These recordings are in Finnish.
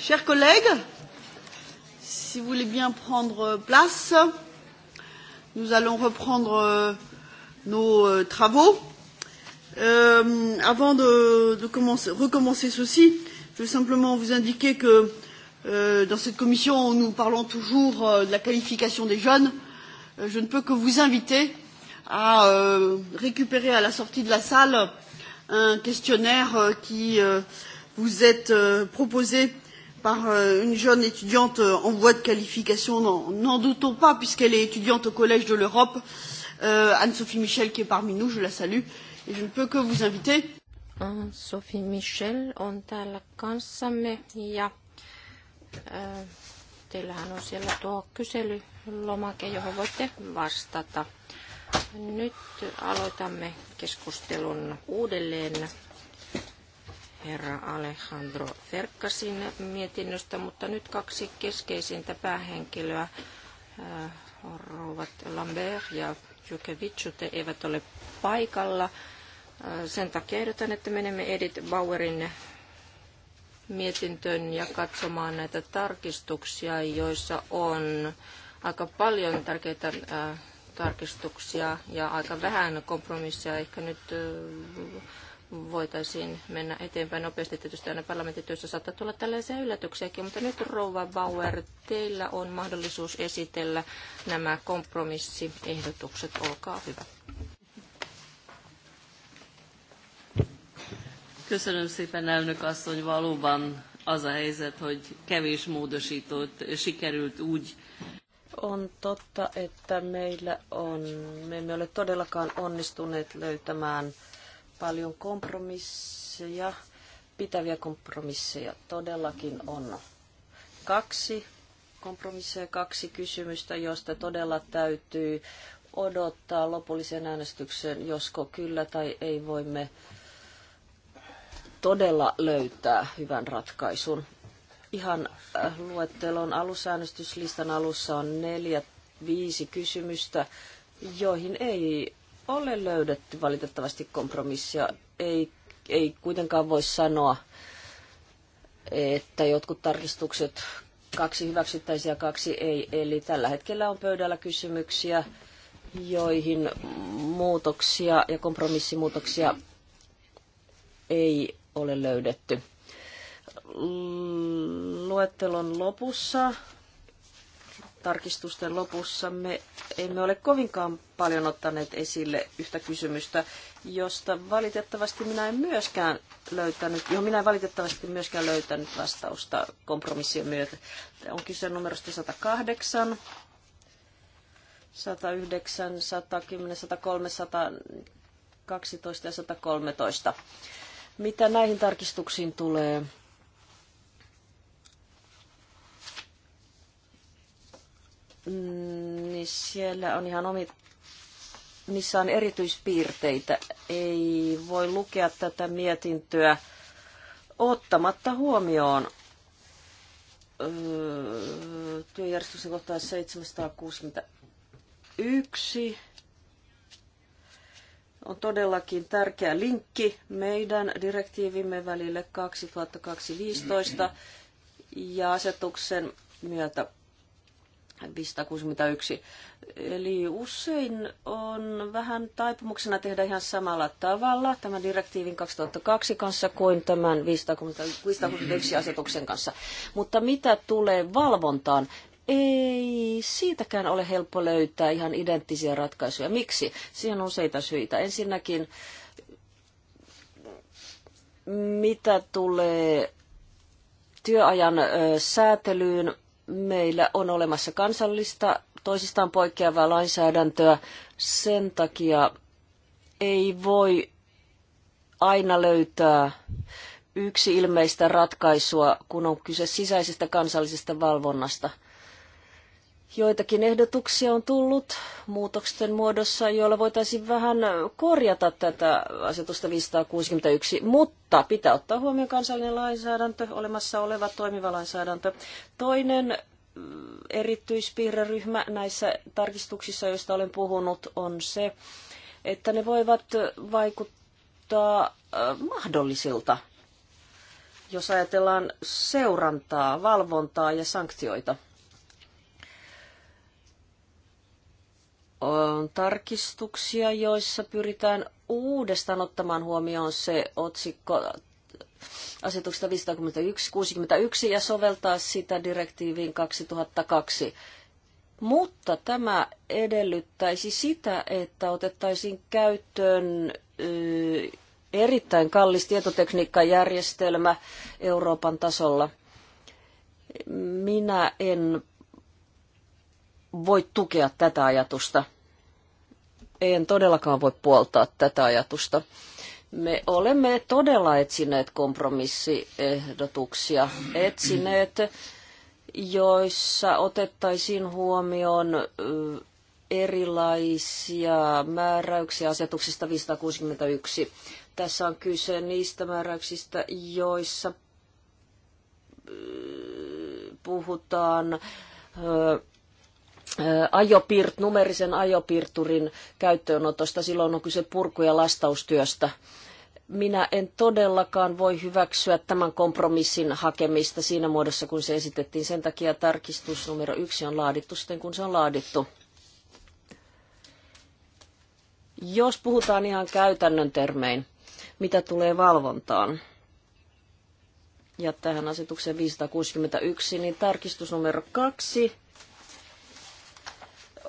Chers collègues, si vous voulez bien prendre euh, place, nous allons reprendre euh, nos euh, travaux. Euh, avant de, de commencer, recommencer ceci, je veux simplement vous indiquer que euh, dans cette commission, nous parlons toujours euh, de la qualification des jeunes. Euh, je ne peux que vous inviter à euh, récupérer à la sortie de la salle un questionnaire euh, qui euh, vous est euh, proposé euh, par euh, une jeune étudiante euh, en voie de qualification, n'en doutons pas, puisqu'elle est étudiante au Collège de l'Europe, euh, Anne-Sophie Michel, qui est parmi nous, je la salue, et je ne peux que vous inviter. Anne-Sophie Michel on täällä kanssamme, ja äh, teillähän on siellä tuo kyselylomake, johon voitte vastata. Nyt aloitamme keskustelun uudelleen herra Alejandro Ferkkasin mietinnöstä, mutta nyt kaksi keskeisintä päähenkilöä, äh, rouvat Lambert ja Jukevitsute, eivät ole paikalla. Äh, sen takia ehdotan, että menemme Edith Bauerin mietintöön ja katsomaan näitä tarkistuksia, joissa on aika paljon tärkeitä äh, tarkistuksia ja aika vähän kompromisseja. Ehkä nyt voitaisiin mennä eteenpäin nopeasti. Tietysti aina parlamentityössä saattaa tulla tällaisia yllätyksiäkin, mutta nyt Rouva Bauer, teillä on mahdollisuus esitellä nämä kompromissiehdotukset. Olkaa hyvä. Köszönöm szépen, elnök asszony, valóban az a helyzet, hogy kevés módosítót sikerült úgy on totta, että meillä on, me emme ole todellakaan onnistuneet löytämään paljon kompromisseja, pitäviä kompromisseja. Todellakin on kaksi kompromisseja, kaksi kysymystä, joista todella täytyy odottaa lopullisen äänestyksen, josko kyllä tai ei voimme todella löytää hyvän ratkaisun. Ihan äh, luettelon alusäänestyslistan alussa on neljä, viisi kysymystä, joihin ei ole löydetty valitettavasti kompromissia. Ei, ei kuitenkaan voi sanoa, että jotkut tarkistukset kaksi hyväksyttäisiä kaksi ei. Eli tällä hetkellä on pöydällä kysymyksiä, joihin muutoksia ja kompromissimuutoksia ei ole löydetty. Luettelon lopussa tarkistusten lopussa me emme ole kovinkaan paljon ottaneet esille yhtä kysymystä, josta valitettavasti minä en myöskään löytänyt, johon minä en valitettavasti myöskään löytänyt vastausta kompromissien myötä. On kyse numerosta 108, 109, 110, 103, 112 ja 113. Mitä näihin tarkistuksiin tulee, niin siellä on ihan omi, niissä on erityispiirteitä. Ei voi lukea tätä mietintöä ottamatta huomioon öö, työjärjestyksen kohtaa 761 on todellakin tärkeä linkki meidän direktiivimme välille 2015 ja asetuksen myötä 561. Eli usein on vähän taipumuksena tehdä ihan samalla tavalla tämän direktiivin 2002 kanssa kuin tämän 561 asetuksen kanssa. Mutta mitä tulee valvontaan, ei siitäkään ole helppo löytää ihan identtisiä ratkaisuja. Miksi? Siihen on useita syitä. Ensinnäkin, mitä tulee työajan säätelyyn, meillä on olemassa kansallista toisistaan poikkeavaa lainsäädäntöä. Sen takia ei voi aina löytää yksi ilmeistä ratkaisua, kun on kyse sisäisestä kansallisesta valvonnasta – Joitakin ehdotuksia on tullut muutoksen muodossa, joilla voitaisiin vähän korjata tätä asetusta 561, mutta pitää ottaa huomioon kansallinen lainsäädäntö, olemassa oleva toimiva lainsäädäntö. Toinen mm, erityispiirreryhmä näissä tarkistuksissa, joista olen puhunut, on se, että ne voivat vaikuttaa mahdollisilta, jos ajatellaan seurantaa, valvontaa ja sanktioita – tarkistuksia, joissa pyritään uudestaan ottamaan huomioon se otsikko asetuksesta 561 ja soveltaa sitä direktiiviin 2002. Mutta tämä edellyttäisi sitä, että otettaisiin käyttöön erittäin kallis tietotekniikkajärjestelmä Euroopan tasolla. Minä en voi tukea tätä ajatusta. En todellakaan voi puoltaa tätä ajatusta. Me olemme todella etsineet kompromissiehdotuksia, etsineet, joissa otettaisiin huomioon erilaisia määräyksiä asetuksista 561. Tässä on kyse niistä määräyksistä, joissa puhutaan ajopirt, numerisen ajopiirturin käyttöönotosta. Silloin on kyse purku- ja lastaustyöstä. Minä en todellakaan voi hyväksyä tämän kompromissin hakemista siinä muodossa, kun se esitettiin. Sen takia tarkistus numero yksi on laadittu sitten, kun se on laadittu. Jos puhutaan ihan käytännön termein, mitä tulee valvontaan ja tähän asetukseen 561, niin tarkistus numero kaksi –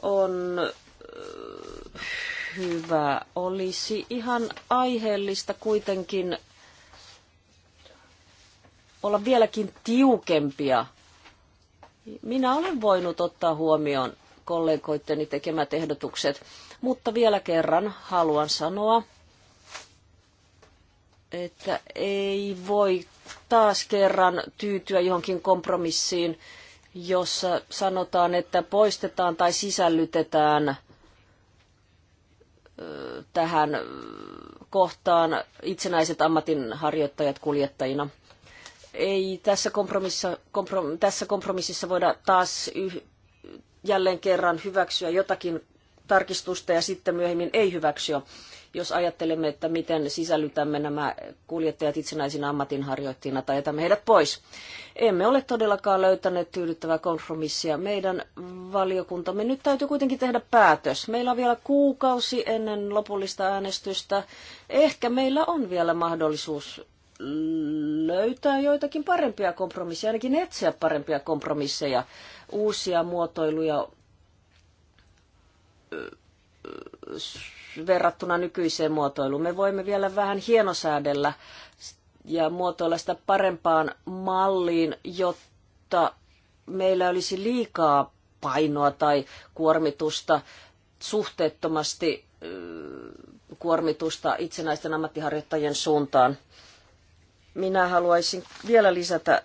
on äh, hyvä. Olisi ihan aiheellista kuitenkin olla vieläkin tiukempia. Minä olen voinut ottaa huomioon kollegoitteni tekemät ehdotukset, mutta vielä kerran haluan sanoa, että ei voi taas kerran tyytyä johonkin kompromissiin, jossa sanotaan, että poistetaan tai sisällytetään tähän kohtaan itsenäiset ammatinharjoittajat kuljettajina. Ei tässä kompromississa, komprom, tässä kompromississa voida taas yh, jälleen kerran hyväksyä jotakin tarkistusta ja sitten myöhemmin ei hyväksyä. Jos ajattelemme, että miten sisällytämme nämä kuljettajat itsenäisinä ammatinharjoittajina tai jätämme heidät pois. Emme ole todellakaan löytäneet tyydyttävää kompromissia. Meidän valiokuntamme nyt täytyy kuitenkin tehdä päätös. Meillä on vielä kuukausi ennen lopullista äänestystä. Ehkä meillä on vielä mahdollisuus löytää joitakin parempia kompromisseja, ainakin etsiä parempia kompromisseja, uusia muotoiluja verrattuna nykyiseen muotoiluun. Me voimme vielä vähän hienosäädellä ja muotoilla sitä parempaan malliin, jotta meillä olisi liikaa painoa tai kuormitusta suhteettomasti kuormitusta itsenäisten ammattiharjoittajien suuntaan. Minä haluaisin vielä lisätä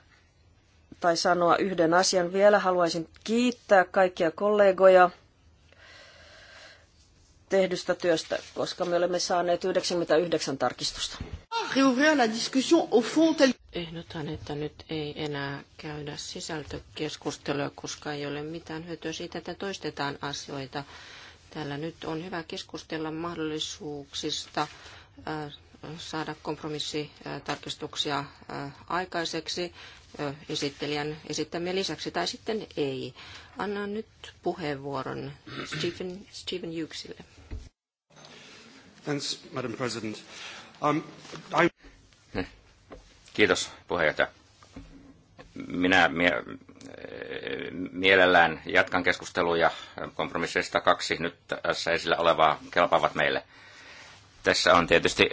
tai sanoa yhden asian vielä. Haluaisin kiittää kaikkia kollegoja tehdystä työstä, koska me olemme saaneet 99 tarkistusta. Ehdotan, että nyt ei enää käydä sisältökeskustelua, koska ei ole mitään hyötyä siitä, että toistetaan asioita. Täällä nyt on hyvä keskustella mahdollisuuksista äh, saada kompromissitarkistuksia äh, äh, aikaiseksi esittelijän esittämien lisäksi, tai sitten ei. Annan nyt puheenvuoron Stephen, Stephen Hughesille. Thanks, Madam President. Um, I... Niin. Kiitos, puheenjohtaja. Minä mie- mielellään jatkan keskusteluja kompromisseista kaksi nyt tässä esillä olevaa kelpaavat meille. Tässä on tietysti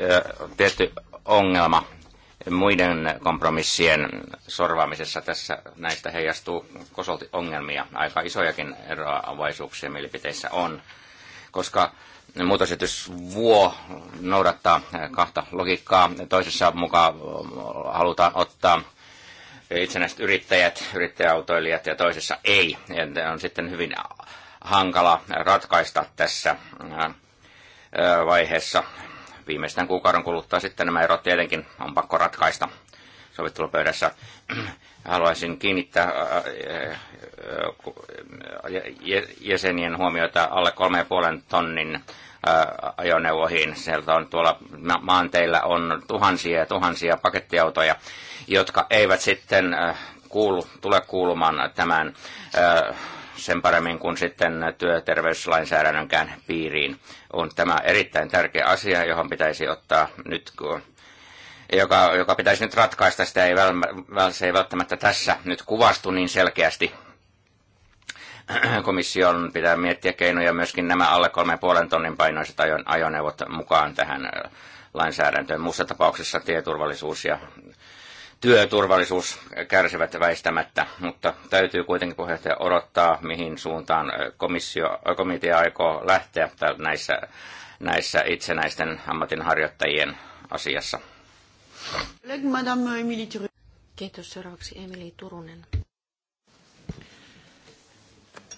tietty ongelma muiden kompromissien sorvaamisessa. Tässä näistä heijastuu kosolti ongelmia. Aika isojakin eroavaisuuksia mielipiteissä on, koska muutosesitys vuo noudattaa kahta logiikkaa. Toisessa mukaan halutaan ottaa itsenäiset yrittäjät, yrittäjäautoilijat ja toisessa ei. Ja on sitten hyvin hankala ratkaista tässä vaiheessa. Viimeistään kuukauden kuluttua sitten nämä erot tietenkin on pakko ratkaista sovittelupöydässä. Haluaisin kiinnittää jäsenien huomiota alle 3,5 tonnin ajoneuvoihin. Sieltä on tuolla maanteillä on tuhansia ja tuhansia pakettiautoja, jotka eivät sitten kuulu, tule kuulumaan tämän sen paremmin kuin sitten työterveyslainsäädännönkään piiriin. On tämä erittäin tärkeä asia, johon pitäisi ottaa nyt joka, joka pitäisi nyt ratkaista, sitä ei, se ei välttämättä tässä nyt kuvastu niin selkeästi. Komission pitää miettiä keinoja myöskin nämä alle 3,5 tonnin painoiset ajoneuvot mukaan tähän äh, lainsäädäntöön. Muussa tapauksessa tieturvallisuus ja työturvallisuus kärsivät väistämättä, mutta täytyy kuitenkin puheenjohtaja odottaa, mihin suuntaan äh, komissio, äh, komitea aikoo lähteä näissä, näissä itsenäisten ammatinharjoittajien asiassa. Kiitos. Seuraavaksi Emily Turunen.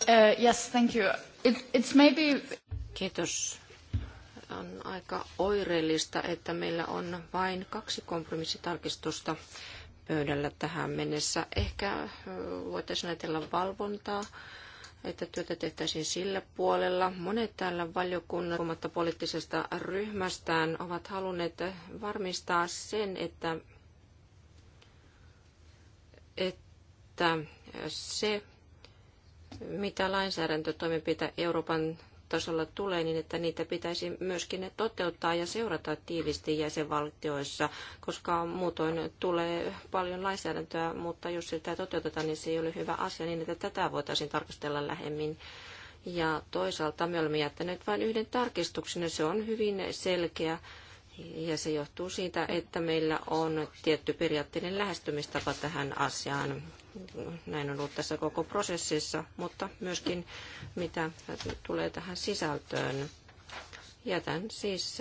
Uh, yes, thank you. It, it's maybe... Kiitos. On aika oireellista, että meillä on vain kaksi kompromissitarkistusta pöydällä tähän mennessä. Ehkä uh, voitaisiin ajatella valvontaa että työtä tehtäisiin sillä puolella. Monet täällä valiokunnan huomatta poliittisesta ryhmästään ovat halunneet varmistaa sen, että, että se, mitä lainsäädäntötoimenpiteitä Euroopan tasolla tulee, niin että niitä pitäisi myöskin toteuttaa ja seurata tiivisti jäsenvaltioissa, koska muutoin tulee paljon lainsäädäntöä, mutta jos sitä toteutetaan, niin se ei ole hyvä asia, niin että tätä voitaisiin tarkastella lähemmin. Ja toisaalta me olemme jättäneet vain yhden tarkistuksen, ja se on hyvin selkeä ja se johtuu siitä, että meillä on tietty periaatteellinen lähestymistapa tähän asiaan. Näin on ollut tässä koko prosessissa, mutta myöskin mitä tulee tähän sisältöön. Jätän siis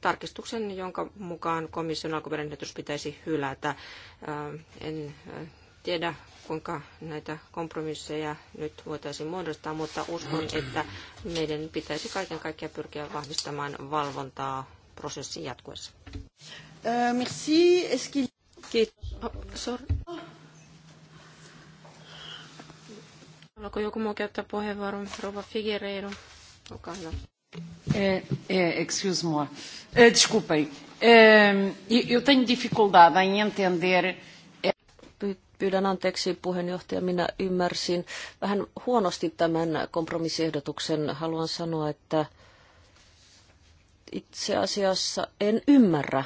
tarkistuksen, jonka mukaan komission alkuperäinen pitäisi hylätä. En tiedä, kuinka näitä kompromisseja nyt voitaisiin muodostaa, mutta uskon, että meidän pitäisi kaiken kaikkiaan pyrkiä vahvistamaan valvontaa prosessin jatkuessa. Äh, merci. Oh, Haluaako joku muu käyttää puheenvuoron? Rova Figueiredo, olkaa hyvä. É, eh, é, eh, excuse moi. É, eh, desculpem. É, ehm, eu tenho dificuldade em entender. Pyydän anteeksi puheenjohtaja, minä ymmärsin vähän huonosti tämän kompromissiehdotuksen. Haluan sanoa, että itse asiassa en ymmärrä,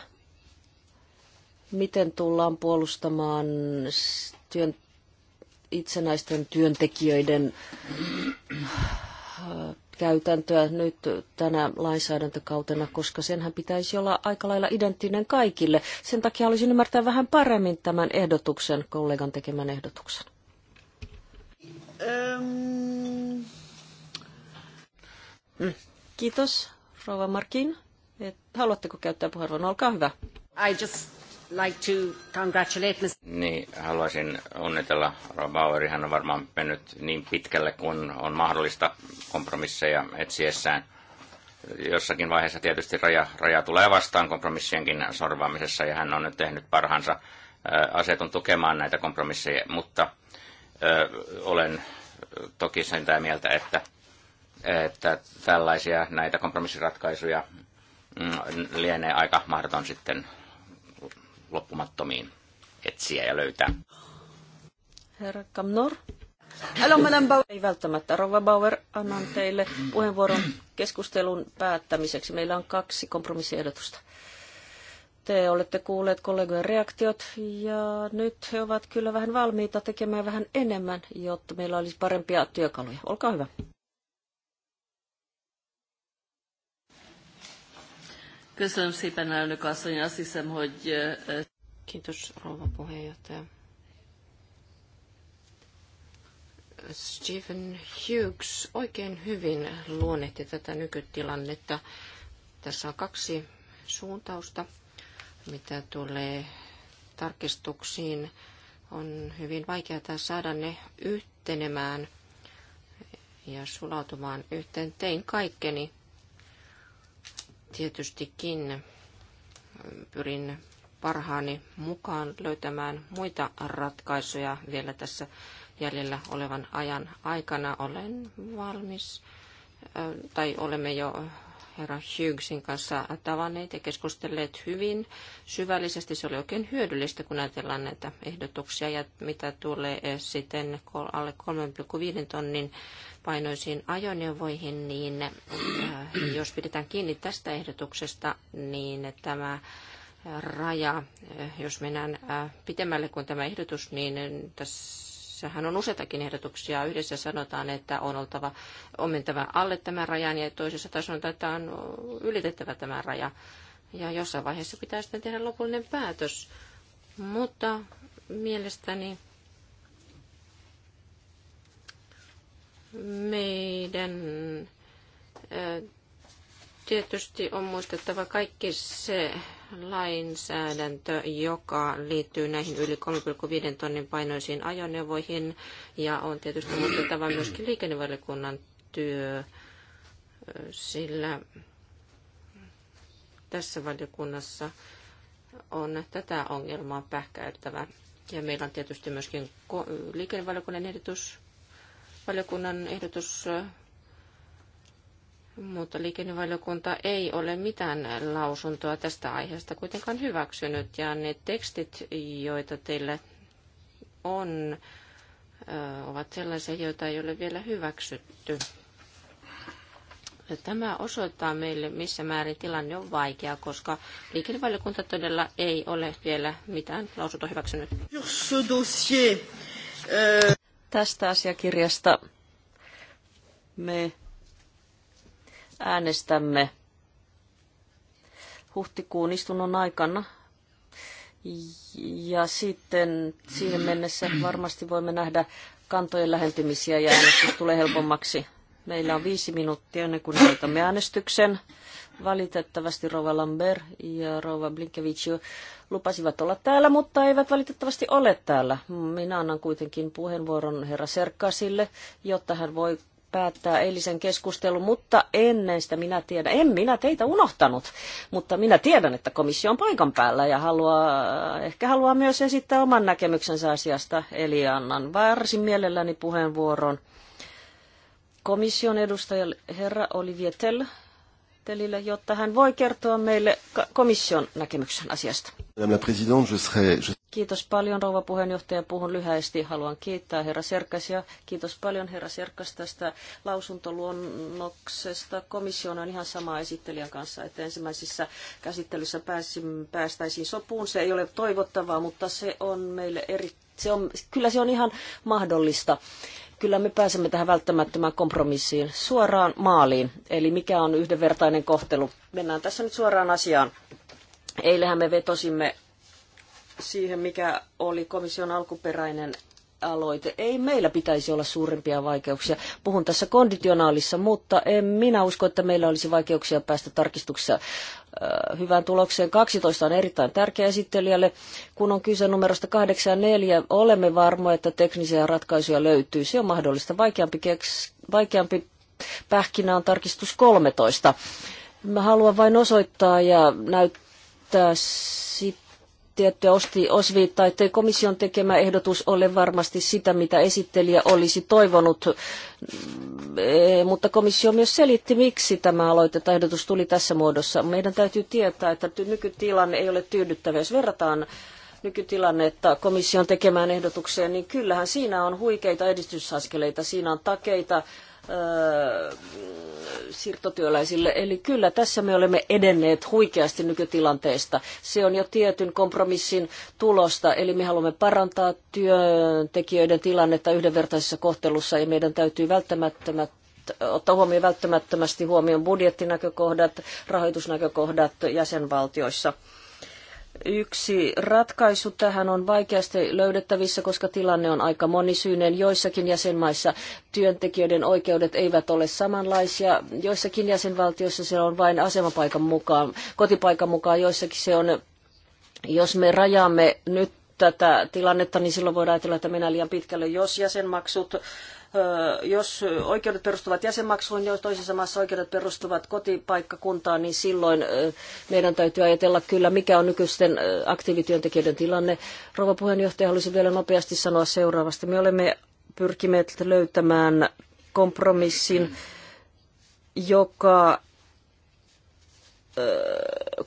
miten tullaan puolustamaan työn, itsenäisten työntekijöiden äh, käytäntöä nyt tänä lainsäädäntökautena, koska senhän pitäisi olla aika lailla identtinen kaikille. Sen takia olisin ymmärtää vähän paremmin tämän ehdotuksen, kollegan tekemän ehdotuksen. Öm... Mm, kiitos. Rouva Markin, haluatteko käyttää puheenvuoron? Olkaa hyvä. I just like to congratulate Niin, haluaisin onnitella Bauer. Hän on varmaan mennyt niin pitkälle kuin on mahdollista kompromisseja etsiessään. Jossakin vaiheessa tietysti raja, raja tulee vastaan kompromissienkin sorvaamisessa ja hän on nyt tehnyt parhaansa äh, asetun tukemaan näitä kompromisseja, mutta ö, äh, olen toki sen mieltä, että että tällaisia näitä kompromissiratkaisuja mm, lienee aika mahdoton sitten loppumattomiin etsiä ja löytää. Herra Kamnor. Hello, menen Bauer. Ei välttämättä. Rova Bauer, annan teille puheenvuoron keskustelun päättämiseksi. Meillä on kaksi kompromissiehdotusta. Te olette kuulleet kollegojen reaktiot ja nyt he ovat kyllä vähän valmiita tekemään vähän enemmän, jotta meillä olisi parempia työkaluja. Olkaa hyvä. Köszönöm szépen, elnök asszony. Azt hiszem, hogy... kintos rouva puheenjohtaja. Stephen Hughes oikein hyvin luonnehti tätä nykytilannetta. Tässä on kaksi suuntausta, mitä tulee tarkistuksiin. On hyvin vaikeaa saada ne yhtenemään ja sulautumaan yhteen. Tein kaikkeni Tietystikin pyrin parhaani mukaan löytämään muita ratkaisuja vielä tässä jäljellä olevan ajan aikana. Olen valmis, tai olemme jo herra Hughesin kanssa tavanneet ja keskustelleet hyvin syvällisesti. Se oli oikein hyödyllistä, kun ajatellaan näitä ehdotuksia ja mitä tulee eh, sitten alle 3,5 tonnin painoisiin ajoneuvoihin, niin eh, jos pidetään kiinni tästä ehdotuksesta, niin tämä eh, raja, jos mennään pitemmälle kuin tämä ehdotus, niin tässä Tässähän on useitakin ehdotuksia. Yhdessä sanotaan, että on oltava on mentävä alle tämän rajan ja toisessa taas sanotaan, että on ylitettävä tämä raja. Ja jossain vaiheessa pitää sitten tehdä lopullinen päätös. Mutta mielestäni meidän tietysti on muistettava kaikki se lainsäädäntö, joka liittyy näihin yli 3,5 tonnin painoisiin ajoneuvoihin. Ja on tietysti muistettava myöskin liikennevaliokunnan työ, sillä tässä valiokunnassa on tätä ongelmaa pähkäyttävä. Ja meillä on tietysti myöskin liikennevaliokunnan ehdotus, valiokunnan ehdotus mutta liikennevaliokunta ei ole mitään lausuntoa tästä aiheesta kuitenkaan hyväksynyt. Ja ne tekstit, joita teille on, ovat sellaisia, joita ei ole vielä hyväksytty. Tämä osoittaa meille, missä määrin tilanne on vaikea, koska liikennevaliokunta todella ei ole vielä mitään lausuntoa hyväksynyt. Tästä asiakirjasta me äänestämme huhtikuun istunnon aikana. Ja sitten siihen mennessä varmasti voimme nähdä kantojen lähentymisiä ja äänestys tulee helpommaksi. Meillä on viisi minuuttia ennen kuin aloitamme äänestyksen. Valitettavasti Rova Lambert ja Rova Blinkevich lupasivat olla täällä, mutta eivät valitettavasti ole täällä. Minä annan kuitenkin puheenvuoron herra Serkkasille, jotta hän voi päättää eilisen keskustelun, mutta ennen sitä minä tiedän, en minä teitä unohtanut, mutta minä tiedän, että komissio on paikan päällä ja haluaa, ehkä haluaa myös esittää oman näkemyksensä asiasta, eli annan varsin mielelläni puheenvuoron komission edustajalle herra Olivier Tell, esittelijälle, jotta hän voi kertoa meille komission näkemyksen asiasta. Kiitos paljon, rouva puheenjohtaja. Puhun lyhäisesti. Haluan kiittää herra Serkas ja Kiitos paljon herra Serkas tästä lausuntoluonnoksesta. Komission on ihan sama esittelijän kanssa, että ensimmäisessä käsittelyssä päästäisiin sopuun. Se ei ole toivottavaa, mutta se on meille eri, se on, kyllä se on ihan mahdollista kyllä me pääsemme tähän välttämättömään kompromissiin suoraan maaliin. Eli mikä on yhdenvertainen kohtelu? Mennään tässä nyt suoraan asiaan. Eilähän me vetosimme siihen, mikä oli komission alkuperäinen aloite. Ei meillä pitäisi olla suurempia vaikeuksia. Puhun tässä konditionaalissa, mutta en minä usko, että meillä olisi vaikeuksia päästä tarkistuksessa hyvään tulokseen. 12 on erittäin tärkeä esittelijälle. Kun on kyse numerosta 84, olemme varmoja, että teknisiä ratkaisuja löytyy. Se on mahdollista. Vaikeampi, keks, vaikeampi pähkinä on tarkistus 13. Mä haluan vain osoittaa ja näyttää sitä, osti osviittaa, että komission tekemä ehdotus ole varmasti sitä, mitä esittelijä olisi toivonut, eh, mutta komissio myös selitti, miksi tämä aloite tai ehdotus tuli tässä muodossa. Meidän täytyy tietää, että nykytilanne ei ole tyydyttävä, jos verrataan nykytilannetta komission tekemään ehdotukseen, niin kyllähän siinä on huikeita edistysaskeleita, siinä on takeita siirtotyöläisille. Eli kyllä tässä me olemme edenneet huikeasti nykytilanteesta. Se on jo tietyn kompromissin tulosta, eli me haluamme parantaa työntekijöiden tilannetta yhdenvertaisessa kohtelussa ja meidän täytyy välttämättömät ottaa huomioon välttämättömästi huomioon budjettinäkökohdat, rahoitusnäkökohdat jäsenvaltioissa. Yksi ratkaisu tähän on vaikeasti löydettävissä, koska tilanne on aika monisyinen. Joissakin jäsenmaissa työntekijöiden oikeudet eivät ole samanlaisia. Joissakin jäsenvaltioissa se on vain asemapaikan mukaan, kotipaikan mukaan. Joissakin se on, jos me rajaamme nyt tätä tilannetta, niin silloin voidaan ajatella, että mennään liian pitkälle. Jos jäsenmaksut jos oikeudet perustuvat jäsenmaksuun, jos niin toisessa maassa oikeudet perustuvat kotipaikkakuntaan, niin silloin meidän täytyy ajatella kyllä, mikä on nykyisten aktiivityöntekijöiden tilanne. Rouva puheenjohtaja, haluaisin vielä nopeasti sanoa seuraavasti. Me olemme pyrkineet löytämään kompromissin, joka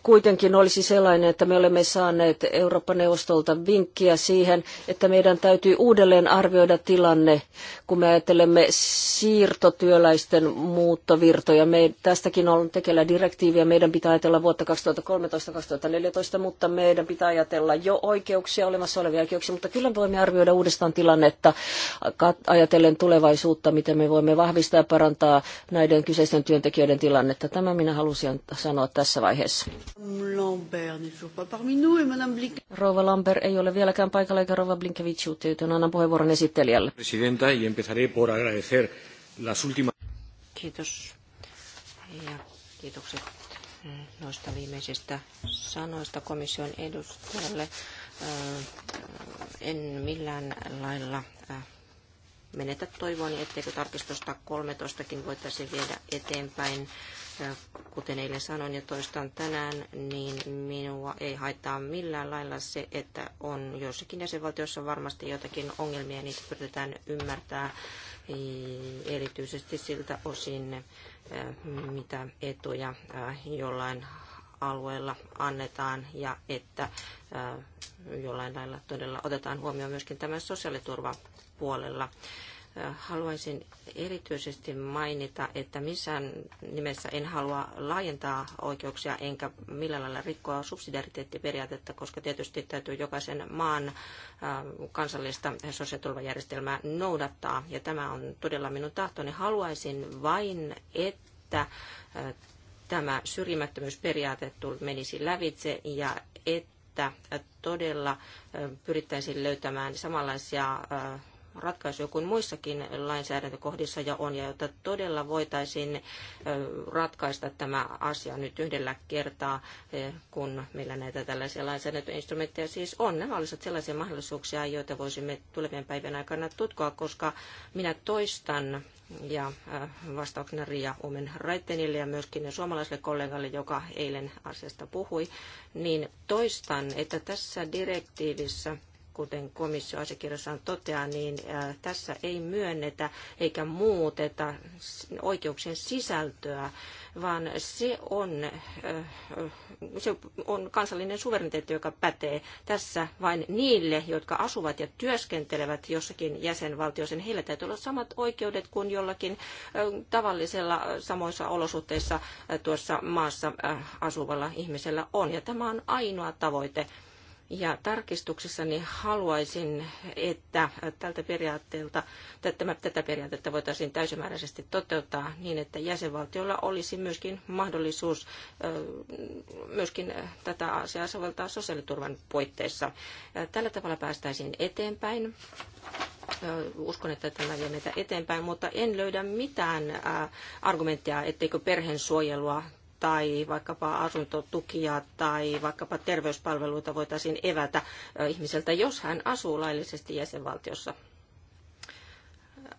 kuitenkin olisi sellainen, että me olemme saaneet Euroopan neuvostolta vinkkiä siihen, että meidän täytyy uudelleen arvioida tilanne, kun me ajattelemme siirtotyöläisten muuttovirtoja. Me, tästäkin on tekellä direktiiviä, meidän pitää ajatella vuotta 2013-2014, mutta meidän pitää ajatella jo oikeuksia, olemassa olevia oikeuksia, mutta kyllä me voimme arvioida uudestaan tilannetta ajatellen tulevaisuutta, miten me voimme vahvistaa ja parantaa näiden kyseisten työntekijöiden tilannetta. Tämä minä halusin sanoa tässä vaiheessa. Rouva Lambert ei ole vieläkään paikalla eikä Rouva Blinkevich, joten annan puheenvuoron esittelijälle. Kiitos. Ja kiitokset mm, noista viimeisistä sanoista komission edustajalle. En millään lailla menetä toivoni, etteikö tarkistusta 13kin voitaisiin viedä eteenpäin Kuten eilen sanoin ja toistan tänään, niin minua ei haittaa millään lailla se, että on joissakin jäsenvaltioissa varmasti jotakin ongelmia, niitä pyritään ymmärtää erityisesti siltä osin, mitä etuja jollain alueella annetaan ja että jollain lailla todella otetaan huomioon myöskin tämän sosiaaliturvapuolella. puolella haluaisin erityisesti mainita, että missään nimessä en halua laajentaa oikeuksia enkä millään lailla rikkoa subsidiariteettiperiaatetta, koska tietysti täytyy jokaisen maan kansallista sosiaaliturvajärjestelmää noudattaa. Ja tämä on todella minun tahtoni. Haluaisin vain, että tämä syrjimättömyysperiaate menisi lävitse ja että todella pyrittäisiin löytämään samanlaisia ratkaisuja kuin muissakin lainsäädäntökohdissa ja on, ja jotta todella voitaisiin ratkaista tämä asia nyt yhdellä kertaa, kun meillä näitä tällaisia lainsäädäntöinstrumentteja siis on. Nämä olisivat sellaisia mahdollisuuksia, joita voisimme tulevien päivien aikana tutkoa, koska minä toistan ja vastauksena Ria Omen Raittenille ja myöskin suomalaiselle kollegalle, joka eilen asiasta puhui, niin toistan, että tässä direktiivissä kuten komissio asiakirjassaan toteaa, niin tässä ei myönnetä eikä muuteta oikeuksien sisältöä, vaan se on, se on kansallinen suvereniteetti, joka pätee tässä vain niille, jotka asuvat ja työskentelevät jossakin jäsenvaltiossa. Niin heillä täytyy olla samat oikeudet kuin jollakin tavallisella samoissa olosuhteissa tuossa maassa asuvalla ihmisellä on. Ja tämä on ainoa tavoite ja tarkistuksissani haluaisin, että tältä periaatteelta, tätä periaatetta voitaisiin täysimääräisesti toteuttaa niin, että jäsenvaltiolla olisi myöskin mahdollisuus myöskin tätä asiaa soveltaa sosiaaliturvan puitteissa. Tällä tavalla päästäisiin eteenpäin uskon, että tämä vie meitä eteenpäin, mutta en löydä mitään argumenttia, etteikö perheen suojelua tai vaikkapa asuntotukia tai vaikkapa terveyspalveluita voitaisiin evätä ihmiseltä, jos hän asuu laillisesti jäsenvaltiossa.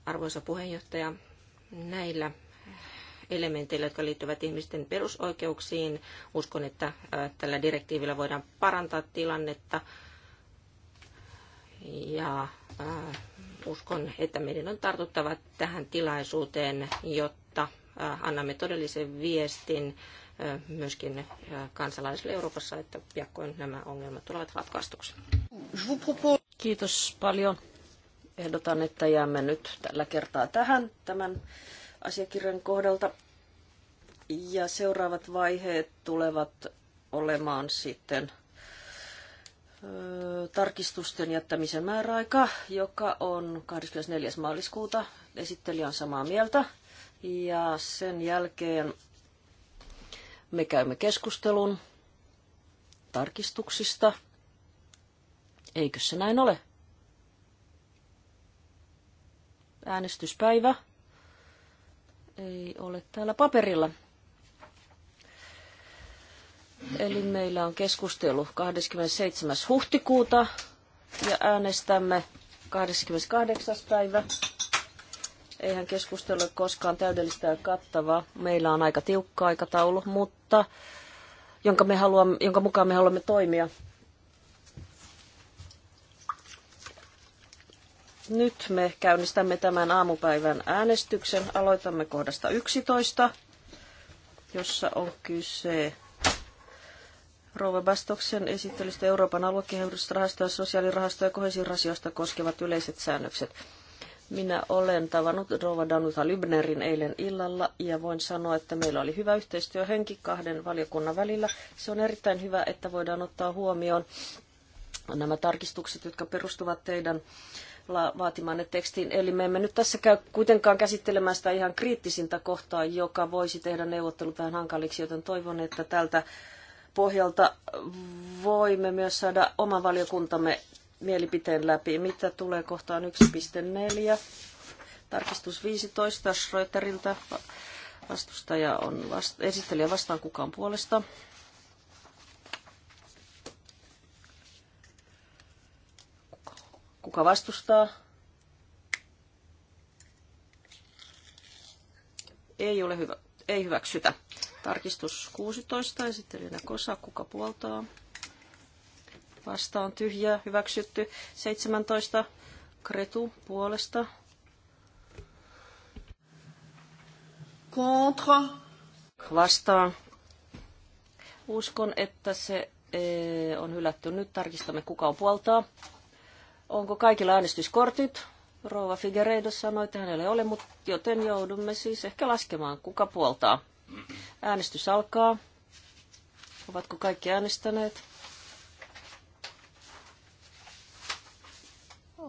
Arvoisa puheenjohtaja, näillä elementeillä, jotka liittyvät ihmisten perusoikeuksiin. Uskon, että tällä direktiivillä voidaan parantaa tilannetta. Ja uskon, että meidän on tartuttava tähän tilaisuuteen, jotta Äh, annamme todellisen viestin äh, myöskin äh, kansalaisille Euroopassa, että piakkoin nämä ongelmat tulevat ratkaistuksi. Kiitos paljon. Ehdotan, että jäämme nyt tällä kertaa tähän tämän asiakirjan kohdalta. Ja seuraavat vaiheet tulevat olemaan sitten tarkistusten jättämisen määräaika, joka on 24. maaliskuuta. Esittelijä on samaa mieltä. Ja sen jälkeen me käymme keskustelun tarkistuksista. Eikö se näin ole? Äänestyspäivä ei ole täällä paperilla. Eli meillä on keskustelu 27. huhtikuuta ja äänestämme 28. päivä Eihän keskustelu ole koskaan täydellistä ja kattavaa. Meillä on aika tiukka aikataulu, mutta jonka, me haluamme, jonka mukaan me haluamme toimia. Nyt me käynnistämme tämän aamupäivän äänestyksen. Aloitamme kohdasta 11, jossa on kyse Rouva Bastoksen esittelystä Euroopan aluekehitysrahastoa, sosiaalirahastoa ja kohesirasiosta koskevat yleiset säännökset. Minä olen tavannut Rova Danuta Lybnerin eilen illalla ja voin sanoa, että meillä oli hyvä yhteistyöhenki kahden valiokunnan välillä. Se on erittäin hyvä, että voidaan ottaa huomioon nämä tarkistukset, jotka perustuvat teidän vaatimanne tekstiin. Eli me emme nyt tässä käy kuitenkaan käsittelemään sitä ihan kriittisintä kohtaa, joka voisi tehdä neuvottelut vähän hankaliksi, joten toivon, että tältä pohjalta voimme myös saada oman valiokuntamme mielipiteen läpi. Mitä tulee kohtaan 1.4? Tarkistus 15 Schröteriltä. Vastustaja on vast- esittelijä vastaan kukaan puolesta. Kuka vastustaa? Ei ole hyvä. Ei hyväksytä. Tarkistus 16. Esittelijänä Kosa. Kuka puoltaa? vastaan tyhjää hyväksytty 17 kretu puolesta. Contra. Vastaan. Uskon, että se eh, on hylätty. Nyt tarkistamme, kuka on puoltaa. Onko kaikilla äänestyskortit? Rouva Figueiredo sanoi, että hänellä ei ole, mutta joten joudumme siis ehkä laskemaan, kuka puoltaa. Äänestys alkaa. Ovatko kaikki äänestäneet?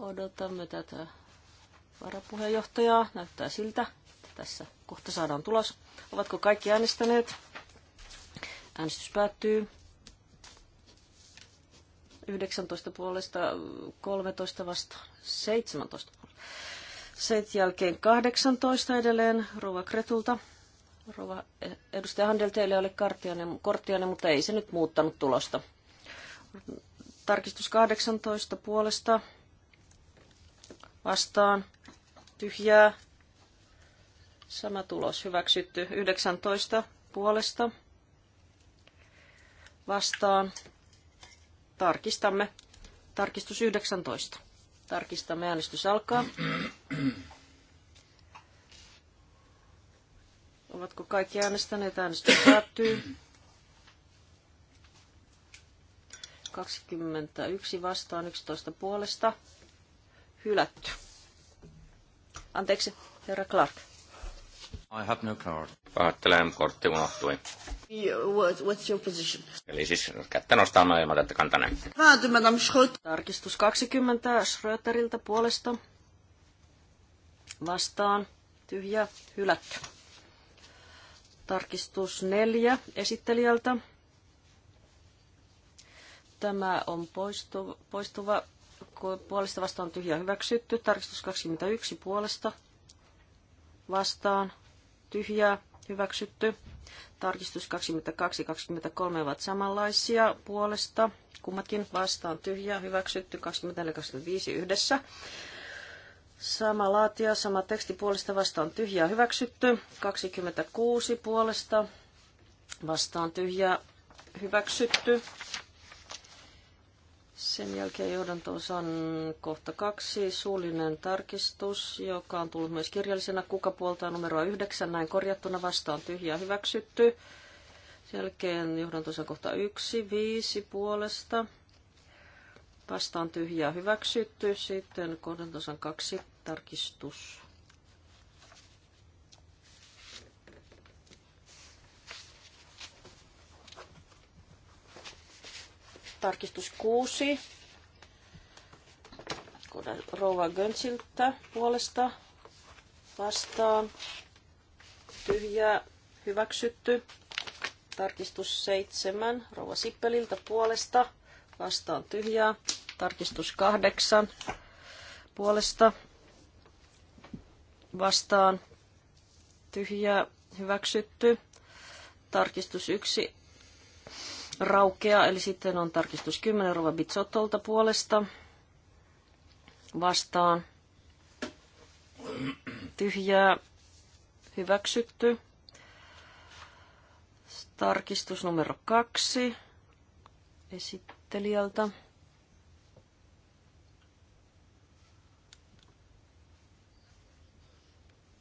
Odotamme tätä varapuheenjohtajaa. Näyttää siltä. Tässä kohta saadaan tulos. Ovatko kaikki äänestäneet? Äänestys päättyy. 19 puolesta, 13 vasta 17 puolesta. Sen jälkeen 18 edelleen Rova Kretulta. Rova, eh, edustaja Handel, teille oli korttianne, mutta ei se nyt muuttanut tulosta. Tarkistus 18 puolesta vastaan tyhjää. Sama tulos hyväksytty 19 puolesta vastaan. Tarkistamme. Tarkistus 19. Tarkistamme äänestys alkaa. Ovatko kaikki äänestäneet? Äänestys päättyy. 21 vastaan 11 puolesta hylätty. Anteeksi, herra Clark. I have no card. Pahoittelen, kortti unohtui. What, what's your position? Eli siis kättä nostaa ilman tätä kantaneen. Pääty, Madame Schröter. Tarkistus 20 Schröteriltä puolesta. Vastaan. Tyhjä, hylätty. Tarkistus 4 esittelijältä. Tämä on poistuva, poistuva puolesta vastaan tyhjä hyväksytty. Tarkistus 21 puolesta vastaan tyhjää hyväksytty. Tarkistus 22 23 ovat samanlaisia puolesta. Kummatkin vastaan tyhjää hyväksytty. 24 25 yhdessä. Sama laatia, sama teksti puolesta vastaan tyhjää hyväksytty. 26 puolesta vastaan tyhjää hyväksytty. Sen jälkeen johdantoos on kohta kaksi, suullinen tarkistus, joka on tullut myös kirjallisena. Kuka puoltaa numeroa yhdeksän, näin korjattuna vastaan tyhjä hyväksytty. Sen jälkeen johdantoos on kohta yksi, viisi puolesta. Vastaan tyhjää hyväksytty. Sitten kohdantosan kaksi tarkistus Tarkistus 6. rova Gönsiltä puolesta vastaan. Tyhjää hyväksytty. Tarkistus 7. rova Sippeliltä puolesta vastaan tyhjää. Tarkistus 8 puolesta vastaan tyhjää hyväksytty. Tarkistus 1 raukea, eli sitten on tarkistus 10 Rova bitsotolta puolesta vastaan. Tyhjää hyväksytty. Tarkistus numero kaksi esittelijältä.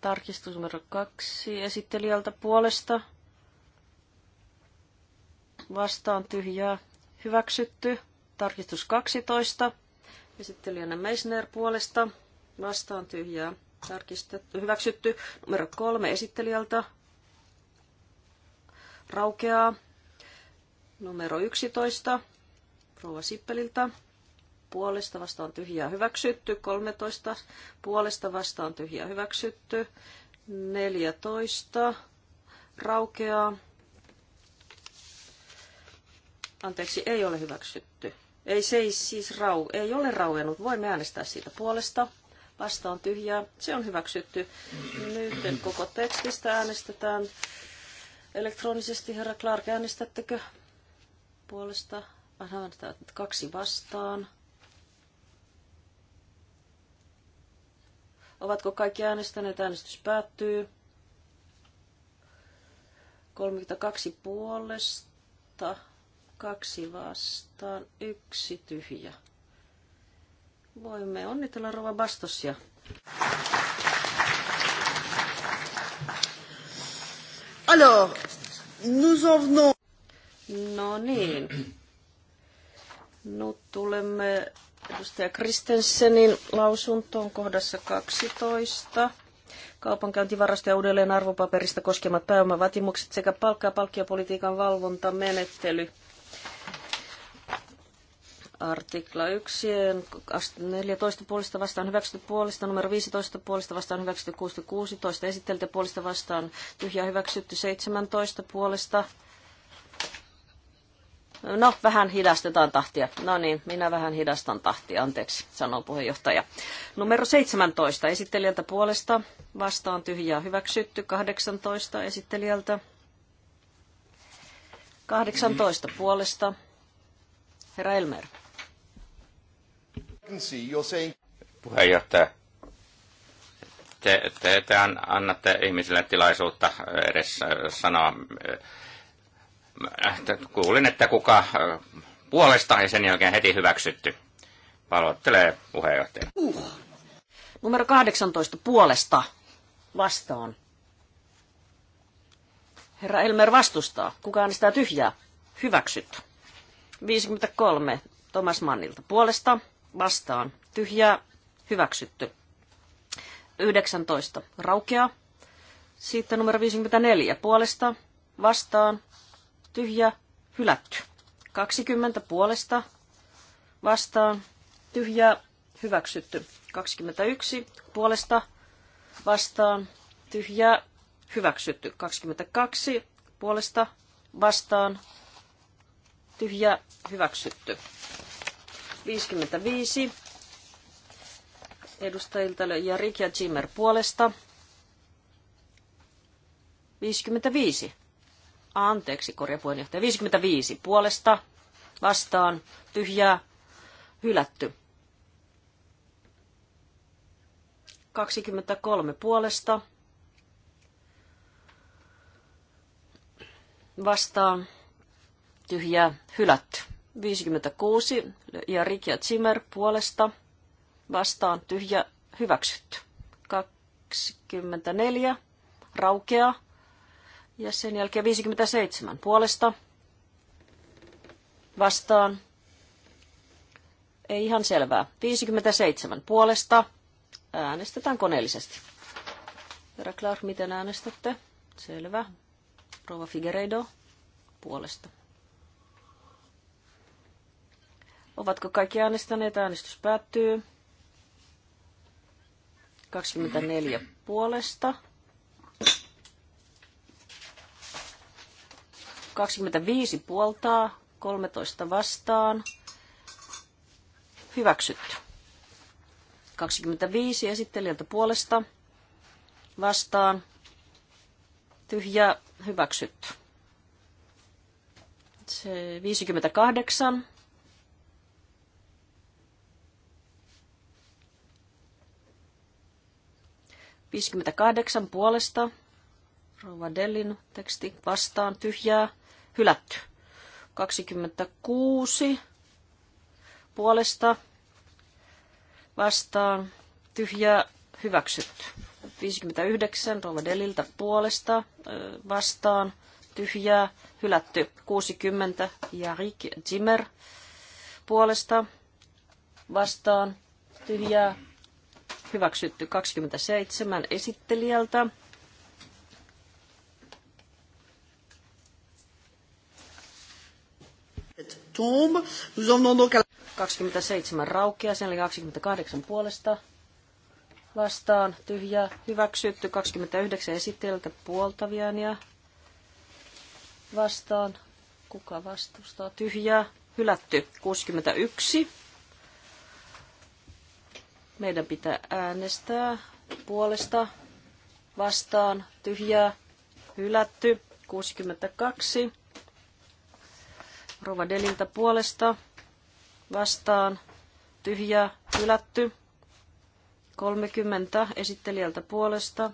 Tarkistus numero kaksi esittelijältä puolesta vastaan tyhjää hyväksytty. Tarkistus 12. Esittelijänä Meisner puolesta vastaan tyhjää tarkistettu, hyväksytty. Numero kolme esittelijältä raukeaa. Numero 11 rouva Sippeliltä puolesta vastaan tyhjää hyväksytty. 13 puolesta vastaan tyhjää hyväksytty. 14 raukeaa. Anteeksi, ei ole hyväksytty. Ei, se ei siis rau, ei ole rauennut. Voimme äänestää siitä puolesta. Vasta on tyhjää. Se on hyväksytty. Nyt koko tekstistä äänestetään elektronisesti. Herra Clark, äänestättekö puolesta? Annetaan kaksi vastaan. Ovatko kaikki äänestäneet? Äänestys päättyy. 32 puolesta, kaksi vastaan, yksi tyhjä. Voimme onnitella Rova Bastosia. Alors, nous en venons... No niin. Nyt tulemme edustaja Kristensenin lausuntoon kohdassa 12. Kaupankäyntivarasto ja uudelleen arvopaperista koskemat pääomavaatimukset sekä palkka- ja palkkiopolitiikan valvontamenettely. Artikla 1, 14 puolesta vastaan hyväksytty puolesta, numero 15 puolesta vastaan hyväksytty 16, esittelijä puolesta vastaan tyhjä hyväksytty 17 puolesta. No, vähän hidastetaan tahtia. No niin, minä vähän hidastan tahtia, anteeksi, sanoo puheenjohtaja. Numero 17, esittelijältä puolesta, vastaan tyhjää hyväksytty, 18 esittelijältä, 18 puolesta, herra Elmer. Puheenjohtaja, te, te, te annatte ihmisille tilaisuutta edes äh, sanoa. Äh, äh, kuulin, että kuka puolesta ei sen jälkeen heti hyväksytty. Palottelee puheenjohtaja. Uh. Numero 18 puolesta vastaan. Herra Elmer vastustaa. Kuka äänestää tyhjää? Hyväksytty. 53 Thomas Mannilta puolesta vastaan tyhjää hyväksytty. 19 raukea Sitten numero 54 puolesta vastaan tyhjä hylätty. 20 puolesta vastaan tyhjä hyväksytty. 21 puolesta vastaan tyhjä hyväksytty. 22 puolesta vastaan tyhjä hyväksytty. 55 edustajilta Jarik ja Zimmer puolesta. 55. Anteeksi, korjapuheenjohtaja. 55 puolesta vastaan tyhjää hylätty. 23 puolesta vastaan tyhjää hylätty. 56 ja Rikia Zimmer puolesta vastaan tyhjä hyväksytty. 24 raukea ja sen jälkeen 57 puolesta vastaan. Ei ihan selvää. 57 puolesta äänestetään koneellisesti. Herra Clark, miten äänestätte? Selvä. Rova Figueiredo puolesta. Ovatko kaikki äänestäneet? Äänestys päättyy. 24 puolesta. 25 puoltaa, 13 vastaan. Hyväksytty. 25 esittelijältä puolesta vastaan. Tyhjä hyväksytty. Se 58 58 puolesta. Rova Dellin teksti vastaan tyhjää. Hylätty. 26 puolesta vastaan tyhjää hyväksytty. 59 Rova Deliltä puolesta vastaan tyhjää hylätty. 60 ja Rick Zimmer puolesta vastaan tyhjää hyväksytty 27 esittelijältä. Tom, Nous en donc 27 raukia, sen oli 28 puolesta vastaan, tyhjä, hyväksytty, 29 esittelijältä puoltavia ja vastaan, kuka vastustaa, tyhjä. hylätty, 61 meidän pitää äänestää puolesta vastaan tyhjää hylätty 62. Rovadelilta puolesta vastaan tyhjää hylätty 30 esittelijältä puolesta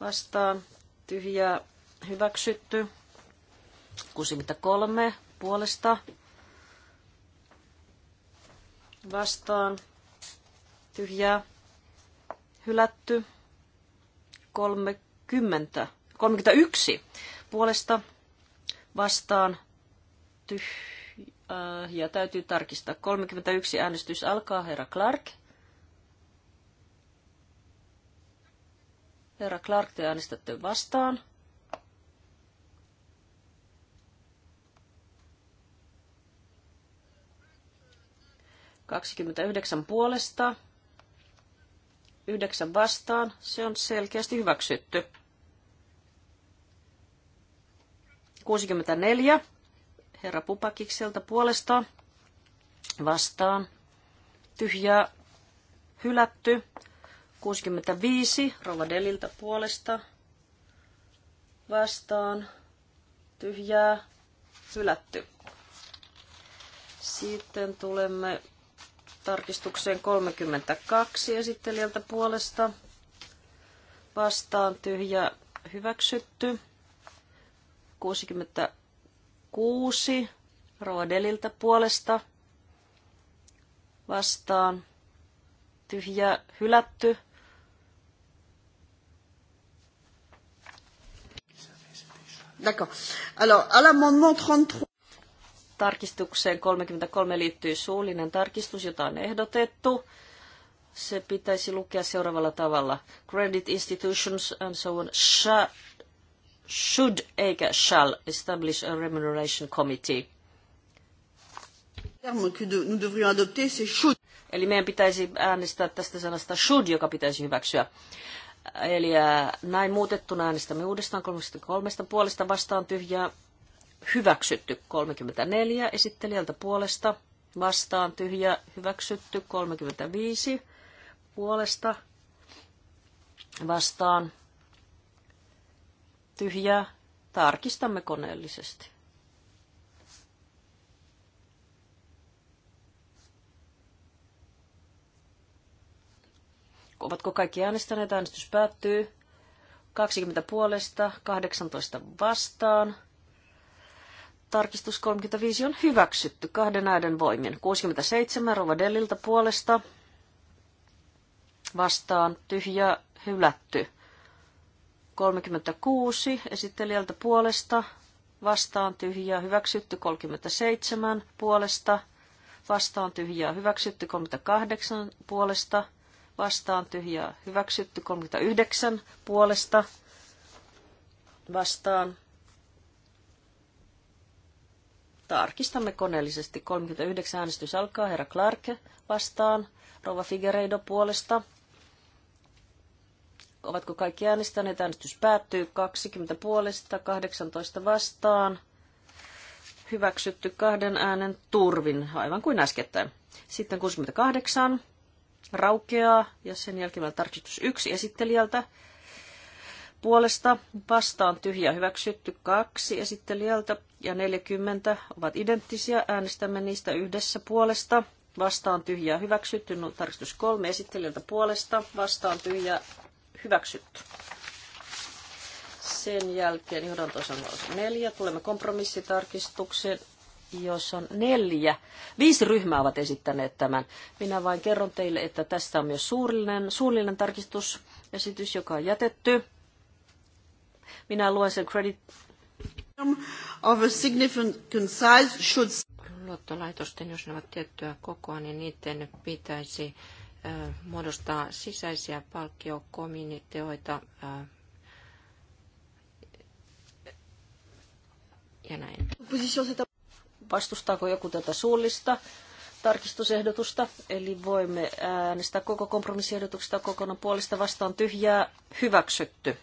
vastaan tyhjää hyväksytty 63 puolesta vastaan tyhjää, hylätty, 30, 31 puolesta vastaan tyhjää, täytyy tarkistaa, 31 äänestys alkaa, herra Clark. Herra Clark, te äänestätte vastaan. yhdeksän puolesta, Yhdeksän vastaan. Se on selkeästi hyväksytty. 64. Herra Pupakikselta puolestaan. Vastaan. Tyhjää. Hylätty. 65. Deliltä puolesta. Vastaan. Tyhjää. Hylätty. Sitten tulemme tarkistukseen 32 esittelijältä puolesta. Vastaan tyhjä hyväksytty. 66 roadeliltä puolesta. Vastaan tyhjä hylätty. D'accord. Alors, à l'amendement 33 tarkistukseen 33 liittyy suullinen tarkistus, jota on ehdotettu. Se pitäisi lukea seuraavalla tavalla. Credit institutions and so on shall, should eikä shall establish a remuneration committee. Eli meidän pitäisi äänestää tästä sanasta should, joka pitäisi hyväksyä. Eli näin muutettuna äänestämme uudestaan 33 puolesta vastaan tyhjää hyväksytty 34 esittelijältä puolesta, vastaan tyhjä hyväksytty 35 puolesta, vastaan tyhjä, tarkistamme koneellisesti. Ovatko kaikki äänestäneet? Äänestys päättyy. 20 puolesta, 18 vastaan. Tarkistus 35 on hyväksytty kahden äänen voimin. 67 Rovadellilta puolesta vastaan tyhjä hylätty. 36 esittelijältä puolesta vastaan tyhjää hyväksytty 37 puolesta, vastaan tyhjää hyväksytty 38 puolesta, vastaan tyhjää hyväksytty 39 puolesta, vastaan Tarkistamme koneellisesti. 39 äänestys alkaa. Herra Clark vastaan. Rova Figueiredo puolesta. Ovatko kaikki äänestäneet? Äänestys päättyy 20 puolesta, 18 vastaan. Hyväksytty kahden äänen turvin, aivan kuin äskettäin. Sitten 68 raukeaa ja sen jälkeen tarkistus yksi esittelijältä puolesta vastaan tyhjä hyväksytty kaksi esittelijältä ja 40 ovat identtisiä. Äänestämme niistä yhdessä puolesta. Vastaan tyhjä hyväksytty. No, tarkistus kolme esittelijältä puolesta. Vastaan tyhjä hyväksytty. Sen jälkeen johdantosan neljä. Tulemme kompromissitarkistukseen jos on neljä. Viisi ryhmää ovat esittäneet tämän. Minä vain kerron teille, että tästä on myös suullinen, suullinen tarkistusesitys, joka on jätetty. Minä luen sen credit of a significant size should... Luottolaitosten, jos ne ovat tiettyä kokoa, niin niiden pitäisi muodostaa sisäisiä palkkiokomiteoita ja näin. Vastustaako joku tätä suullista tarkistusehdotusta? Eli voimme äänestää koko kompromissiehdotuksesta kokonaan puolesta vastaan tyhjää hyväksytty.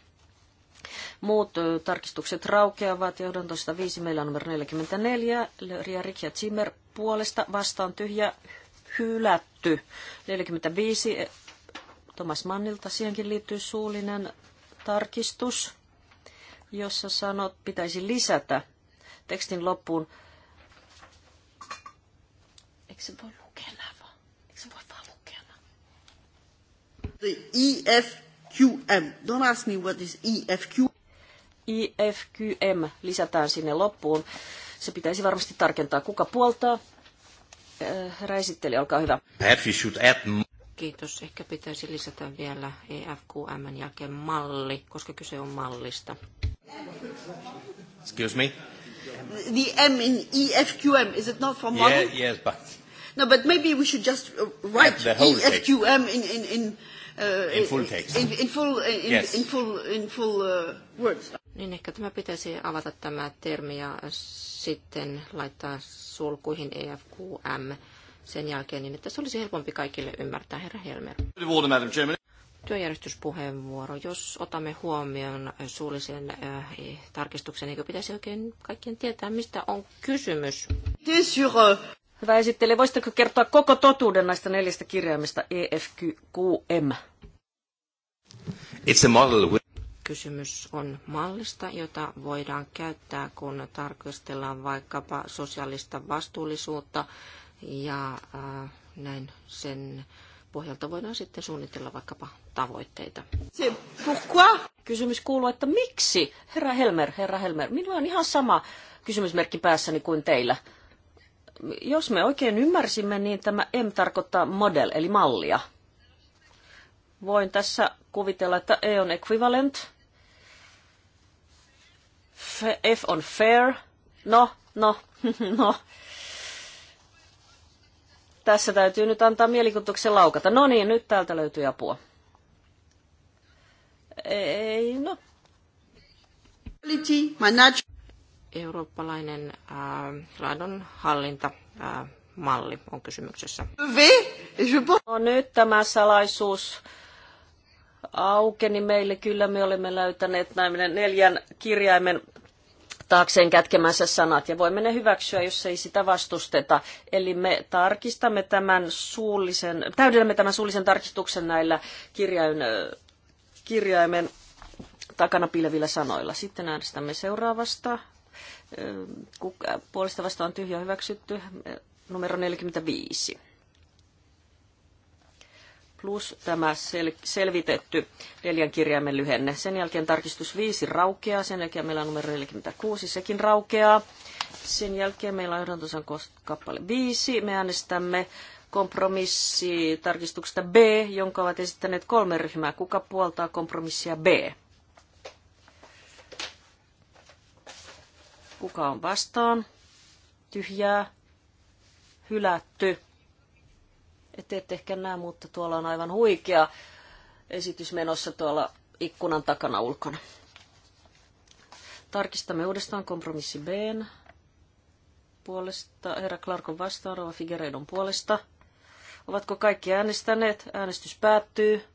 Muut tarkistukset raukeavat. Johdantoista viisi meillä on numero 44. Ria ja Zimmer puolesta vastaan tyhjä hylätty. 45. E, Thomas Mannilta siihenkin liittyy suullinen tarkistus, jossa sanot, pitäisi lisätä tekstin loppuun. Eikö se voi lukea nämä? Eikö se voi vaan lukea nämä? The EF EFQM. Don't ask me what is EFQM. IFQM e lisätään sinne loppuun. Se pitäisi varmasti tarkentaa, kuka puoltaa. Äh, herra esitteli, olkaa hyvä. Kiitos. Ehkä pitäisi lisätä vielä EFQM jälkeen malli, koska kyse on mallista. Excuse me? The M in EFQM, is it not for model? Yeah, yes, but... No, but maybe we should just uh, write EFQM e in, in, in Uh, in full text. In, in full, uh, in, yes. in full, in full uh, words. Niin ehkä tämä pitäisi avata tämä termi ja sitten laittaa sulkuihin EFQM sen jälkeen, niin että se olisi helpompi kaikille ymmärtää, herra Helmer. Työjärjestyspuheenvuoro. Jos otamme huomioon suullisen äh, tarkistuksen, eikö pitäisi oikein kaikkien tietää, mistä on kysymys? Hyvä esittely. Voisitteko kertoa koko totuuden näistä neljästä kirjaimista EFQM? It's a model. Kysymys on mallista, jota voidaan käyttää, kun tarkastellaan vaikkapa sosiaalista vastuullisuutta ja äh, näin sen pohjalta voidaan sitten suunnitella vaikkapa tavoitteita. Kysymys kuuluu, että miksi? Herra Helmer, herra Helmer, minulla on ihan sama kysymysmerkki päässäni kuin teillä jos me oikein ymmärsimme, niin tämä M tarkoittaa model, eli mallia. Voin tässä kuvitella, että E on equivalent, F on fair, no, no, no. Tässä täytyy nyt antaa mielikuvituksen laukata. No niin, nyt täältä löytyy apua. Ei, no eurooppalainen äh, hallinta äh, malli on kysymyksessä. No, nyt tämä salaisuus aukeni meille. Kyllä me olemme löytäneet näin neljän kirjaimen taakseen kätkemänsä sanat ja voimme ne hyväksyä, jos ei sitä vastusteta. Eli me tarkistamme tämän suullisen, täydellämme tämän suullisen tarkistuksen näillä kirjain, kirjaimen takana pilvillä sanoilla. Sitten äänestämme seuraavasta Kuka, puolesta vastaan tyhjä hyväksytty. Numero 45. Plus tämä sel- selvitetty neljän kirjaimen lyhenne. Sen jälkeen tarkistus 5 raukeaa. Sen jälkeen meillä on numero 46. Sekin raukeaa. Sen jälkeen meillä on johdantosan kappale 5. Me äänestämme kompromissi tarkistuksesta B, jonka ovat esittäneet kolme ryhmää. Kuka puoltaa kompromissia B? Kuka on vastaan? Tyhjää. Hylätty. Ette et ehkä näe, mutta tuolla on aivan huikea esitys menossa tuolla ikkunan takana ulkona. Tarkistamme uudestaan kompromissi B puolesta, herra Clarkon vastaan, Rova Figereidon puolesta. Ovatko kaikki äänestäneet? Äänestys päättyy.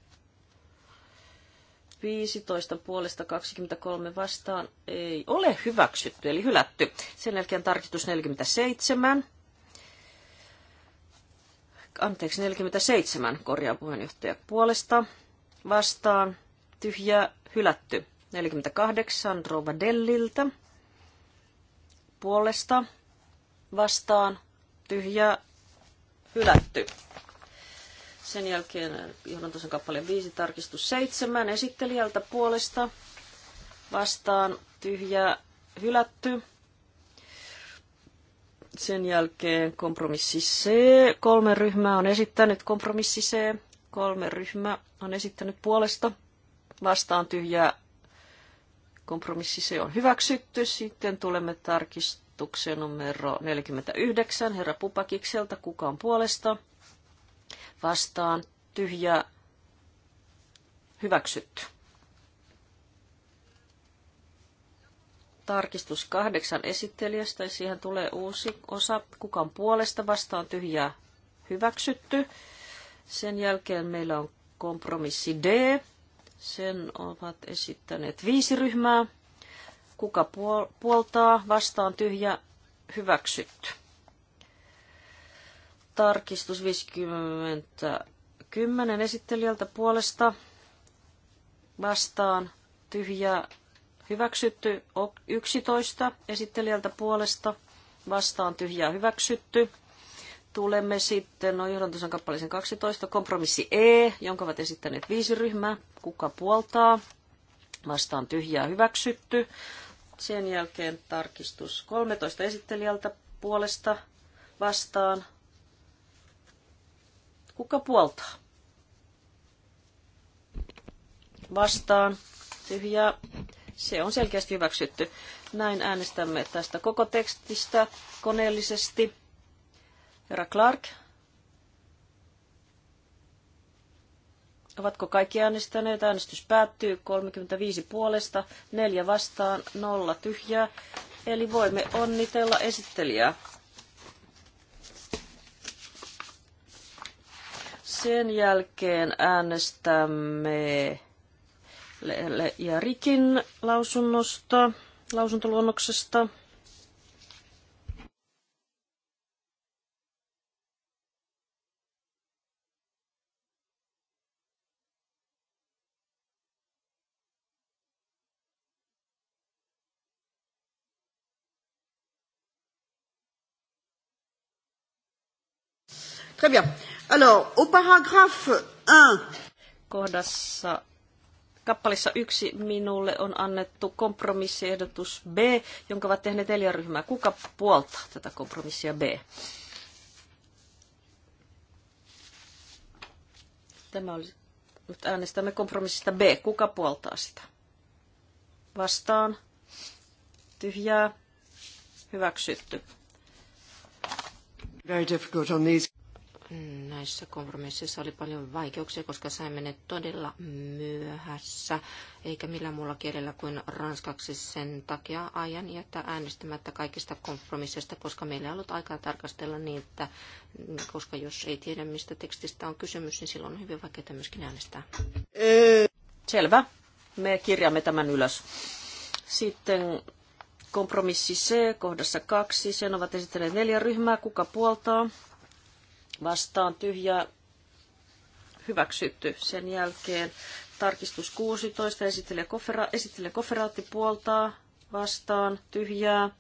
15 puolesta 23 vastaan ei ole hyväksytty, eli hylätty. Sen jälkeen tarkistus 47. Anteeksi, 47 korjaa puheenjohtaja puolesta vastaan. Tyhjä hylätty. 48 Rova Delliltä puolesta vastaan. Tyhjä hylätty. Sen jälkeen johdantosen kappaleen 5 tarkistus 7 esittelijältä puolesta vastaan tyhjä hylätty. Sen jälkeen kompromissi C. Kolme ryhmää on esittänyt kompromissi C. Kolme ryhmää on esittänyt puolesta. Vastaan tyhjää kompromissi C on hyväksytty. Sitten tulemme tarkistukseen numero 49 herra Pupakikselta. Kuka on puolesta? vastaan tyhjää hyväksytty. Tarkistus kahdeksan esittelijästä, siihen tulee uusi osa, kukan puolesta vastaan tyhjää hyväksytty. Sen jälkeen meillä on kompromissi D. Sen ovat esittäneet viisi ryhmää. Kuka puoltaa, vastaan tyhjä, hyväksytty. Tarkistus 50. 10 esittelijältä puolesta vastaan tyhjää hyväksytty. 11 esittelijältä puolesta vastaan tyhjää hyväksytty. Tulemme sitten no, johdantosan kappaleeseen 12, kompromissi E, jonka ovat esittäneet viisi ryhmää. Kuka puoltaa? Vastaan tyhjää hyväksytty. Sen jälkeen tarkistus 13 esittelijältä puolesta vastaan Kuka puoltaa? Vastaan. Tyhjää. Se on selkeästi hyväksytty. Näin äänestämme tästä koko tekstistä koneellisesti. Herra Clark. Ovatko kaikki äänestäneet? Äänestys päättyy 35 puolesta, 4 vastaan, 0 tyhjää. Eli voimme onnitella esittelijää. Sen jälkeen äänestämme Lele ja Rikin lausunnosta, lausuntoluonnoksesta. Très bien. Alors, au paragraphe 1. Kohdassa kappalissa yksi minulle on annettu kompromissiehdotus B, jonka ovat tehneet neljä ryhmää. Kuka puoltaa tätä kompromissia B? Tämä oli, nyt äänestämme kompromissista B. Kuka puoltaa sitä? Vastaan. Tyhjää. Hyväksytty. Very difficult on these näissä kompromisseissa oli paljon vaikeuksia, koska saimme ne todella myöhässä, eikä millään muulla kielellä kuin ranskaksi sen takia ajan jättää äänestämättä kaikista kompromisseista, koska meillä ei ollut aikaa tarkastella niitä, koska jos ei tiedä, mistä tekstistä on kysymys, niin silloin on hyvin vaikeaa myöskin äänestää. Selvä. Me kirjaamme tämän ylös. Sitten kompromissi C kohdassa kaksi. Sen ovat esittäneet neljä ryhmää. Kuka puoltaa? vastaan tyhjää hyväksytty. Sen jälkeen tarkistus 16, esittelee, kofera, esittelee koferaatti puoltaa vastaan tyhjää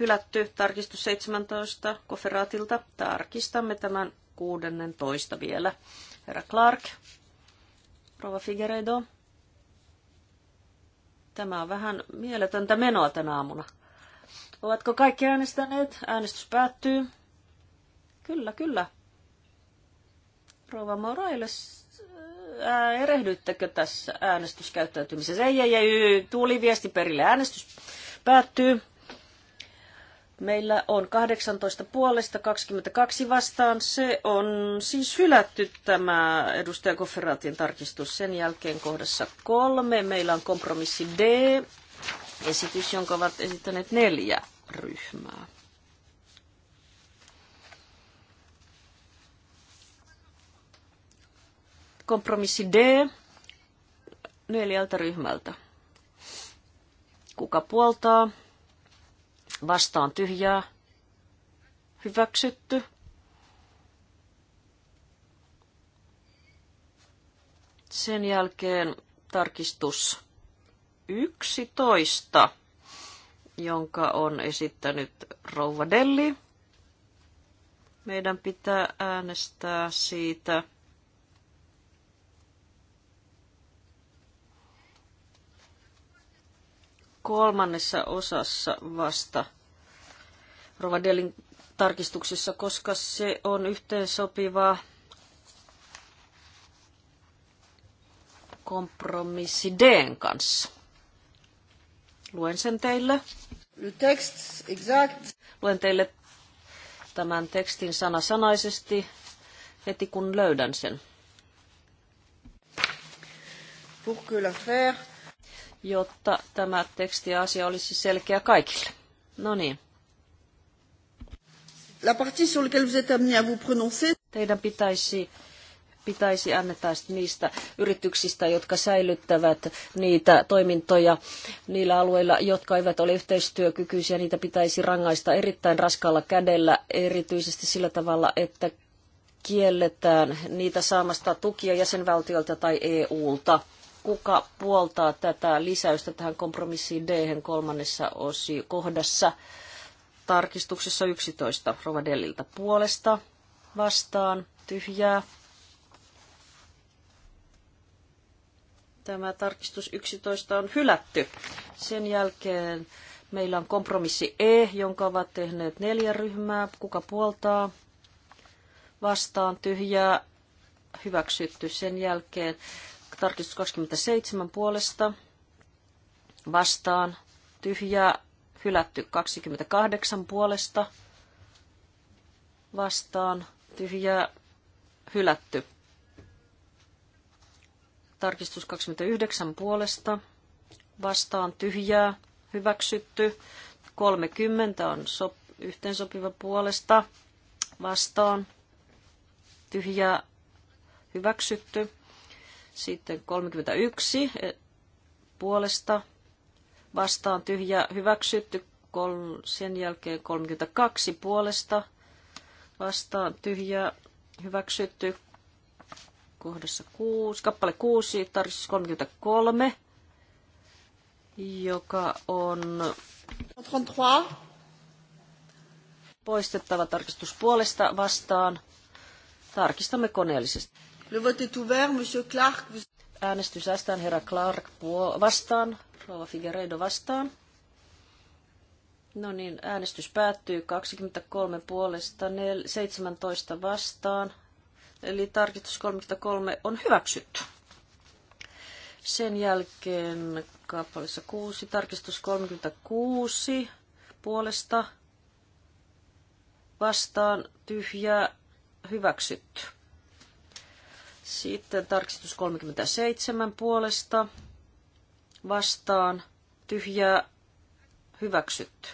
hylätty. Tarkistus 17 koferaatilta. Tarkistamme tämän 16 vielä. Herra Clark, Rova Figueredo. Tämä on vähän mieletöntä menoa tänä aamuna. Ovatko kaikki äänestäneet? Äänestys päättyy. Kyllä, kyllä. Rouva Morales, ää, erehdyttekö tässä äänestyskäyttäytymisessä? Ei, ei, ei, tuli viesti perille. Äänestys päättyy. Meillä on 18 puolesta 22 vastaan. Se on siis hylätty tämä edustaja tarkistus. Sen jälkeen kohdassa kolme. Meillä on kompromissi D, esitys, jonka ovat esittäneet neljä ryhmää. Kompromissi D neljältä ryhmältä. Kuka puoltaa? Vastaan tyhjää. Hyväksytty. Sen jälkeen tarkistus 11, jonka on esittänyt Rouva Delli. Meidän pitää äänestää siitä kolmannessa osassa vasta Rovadelin tarkistuksissa, koska se on yhteensopiva kompromissi kanssa. Luen sen teille. Le text exact. Luen teille tämän tekstin sanasanaisesti heti kun löydän sen. Pour que l'affaire jotta tämä teksti ja asia olisi selkeä kaikille. No niin. La partie sur laquelle vous êtes amené à vous prononcer. Teidän pitäisi pitäisi annettaa niistä yrityksistä, jotka säilyttävät niitä toimintoja niillä alueilla, jotka eivät ole yhteistyökykyisiä. Niitä pitäisi rangaista erittäin raskaalla kädellä, erityisesti sillä tavalla, että kielletään niitä saamasta tukia jäsenvaltiolta tai EUlta kuka puoltaa tätä lisäystä tähän kompromissiin B kolmannessa osi kohdassa tarkistuksessa 11 Rovadellilta puolesta vastaan tyhjää. Tämä tarkistus 11 on hylätty. Sen jälkeen meillä on kompromissi E, jonka ovat tehneet neljä ryhmää. Kuka puoltaa? Vastaan tyhjää hyväksytty. Sen jälkeen Tarkistus 27 puolesta vastaan. Tyhjää hylätty 28 puolesta vastaan. Tyhjää hylätty. Tarkistus 29 puolesta vastaan tyhjää hyväksytty. 30 on sop- yhteensopiva puolesta vastaan tyhjää hyväksytty. Sitten 31 eh, puolesta vastaan tyhjä hyväksytty. Sen jälkeen 32 puolesta vastaan tyhjä hyväksytty. Kohdassa 6, kappale 6, tarkistus 33, joka on 33. poistettava tarkistus puolesta vastaan. Tarkistamme koneellisesti. Le vote est ouvert, monsieur Clark. Vous... Äänestys ästään herra Clark vastaan, rouva Figueredo vastaan. No niin, äänestys päättyy 23 puolesta 17 vastaan. Eli tarkistus 33 on hyväksytty. Sen jälkeen kappaleessa 6, tarkistus 36 puolesta vastaan tyhjää hyväksytty. Sitten tarkistus 37 puolesta vastaan tyhjää hyväksytty.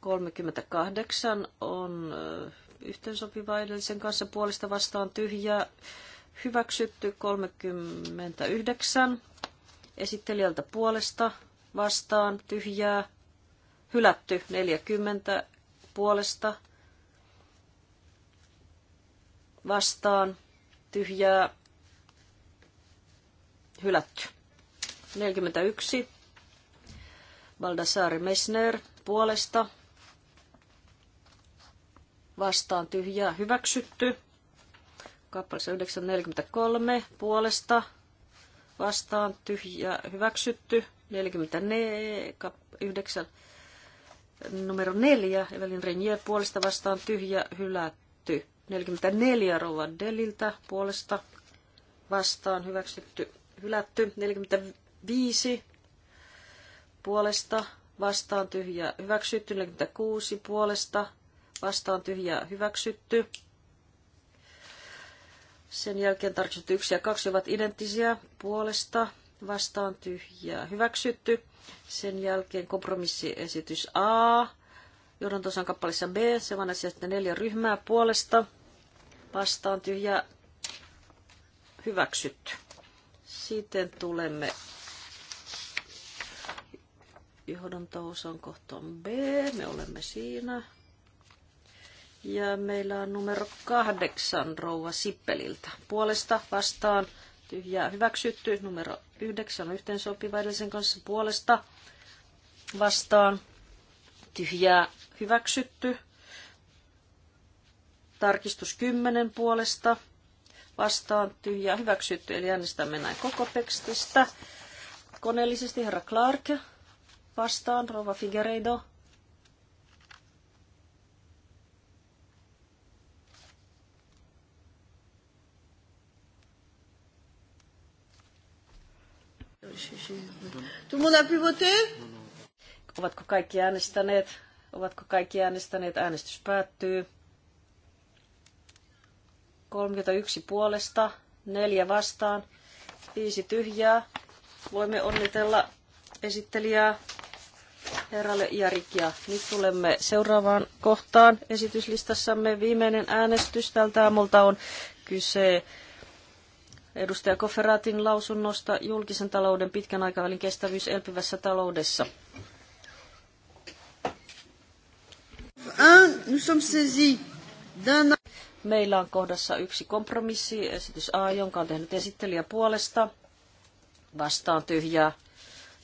38 on yhteensopiva edellisen kanssa puolesta vastaan tyhjää hyväksytty. 39 esittelijältä puolesta vastaan tyhjää hylätty. 40 puolesta vastaan tyhjää hylätty. 41. Baldassari Messner puolesta vastaan tyhjää hyväksytty. Kappaleessa 943 puolesta vastaan tyhjää hyväksytty. 44, 9, numero 4 Evelin Renier puolesta vastaan tyhjä hylätty. 44 Rova Deliltä puolesta vastaan hyväksytty, hylätty. 45 puolesta vastaan tyhjä hyväksytty. 46 puolesta vastaan tyhjä hyväksytty. Sen jälkeen tarkistettu 1 ja 2 ovat identtisiä puolesta vastaan tyhjä hyväksytty. Sen jälkeen kompromissiesitys A, johdantosan kappaleessa B, se on sitten neljä ryhmää puolesta vastaan tyhjä hyväksytty. Sitten tulemme johdantoosan kohtaan B. Me olemme siinä. Ja meillä on numero kahdeksan rouva Sippeliltä. Puolesta vastaan tyhjää hyväksytty. Numero yhdeksän on yhteensopiva edellisen kanssa puolesta vastaan tyhjää hyväksytty. Tarkistus 10 puolesta vastaan tyhjä hyväksytty, eli äänestämme näin koko tekstistä. Koneellisesti herra Clark vastaan, rova Figueiredo. Ovatko kaikki äänestäneet? Ovatko kaikki äänestäneet? Äänestys päättyy. 31 puolesta, neljä vastaan, viisi tyhjää. Voimme onnitella esittelijää herralle Jarikia. Nyt tulemme seuraavaan kohtaan esityslistassamme. Viimeinen äänestys tältä aamulta on kyse edustaja Koferaatin lausunnosta julkisen talouden pitkän aikavälin kestävyys elpyvässä taloudessa. Un, nous sommes saisis d'un Meillä on kohdassa yksi kompromissi, esitys A, jonka on tehnyt esittelijä puolesta. Vastaan tyhjää.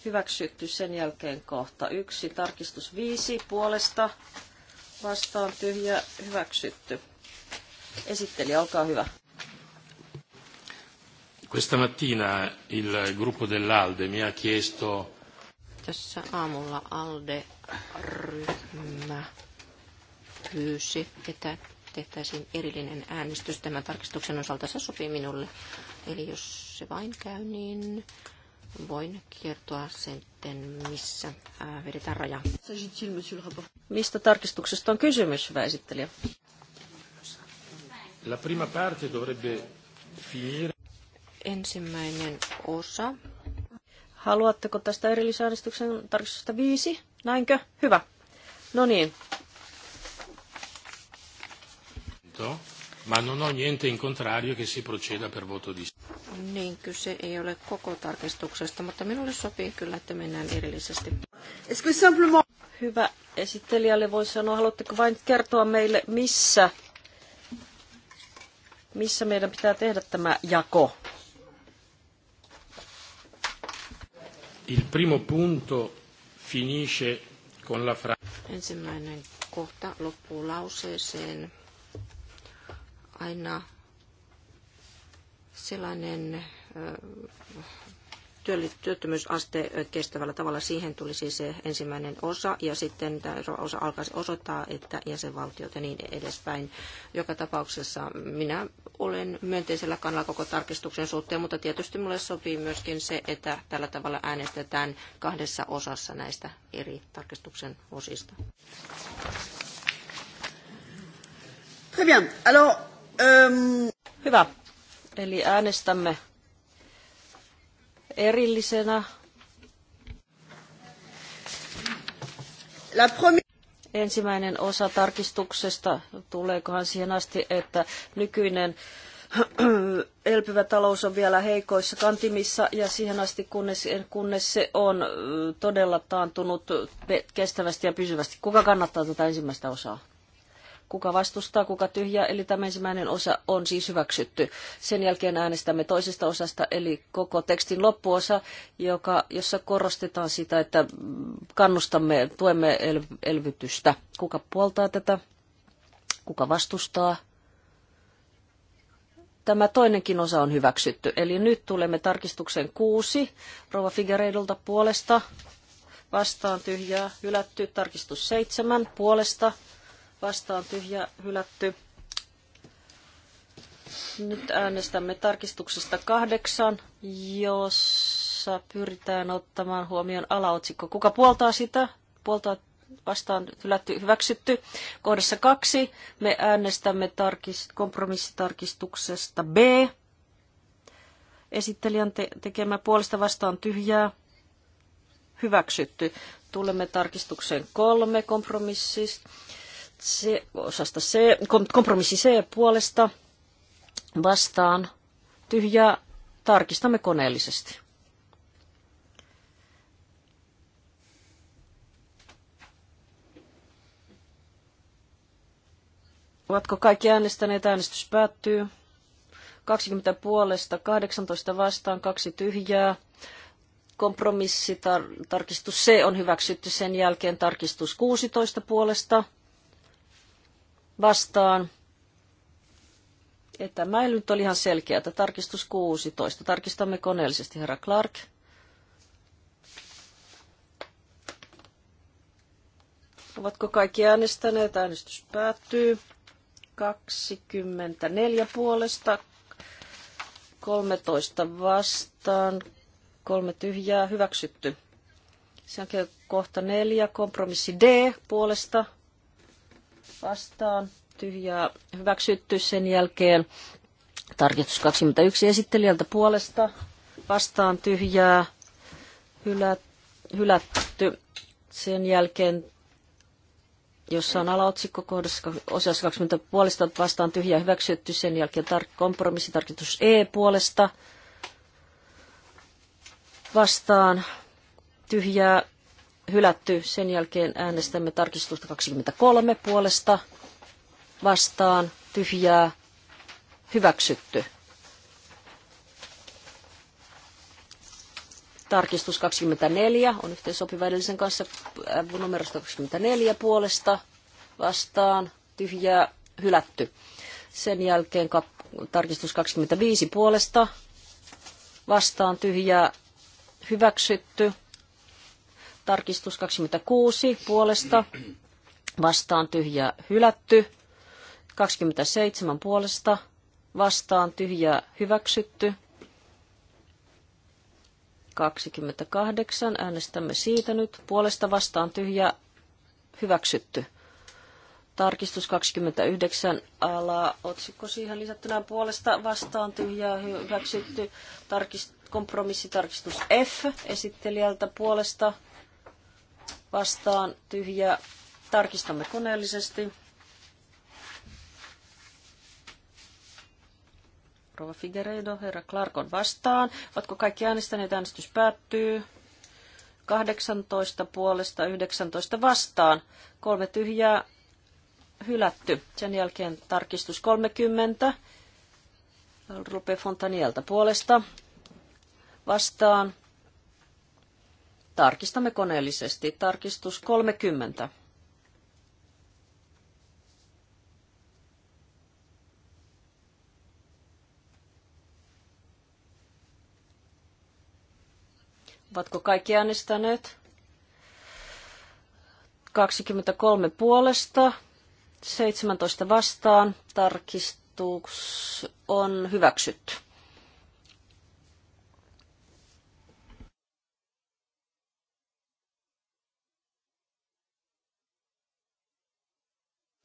Hyväksytty sen jälkeen kohta yksi, tarkistus viisi puolesta. Vastaan tyhjä, hyväksytty. Esittelijä, olkaa hyvä. Questa mattina il gruppo dell'Alde mi ha chiesto... Tässä aamulla ALDE-ryhmä pyysi, että tehtäisiin erillinen äänestys tämän tarkistuksen osalta. Se sopii minulle. Eli jos se vain käy, niin voin kertoa sitten, missä vedetään raja. Mistä tarkistuksesta on kysymys, hyvä esittelijä? La prima parte dovrebbe finire. Ensimmäinen osa. Haluatteko tästä erillisäänestyksen tarkistusta viisi? Näinkö? Hyvä. No niin, voto, ma non ho niente in contrario che si proceda per voto di... Niin, kyse ei ole koko tarkistuksesta, mutta minulle sopii kyllä, että mennään erillisesti. Hyvä esittelijälle voi sanoa, haluatteko vain kertoa meille, missä, missä meidän pitää tehdä tämä jako? Il primo punto finisce con la fra- Ensimmäinen kohta loppuu lauseeseen aina sellainen työttömyysaste kestävällä tavalla. Siihen tulisi se ensimmäinen osa ja sitten tämä osa alkaisi osoittaa, että jäsenvaltiot ja niin edespäin. Joka tapauksessa minä olen myönteisellä kannalla koko tarkistuksen suhteen, mutta tietysti mulle sopii myöskin se, että tällä tavalla äänestetään kahdessa osassa näistä eri tarkistuksen osista. Très bien. Alors, Öm. Hyvä. Eli äänestämme erillisenä. La promi- Ensimmäinen osa tarkistuksesta, tuleekohan siihen asti, että nykyinen elpyvä talous on vielä heikoissa kantimissa ja siihen asti, kunnes, kunnes se on todella taantunut kestävästi ja pysyvästi. Kuka kannattaa tätä ensimmäistä osaa? kuka vastustaa, kuka tyhjää, eli tämä ensimmäinen osa on siis hyväksytty. Sen jälkeen äänestämme toisesta osasta, eli koko tekstin loppuosa, joka, jossa korostetaan sitä, että kannustamme, tuemme el- elvytystä. Kuka puoltaa tätä, kuka vastustaa. Tämä toinenkin osa on hyväksytty. Eli nyt tulemme tarkistuksen kuusi. Rova Figereidolta puolesta vastaan tyhjää, hylätty, tarkistus seitsemän puolesta, vastaan tyhjä hylätty. Nyt äänestämme tarkistuksesta kahdeksan, jossa pyritään ottamaan huomioon alaotsikko. Kuka puoltaa sitä? Puoltaa vastaan hylätty, hyväksytty. Kohdassa kaksi me äänestämme tarkist, kompromissitarkistuksesta B. Esittelijän te- tekemä puolesta vastaan tyhjää. Hyväksytty. Tulemme tarkistukseen kolme kompromissista C, osasta C, kompromissi C puolesta vastaan tyhjää tarkistamme koneellisesti. Ovatko kaikki äänestäneet? Äänestys päättyy. 20 puolesta, 18 vastaan, kaksi tyhjää. Kompromissitarkistus C on hyväksytty sen jälkeen tarkistus 16 puolesta vastaan. Tämä nyt oli ihan selkeä, että tarkistus 16. Tarkistamme koneellisesti, herra Clark. Ovatko kaikki äänestäneet? Äänestys päättyy. 24 puolesta, 13 vastaan, kolme tyhjää hyväksytty. Sen jälkeen kohta neljä, kompromissi D puolesta vastaan tyhjää hyväksytty sen jälkeen. Tarkistus 21 esittelijältä puolesta vastaan tyhjää hylä, hylätty. Sen jälkeen, jossa on alaotsikko kohdassa osassa 20 puolesta vastaan tyhjää hyväksytty. Sen jälkeen tar- kompromissitarkistus E puolesta vastaan tyhjää hylätty. Sen jälkeen äänestämme tarkistusta 23 puolesta vastaan tyhjää hyväksytty. Tarkistus 24 on yhteensopiva edellisen kanssa äh, numerosta 24 puolesta vastaan tyhjää hylätty. Sen jälkeen tarkistus 25 puolesta vastaan tyhjää hyväksytty. Tarkistus 26 puolesta vastaan tyhjä hylätty. 27 puolesta vastaan tyhjä hyväksytty. 28 äänestämme siitä nyt. Puolesta vastaan tyhjä hyväksytty. Tarkistus 29 ala otsikko siihen lisättynä puolesta vastaan tyhjää hyväksytty. Tarkist, kompromissitarkistus F esittelijältä puolesta vastaan tyhjä. Tarkistamme koneellisesti. Rova Figueiredo, herra Clarkon vastaan. Ovatko kaikki äänestäneet? Äänestys päättyy. 18 puolesta 19 vastaan. Kolme tyhjää hylätty. Sen jälkeen tarkistus 30. Rupe Fontanielta puolesta vastaan. Tarkistamme koneellisesti. Tarkistus 30. Ovatko kaikki äänestäneet? 23 puolesta, 17 vastaan. Tarkistus on hyväksytty.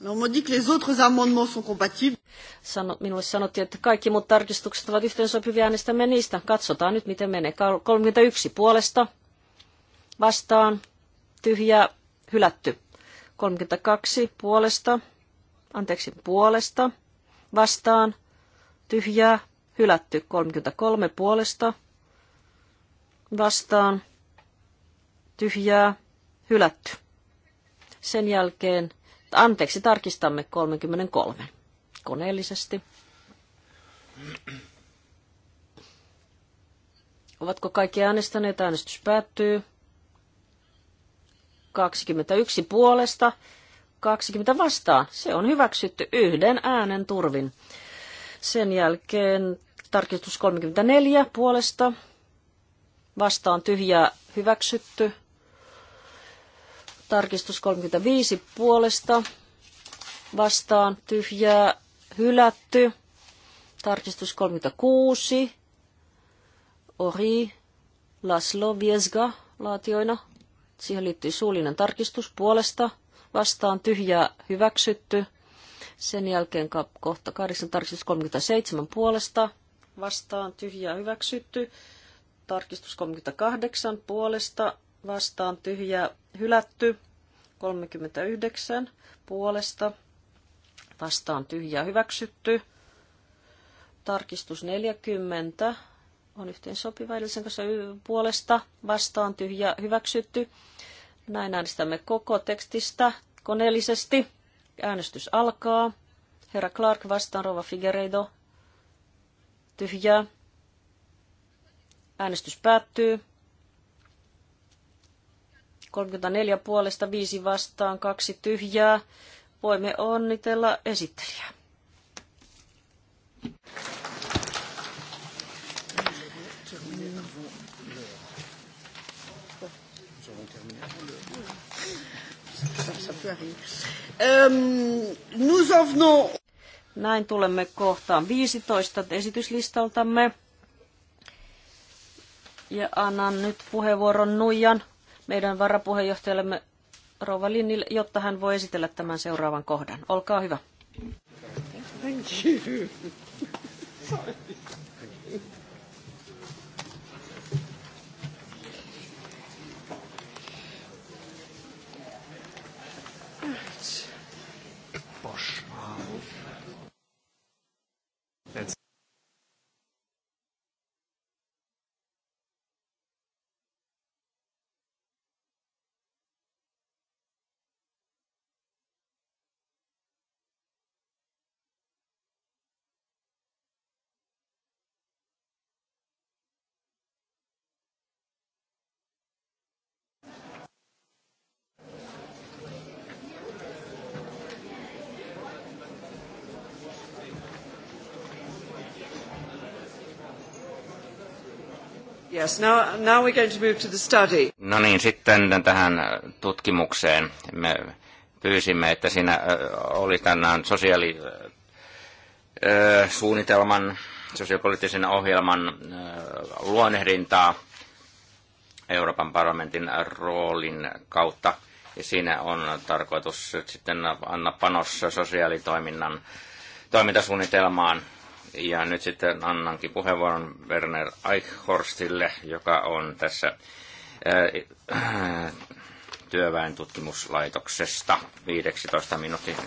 No, dit sont Sano, minulle sanottiin, että kaikki muut tarkistukset ovat yhteensopivia, äänestämme niistä. Katsotaan nyt, miten menee. 31 puolesta vastaan, tyhjä, hylätty. 32 puolesta, anteeksi, puolesta vastaan, tyhjää, hylätty. 33 puolesta vastaan, tyhjää, hylätty. Sen jälkeen Anteeksi, tarkistamme 33 koneellisesti. Ovatko kaikki äänestäneet? Äänestys päättyy. 21 puolesta, 20 vastaan. Se on hyväksytty yhden äänen turvin. Sen jälkeen tarkistus 34 puolesta, vastaan tyhjää hyväksytty. Tarkistus 35 puolesta vastaan tyhjää hylätty. Tarkistus 36. Ori Laslo Viesga laatioina. Siihen liittyy suullinen tarkistus puolesta. Vastaan tyhjää hyväksytty. Sen jälkeen kohta 8 tarkistus 37 puolesta. Vastaan tyhjää hyväksytty. Tarkistus 38 puolesta vastaan tyhjä hylätty. 39 puolesta vastaan tyhjä hyväksytty. Tarkistus 40 on yhteen sopiva edellisen kanssa puolesta vastaan tyhjä hyväksytty. Näin äänestämme koko tekstistä koneellisesti. Äänestys alkaa. Herra Clark vastaan Rova Figueredo. tyhjä Äänestys päättyy. 34 puolesta, 5 vastaan, kaksi tyhjää. Voimme onnitella esittelijää. Näin tulemme kohtaan 15 esityslistaltamme. Ja annan nyt puheenvuoron Nuijan meidän varapuheenjohtajallemme Rouva Linnille, jotta hän voi esitellä tämän seuraavan kohdan. Olkaa hyvä. Thank you. Yes, now, now we're going to move to the study. No niin, sitten tähän äh, tutkimukseen. Me pyysimme, että siinä äh, oli tänään sosiaalisuunnitelman, äh, sosiopoliittisen ohjelman luonnehdintaa Euroopan parlamentin roolin kautta. Ja siinä on tarkoitus sitten anna panos sosiaalitoiminnan toimintasuunnitelmaan ja nyt sitten annankin puheenvuoron Werner Eichhorstille, joka on tässä ää, äh, työväen tutkimuslaitoksesta 15 minuutin. Äh,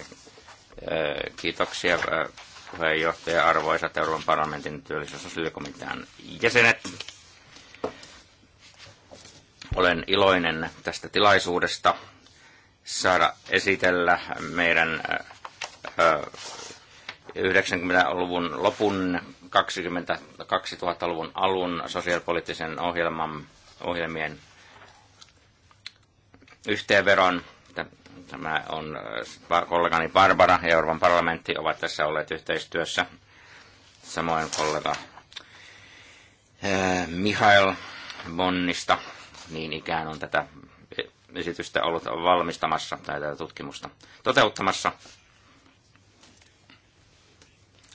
kiitoksia äh, puheenjohtaja, arvoisa Euroopan parlamentin työllisyysasiakomitean jäsenet. Olen iloinen tästä tilaisuudesta saada esitellä meidän 90-luvun lopun, 20, 2000-luvun alun sosiaalipoliittisen ohjelman, ohjelmien yhteenveron. Tämä on äh, kollegani Barbara ja Euroopan parlamentti ovat tässä olleet yhteistyössä. Samoin kollega äh, Mihail Bonnista niin ikään on tätä e-, esitystä ollut valmistamassa tai tätä tutkimusta toteuttamassa.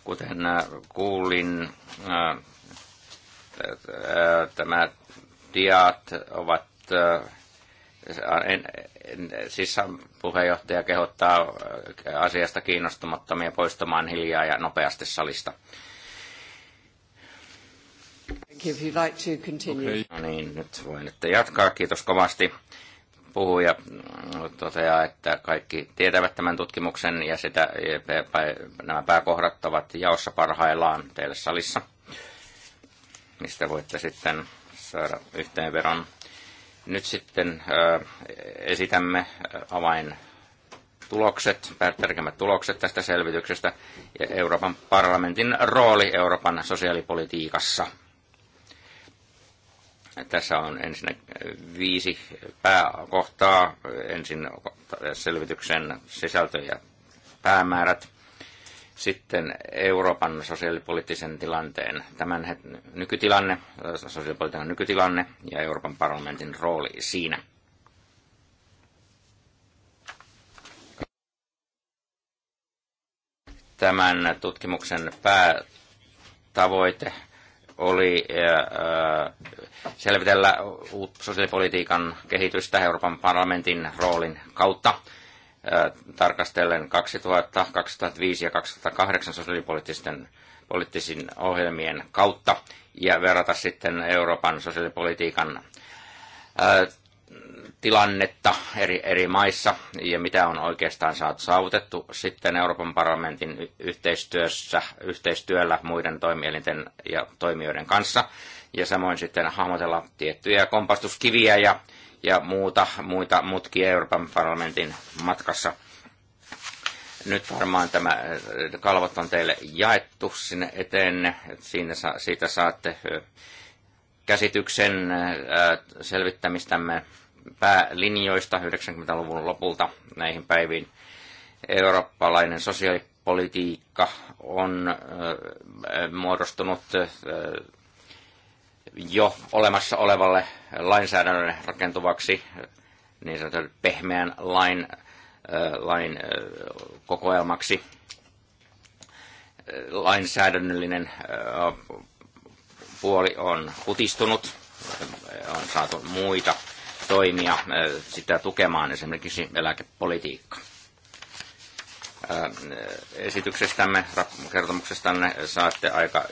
Kuten äh, kuulin, äh, tämä diat ovat siis puheenjohtaja kehottaa asiasta kiinnostumattomia poistumaan hiljaa ja nopeasti salista. If you like to continue. Okay. No niin, nyt voin nyt jatkaa. Kiitos kovasti puhuja toteaa, että kaikki tietävät tämän tutkimuksen ja sitä, nämä pääkohdat ovat jaossa parhaillaan teille salissa, mistä voitte sitten saada yhteenveron. Nyt sitten esitämme avain tulokset, tärkeimmät tulokset tästä selvityksestä ja Euroopan parlamentin rooli Euroopan sosiaalipolitiikassa. Tässä on ensin viisi pääkohtaa. Ensin selvityksen sisältö ja päämäärät. Sitten Euroopan sosiaalipoliittisen tilanteen tämän nykytilanne, sosiaalipolitiikan nykytilanne ja Euroopan parlamentin rooli siinä. Tämän tutkimuksen päätavoite oli selvitellä sosiaalipolitiikan kehitystä Euroopan parlamentin roolin kautta tarkastellen 2000, 2005 ja 2008 sosiaalipoliittisten poliittisin ohjelmien kautta ja verrata sitten Euroopan sosiaalipolitiikan tilannetta eri, eri maissa ja mitä on oikeastaan saatu saavutettu sitten Euroopan parlamentin yhteistyössä, yhteistyöllä muiden toimielinten ja toimijoiden kanssa ja samoin sitten hahmotella tiettyjä kompastuskiviä ja, ja muuta, muita mutkia Euroopan parlamentin matkassa. Nyt varmaan tämä äh, kalvot on teille jaettu sinne eteen, siinä, siitä saatte äh, käsityksen äh, selvittämistämme päälinjoista 90-luvun lopulta näihin päiviin. Eurooppalainen sosiaalipolitiikka on muodostunut jo olemassa olevalle lainsäädännölle rakentuvaksi niin sanotun pehmeän lain, lain kokoelmaksi. Lainsäädännöllinen puoli on kutistunut, on saatu muita toimia äh, sitä tukemaan, esimerkiksi eläkepolitiikka. Äh, esityksestämme, kertomuksestanne saatte aika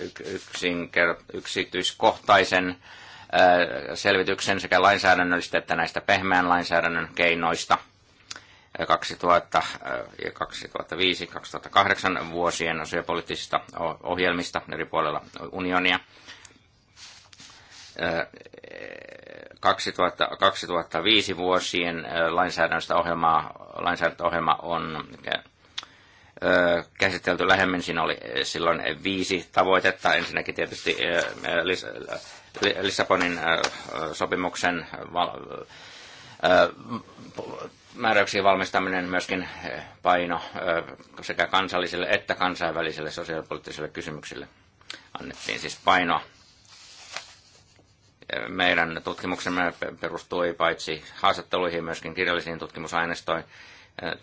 yksityiskohtaisen äh, selvityksen sekä lainsäädännöllistä että näistä pehmeän lainsäädännön keinoista 2000 ja 2005-2008 vuosien asiopoliittisista ohjelmista eri puolilla unionia – 2000, 2005 vuosien lainsäädännöstä ohjelmaa, lainsäädäntöohjelma on käsitelty lähemmin. Siinä oli silloin viisi tavoitetta. Ensinnäkin tietysti Lissabonin sopimuksen määräyksiin valmistaminen myöskin paino sekä kansallisille että kansainvälisille sosiaalipoliittisille kysymyksille annettiin siis painoa meidän tutkimuksemme perustui paitsi haastatteluihin myöskin kirjallisiin tutkimusaineistoihin.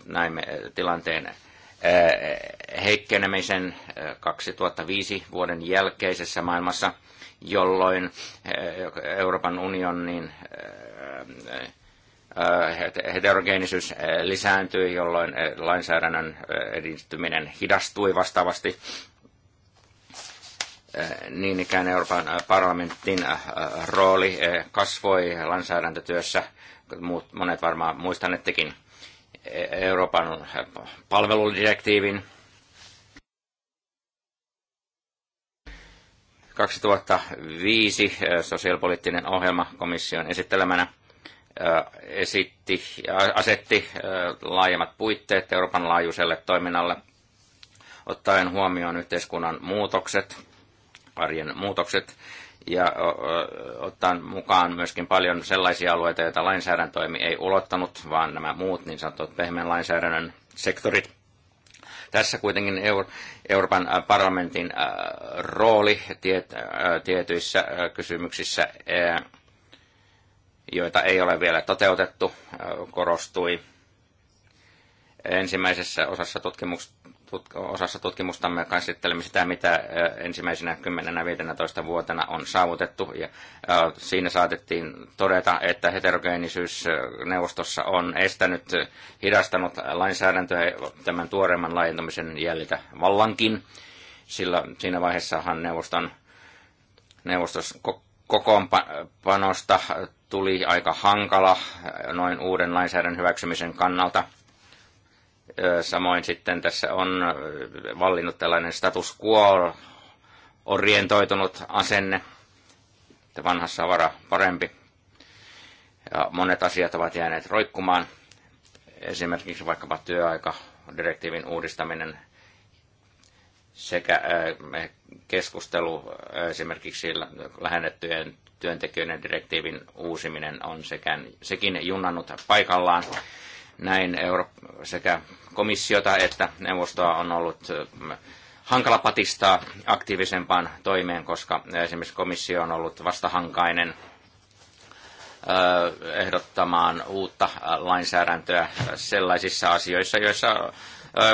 Näimme tilanteen eh, heikkenemisen 2005 eh, vuoden jälkeisessä maailmassa, jolloin eh, Euroopan unionin heterogeenisyys lisääntyi, jolloin lainsäädännön edistyminen hidastui vastaavasti Äh, niin ikään Euroopan äh, parlamentin äh, rooli kasvoi lainsäädäntötyössä, muut, monet varmaan muistanettekin e- Euroopan palveludirektiivin 2005 sosiaalipoliittinen ohjelma komission esittelemänä esitti, asetti laajemmat puitteet Euroopan laajuiselle toiminnalle, ottaen huomioon yhteiskunnan muutokset arjen muutokset ja ottaen mukaan myöskin paljon sellaisia alueita, joita lainsäädäntöimi ei ulottanut, vaan nämä muut niin sanotut pehmeän lainsäädännön sektorit. Tässä kuitenkin Euroopan parlamentin rooli tietyissä kysymyksissä, joita ei ole vielä toteutettu, korostui ensimmäisessä osassa tutkimus, osassa tutkimustamme käsittelemme sitä, mitä ensimmäisenä 10-15 vuotena on saavutettu. Ja siinä saatettiin todeta, että heterogeenisyys neuvostossa on estänyt, hidastanut lainsäädäntöä tämän tuoreemman laajentumisen jäljiltä vallankin. Sillä siinä vaiheessahan neuvoston, neuvostos kokoonpanosta tuli aika hankala noin uuden lainsäädännön hyväksymisen kannalta – Samoin sitten tässä on vallinnut tällainen status quo orientoitunut asenne, että vanhassa vara parempi. Ja monet asiat ovat jääneet roikkumaan. Esimerkiksi vaikkapa direktiivin uudistaminen sekä keskustelu esimerkiksi lähennettyjen työntekijöiden direktiivin uusiminen on sekä sekin junnannut paikallaan. Näin Euro- sekä komissiota että neuvostoa on ollut hankala patistaa aktiivisempaan toimeen, koska esimerkiksi komissio on ollut vastahankainen ehdottamaan uutta lainsäädäntöä sellaisissa asioissa, joissa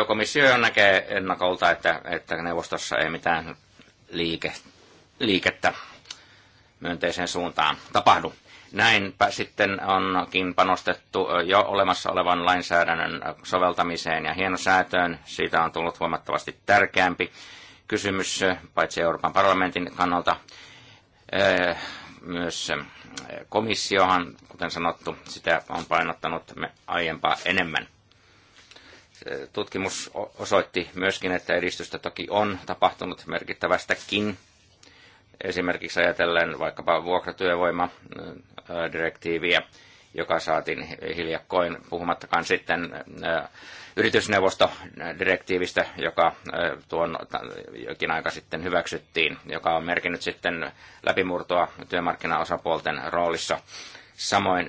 komissio jo näkee ennakolta, että, että neuvostossa ei mitään liike, liikettä myönteiseen suuntaan tapahdu. Näinpä sitten onkin panostettu jo olemassa olevan lainsäädännön soveltamiseen ja hienosäätöön. Siitä on tullut huomattavasti tärkeämpi kysymys paitsi Euroopan parlamentin kannalta. Myös komissiohan, kuten sanottu, sitä on painottanut me aiempaa enemmän. Tutkimus osoitti myöskin, että edistystä toki on tapahtunut merkittävästäkin esimerkiksi ajatellen vaikkapa vuokratyövoima direktiiviä, joka saatiin hiljakkoin, puhumattakaan sitten yritysneuvostodirektiivistä, joka tuon jokin aika sitten hyväksyttiin, joka on merkinnyt sitten läpimurtoa työmarkkinaosapuolten roolissa. Samoin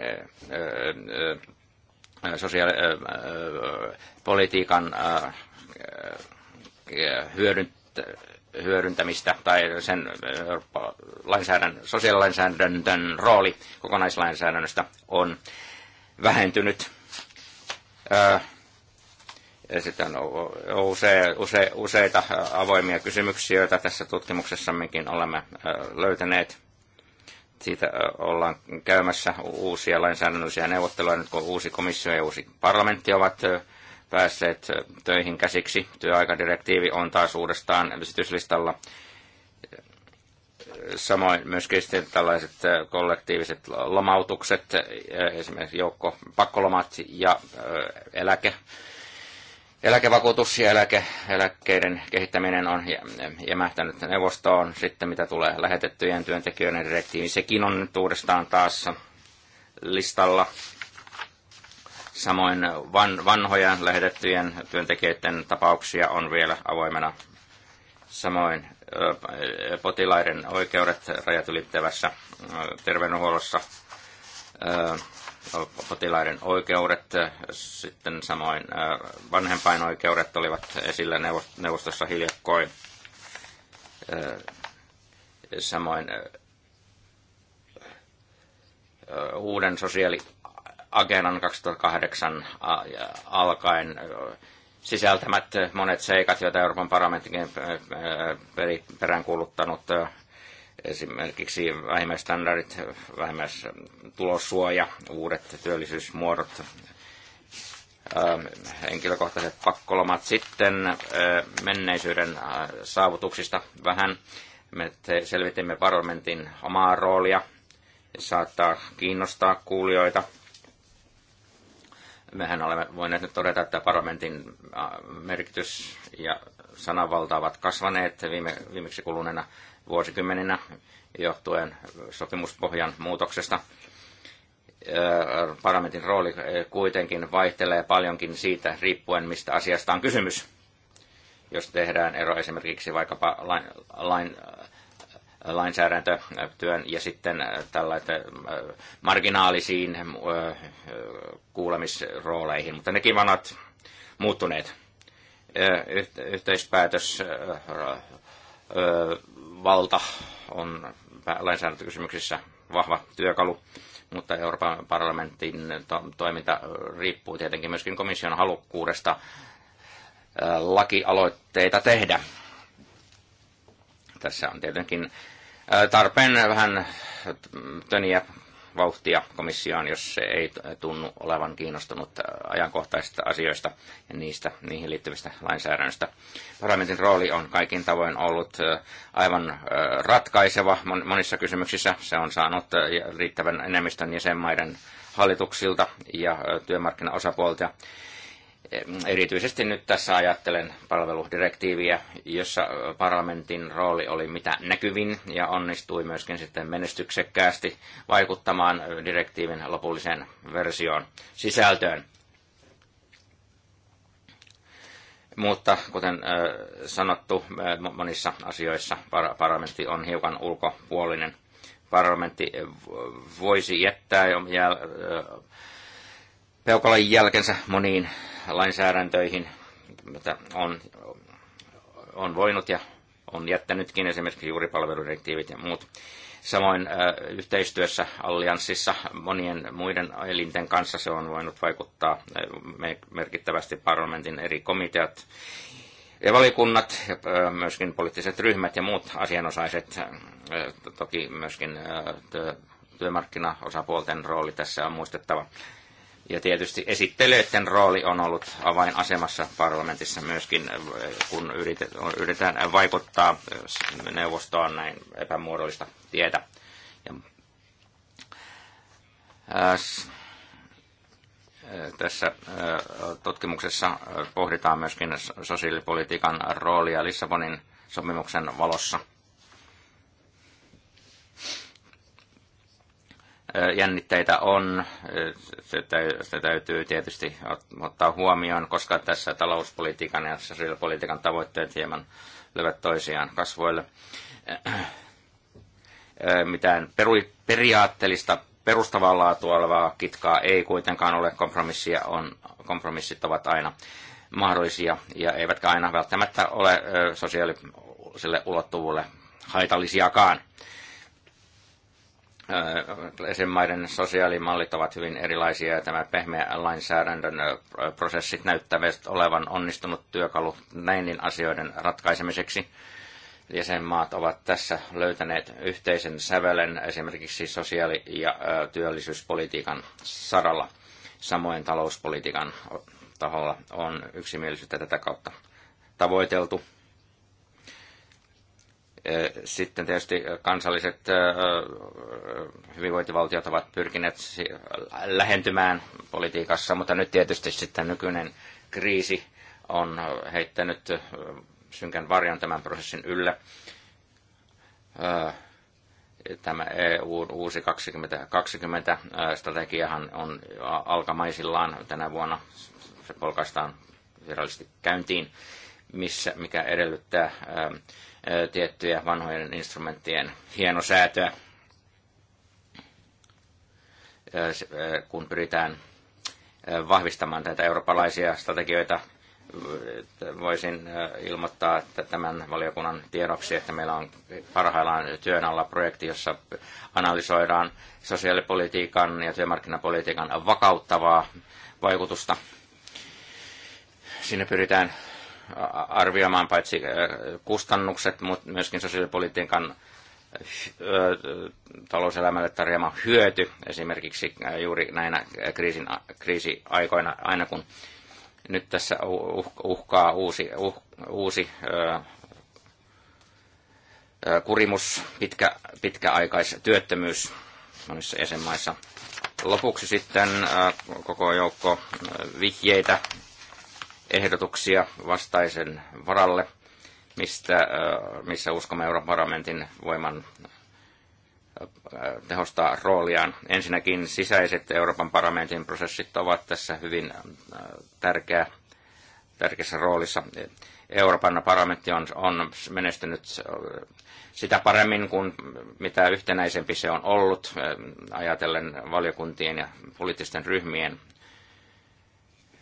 sosiaalipolitiikan hyödyntä hyödyntämistä tai sen lainsäädännön, sosiaalilainsäädännön rooli kokonaislainsäädännöstä on vähentynyt. Sitten on use, use, useita avoimia kysymyksiä, joita tässä tutkimuksessammekin olemme löytäneet. Siitä ollaan käymässä uusia lainsäädännöllisiä neuvotteluja, nyt kun uusi komissio ja uusi parlamentti ovat päässeet töihin käsiksi. Työaikadirektiivi on taas uudestaan esityslistalla. Samoin myöskin sitten tällaiset kollektiiviset lomautukset, esimerkiksi joukko pakkolomat ja eläke, eläkevakuutus ja eläke, eläkkeiden kehittäminen on jämähtänyt neuvostoon. Sitten mitä tulee lähetettyjen työntekijöiden direktiivi, sekin on nyt uudestaan taas listalla Samoin van, vanhoja lähetettyjen työntekijöiden tapauksia on vielä avoimena. Samoin potilaiden oikeudet rajat ylittävässä terveydenhuollossa, potilaiden oikeudet, sitten samoin vanhempainoikeudet olivat esillä neuvostossa hiljakkoin. Samoin uuden sosiaali- Agenan 2008 äh, alkaen äh, sisältämät monet seikat, joita Euroopan parlamenttikin äh, peräänkuuluttanut, esimerkiksi vähimmäistandardit, vähimmäistulossuoja, uudet työllisyysmuodot, henkilökohtaiset pakkolomat. Sitten menneisyyden saavutuksista vähän me selvitimme parlamentin omaa roolia, saattaa kiinnostaa kuulijoita – mehän olemme voineet nyt todeta, että parlamentin merkitys ja sananvalta ovat kasvaneet viime, viimeksi kuluneena vuosikymmeninä johtuen sopimuspohjan muutoksesta. Parlamentin rooli kuitenkin vaihtelee paljonkin siitä riippuen, mistä asiasta on kysymys. Jos tehdään ero esimerkiksi vaikkapa lain, lain lainsäädäntötyön ja sitten äh, tällaisen äh, marginaalisiin äh, kuulemisrooleihin, mutta nekin vanat muuttuneet. Yhteispäätös valta on lainsäädäntökysymyksissä vahva työkalu, mutta Euroopan parlamentin toiminta riippuu tietenkin myöskin komission halukkuudesta lakialoitteita tehdä. Tässä on tietenkin tarpeen vähän töniä vauhtia komissioon, jos se ei tunnu olevan kiinnostunut ajankohtaisista asioista ja niistä, niihin liittyvistä lainsäädännöistä. Parlamentin rooli on kaikin tavoin ollut aivan ratkaiseva monissa kysymyksissä. Se on saanut riittävän enemmistön jäsenmaiden hallituksilta ja työmarkkinaosapuolta Erityisesti nyt tässä ajattelen palveludirektiiviä, jossa parlamentin rooli oli mitä näkyvin ja onnistui myöskin sitten menestyksekkäästi vaikuttamaan direktiivin lopulliseen versioon sisältöön. Mutta kuten sanottu, monissa asioissa parlamentti on hiukan ulkopuolinen. Parlamentti voisi jättää jo jäl- jälkensä moniin lainsäädäntöihin, mitä on, on voinut ja on jättänytkin esimerkiksi juuri palveludirektiivit ja muut. Samoin äh, yhteistyössä allianssissa monien muiden elinten kanssa se on voinut vaikuttaa äh, merkittävästi parlamentin eri komiteat ja valikunnat, äh, myöskin poliittiset ryhmät ja muut asianosaiset, äh, toki myöskin äh, työmarkkinaosapuolten rooli tässä on muistettava. Ja tietysti esittelijöiden rooli on ollut avainasemassa parlamentissa myöskin, kun yritetään vaikuttaa neuvostoon näin epämuodollista tietä. Ja, ää, äh, äh, tässä äh, tutkimuksessa pohditaan myöskin sosiaalipolitiikan roolia Lissabonin sopimuksen valossa – jännitteitä on. Se täytyy tietysti ottaa huomioon, koska tässä talouspolitiikan ja sosiaalipolitiikan tavoitteet hieman löyvät toisiaan kasvoille. Mitään periaatteellista perustavaa laatua olevaa kitkaa ei kuitenkaan ole. Kompromissia on, kompromissit ovat aina mahdollisia ja eivätkä aina välttämättä ole sosiaaliselle ulottuvuudelle haitallisiakaan jäsenmaiden sosiaalimallit ovat hyvin erilaisia ja tämä pehmeä lainsäädännön prosessit näyttävät olevan onnistunut työkalu näin asioiden ratkaisemiseksi. Jäsenmaat ovat tässä löytäneet yhteisen sävelen esimerkiksi sosiaali- ja työllisyyspolitiikan saralla. Samoin talouspolitiikan taholla on yksimielisyyttä tätä kautta tavoiteltu sitten tietysti kansalliset hyvinvointivaltiot ovat pyrkineet lähentymään politiikassa, mutta nyt tietysti sitten nykyinen kriisi on heittänyt synkän varjon tämän prosessin ylle. Tämä eu uusi 2020 strategiahan on alkamaisillaan tänä vuonna. Se polkaistaan virallisesti käyntiin, missä, mikä edellyttää tiettyjä vanhojen instrumenttien hienosäätöä, kun pyritään vahvistamaan näitä eurooppalaisia strategioita. Voisin ilmoittaa että tämän valiokunnan tiedoksi, että meillä on parhaillaan työn alla projekti, jossa analysoidaan sosiaalipolitiikan ja työmarkkinapolitiikan vakauttavaa vaikutusta. Siinä pyritään arvioimaan paitsi äh, kustannukset, mutta myöskin sosiaalipolitiikan äh, talouselämälle tarjoama hyöty, esimerkiksi äh, juuri näinä kriisin, kriisiaikoina, aina kun nyt tässä uh-, uhkaa uusi, uh, uusi uh, kurimus, pitkä, pitkäaikaistyöttömyys monissa jäsenmaissa. Lopuksi sitten uh, koko joukko vihjeitä ehdotuksia vastaisen varalle, mistä, missä uskomme Euroopan parlamentin voiman tehostaa rooliaan. Ensinnäkin sisäiset Euroopan parlamentin prosessit ovat tässä hyvin tärkeä, tärkeässä roolissa. Euroopan parlamentti on, on menestynyt sitä paremmin kuin mitä yhtenäisempi se on ollut, ajatellen valiokuntien ja poliittisten ryhmien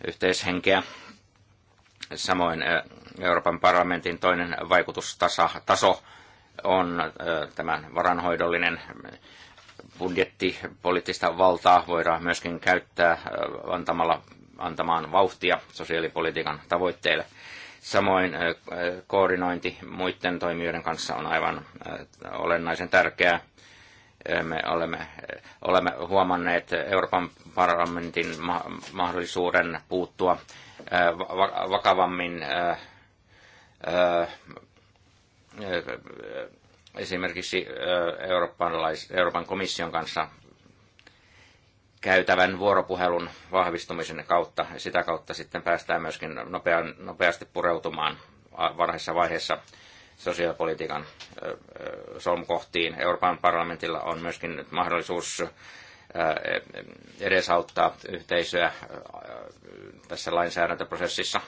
yhteishenkeä. Samoin Euroopan parlamentin toinen vaikutustaso on tämän varanhoidollinen budjetti, poliittista valtaa voidaan myöskin käyttää antamalla, antamaan vauhtia sosiaalipolitiikan tavoitteille. Samoin koordinointi muiden toimijoiden kanssa on aivan olennaisen tärkeää. Me olemme, olemme huomanneet Euroopan parlamentin mahdollisuuden puuttua Äh, vakavammin äh, äh, esimerkiksi Euroopan komission kanssa käytävän vuoropuhelun vahvistumisen kautta. Sitä kautta sitten päästään myöskin nopean, nopeasti pureutumaan varhaisessa vaiheessa sosiaalipolitiikan solmukohtiin. Euroopan parlamentilla on myöskin nyt mahdollisuus edesauttaa yhteisöä tässä lainsäädäntöprosessissa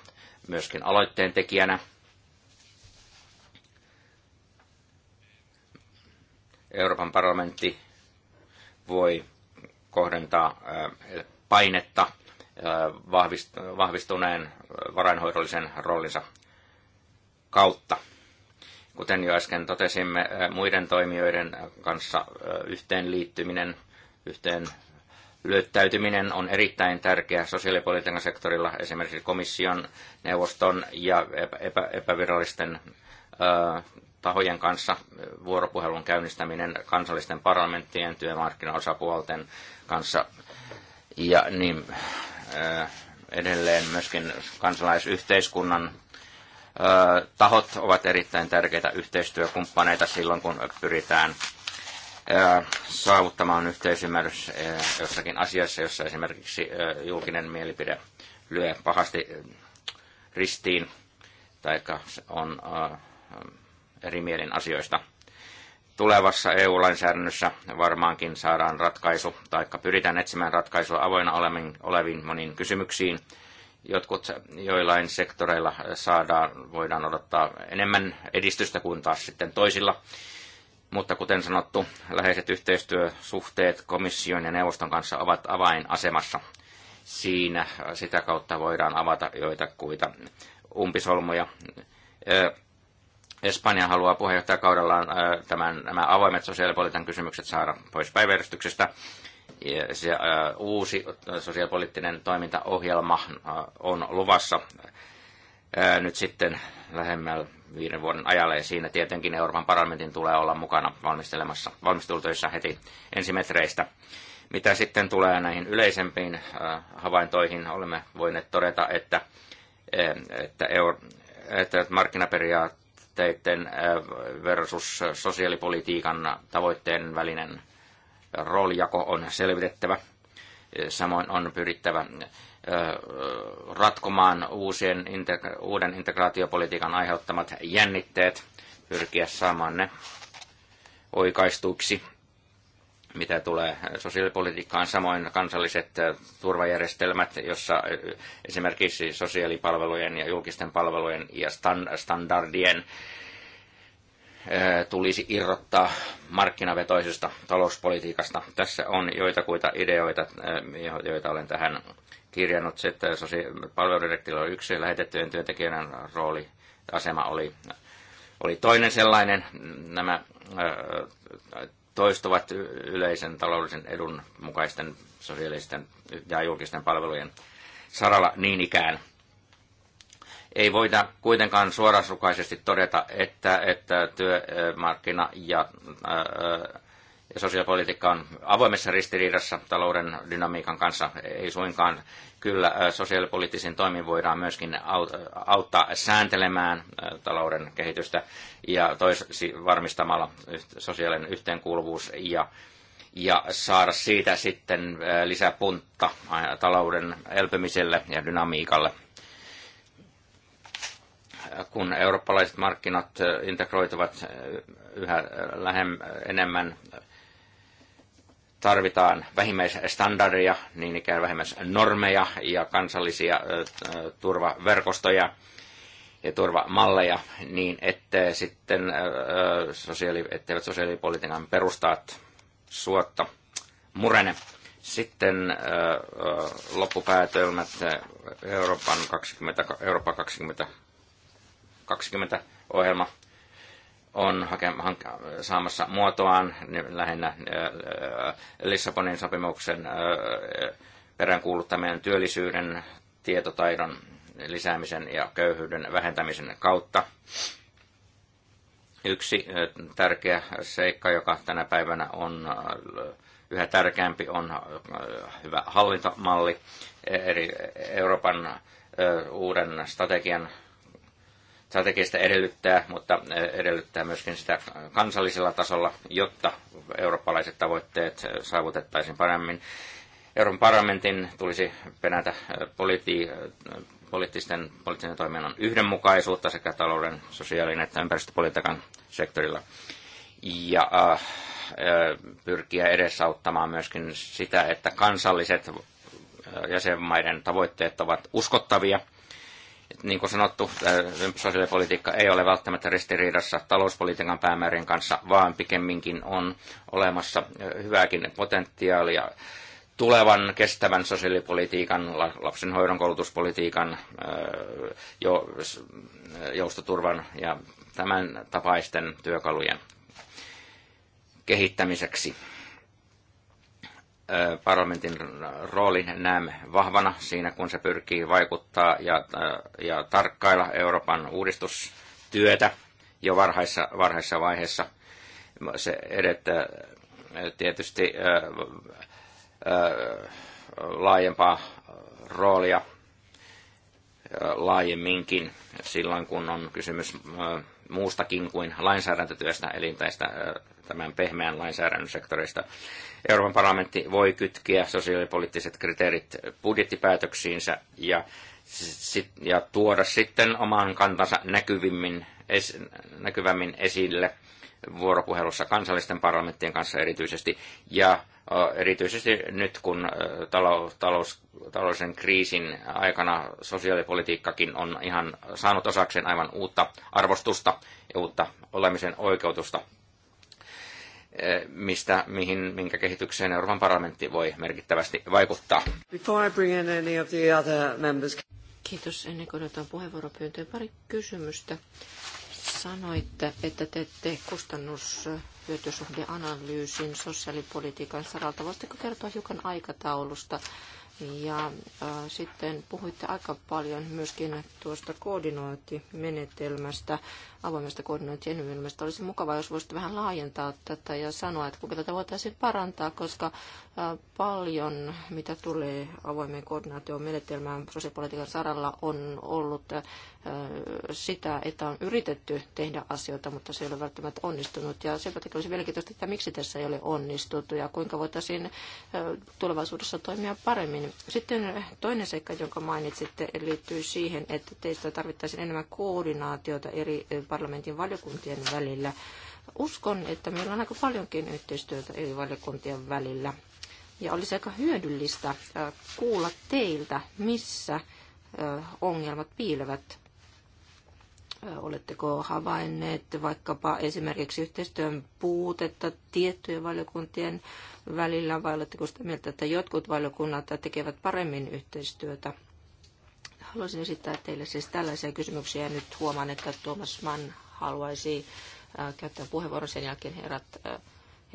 myöskin aloitteen tekijänä. Euroopan parlamentti voi kohdentaa painetta vahvistuneen varainhoidollisen roolinsa kautta. Kuten jo äsken totesimme, muiden toimijoiden kanssa yhteenliittyminen – yhteen lyöttäytyminen on erittäin tärkeä sosiaalipolitiikan sektorilla, esimerkiksi komission, neuvoston ja epä, epävirallisten ö, tahojen kanssa vuoropuhelun käynnistäminen kansallisten parlamenttien, työmarkkinaosapuolten kanssa ja niin ö, edelleen myöskin kansalaisyhteiskunnan ö, tahot ovat erittäin tärkeitä yhteistyökumppaneita silloin, kun pyritään saavuttamaan yhteisymmärrys jossakin asiassa, jossa esimerkiksi julkinen mielipide lyö pahasti ristiin tai on eri mielin asioista. Tulevassa EU-lainsäädännössä varmaankin saadaan ratkaisu, tai pyritään etsimään ratkaisua avoinna oleviin moniin kysymyksiin. Jotkut joillain sektoreilla saadaan, voidaan odottaa enemmän edistystä kuin taas sitten toisilla mutta kuten sanottu, läheiset yhteistyösuhteet komission ja neuvoston kanssa ovat avainasemassa. Siinä sitä kautta voidaan avata joitakuita umpisolmuja. Espanja haluaa puheenjohtajakaudellaan tämän, nämä avoimet sosiaalipolitiikan kysymykset saada pois päiväjärjestyksestä. Se uusi sosiaalipoliittinen toimintaohjelma on luvassa nyt sitten lähemmällä viiden vuoden ajalle, ja siinä tietenkin Euroopan parlamentin tulee olla mukana valmistelemassa valmistelutöissä heti ensimetreistä. Mitä sitten tulee näihin yleisempiin äh, havaintoihin, olemme voineet todeta, että, äh, että, euro, että markkinaperiaatteiden äh, versus sosiaalipolitiikan tavoitteen välinen roolijako on selvitettävä. Samoin on pyrittävä ratkomaan uusien, uuden integraatiopolitiikan aiheuttamat jännitteet, pyrkiä saamaan ne oikaistuiksi, mitä tulee sosiaalipolitiikkaan, samoin kansalliset turvajärjestelmät, jossa esimerkiksi sosiaalipalvelujen ja julkisten palvelujen ja standardien tulisi irrottaa markkinavetoisesta talouspolitiikasta. Tässä on joitakuita ideoita, joita olen tähän kirjannut se, että palveludirektiivillä oli yksi lähetettyjen työntekijän rooli, asema oli, oli toinen sellainen. Nämä toistuvat yleisen taloudellisen edun mukaisten sosiaalisten ja julkisten palvelujen saralla niin ikään. Ei voida kuitenkaan suorasukaisesti todeta, että, että työmarkkina ja ää, ja sosiaalipolitiikka on avoimessa ristiriidassa talouden dynamiikan kanssa. Ei suinkaan kyllä sosiaalipoliittisiin toimin voidaan myöskin auttaa sääntelemään talouden kehitystä ja toisi varmistamalla sosiaalinen yhteenkuuluvuus ja, ja saada siitä sitten lisäpuntta talouden elpymiselle ja dynamiikalle kun eurooppalaiset markkinat integroituvat yhä lähem, enemmän tarvitaan vähimmäisstandardia, niin ikään vähimmäisnormeja ja kansallisia turvaverkostoja ja turvamalleja, niin ettei sitten sosiaali, etteivät sosiaalipolitiikan perustaat suotta murene. Sitten loppupäätelmät Euroopan 20, Eurooppa 2020 ohjelma on hake, saamassa muotoaan niin lähinnä äh, äh, Lissabonin sopimuksen äh, peräänkuuluttamien työllisyyden, tietotaidon lisäämisen ja köyhyyden vähentämisen kautta. Yksi tärkeä seikka, joka tänä päivänä on yhä tärkeämpi, on hyvä hallintomalli. Eri Euroopan uuden strategian strategista edellyttää, mutta edellyttää myöskin sitä kansallisella tasolla, jotta eurooppalaiset tavoitteet saavutettaisiin paremmin. Euroopan parlamentin tulisi penätä politi- poliittisten, poliittisen toiminnan yhdenmukaisuutta sekä talouden, sosiaalinen että ympäristöpolitiikan sektorilla. Ja äh, pyrkiä edesauttamaan myöskin sitä, että kansalliset jäsenmaiden tavoitteet ovat uskottavia – niin kuin sanottu, sosiaalipolitiikka ei ole välttämättä ristiriidassa talouspolitiikan päämäärien kanssa, vaan pikemminkin on olemassa hyvääkin potentiaalia tulevan kestävän sosiaalipolitiikan, lapsenhoidon koulutuspolitiikan, joustoturvan ja tämän tapaisten työkalujen kehittämiseksi parlamentin rooli näemme vahvana siinä, kun se pyrkii vaikuttaa ja, ja tarkkailla Euroopan uudistustyötä jo varhaisessa, varhaisessa vaiheessa. Se edettää tietysti ää, ää, laajempaa roolia ää, laajemminkin silloin, kun on kysymys ää, muustakin kuin lainsäädäntötyöstä, eli tästä tämän pehmeän lainsäädännön sektorista. Euroopan parlamentti voi kytkeä sosiaalipoliittiset kriteerit budjettipäätöksiinsä ja, sit, ja tuoda sitten oman kantansa näkyvimmin, es, näkyvämmin esille vuoropuhelussa kansallisten parlamenttien kanssa erityisesti. Ja erityisesti nyt, kun talous, talous, kriisin aikana sosiaalipolitiikkakin on ihan saanut osakseen aivan uutta arvostusta ja uutta olemisen oikeutusta Eh, mistä, mihin, minkä kehitykseen Euroopan parlamentti voi merkittävästi vaikuttaa. Kiitos. Ennen kuin otan puheenvuoropyyntöön, pari kysymystä. Sanoitte, että teette kustannushyötysuhdeanalyysin sosiaalipolitiikan saralta. Voisitteko kertoa hiukan aikataulusta? Ja ää, sitten puhuitte aika paljon myöskin tuosta koordinointimenetelmästä, avoimesta koordinointimenetelmästä. Olisi mukavaa, jos voisitte vähän laajentaa tätä ja sanoa, että kuinka tätä voitaisiin parantaa, koska ää, paljon, mitä tulee avoimeen koordinaatioon menetelmään sosiaalipolitiikan saralla, on ollut sitä, että on yritetty tehdä asioita, mutta se ei ole välttämättä onnistunut. Ja sen takia olisi mielenkiintoista, että miksi tässä ei ole onnistuttu ja kuinka voitaisiin tulevaisuudessa toimia paremmin. Sitten toinen seikka, jonka mainitsitte, liittyy siihen, että teistä tarvittaisiin enemmän koordinaatiota eri parlamentin valiokuntien välillä. Uskon, että meillä on aika paljonkin yhteistyötä eri valiokuntien välillä. Ja olisi aika hyödyllistä kuulla teiltä, missä ongelmat piilevät. Oletteko havainneet vaikkapa esimerkiksi yhteistyön puutetta tiettyjen valiokuntien välillä, vai oletteko sitä mieltä, että jotkut valiokunnat tekevät paremmin yhteistyötä? Haluaisin esittää teille siis tällaisia kysymyksiä, ja nyt huomaan, että Tuomas Mann haluaisi käyttää puheenvuoron sen jälkeen herrat,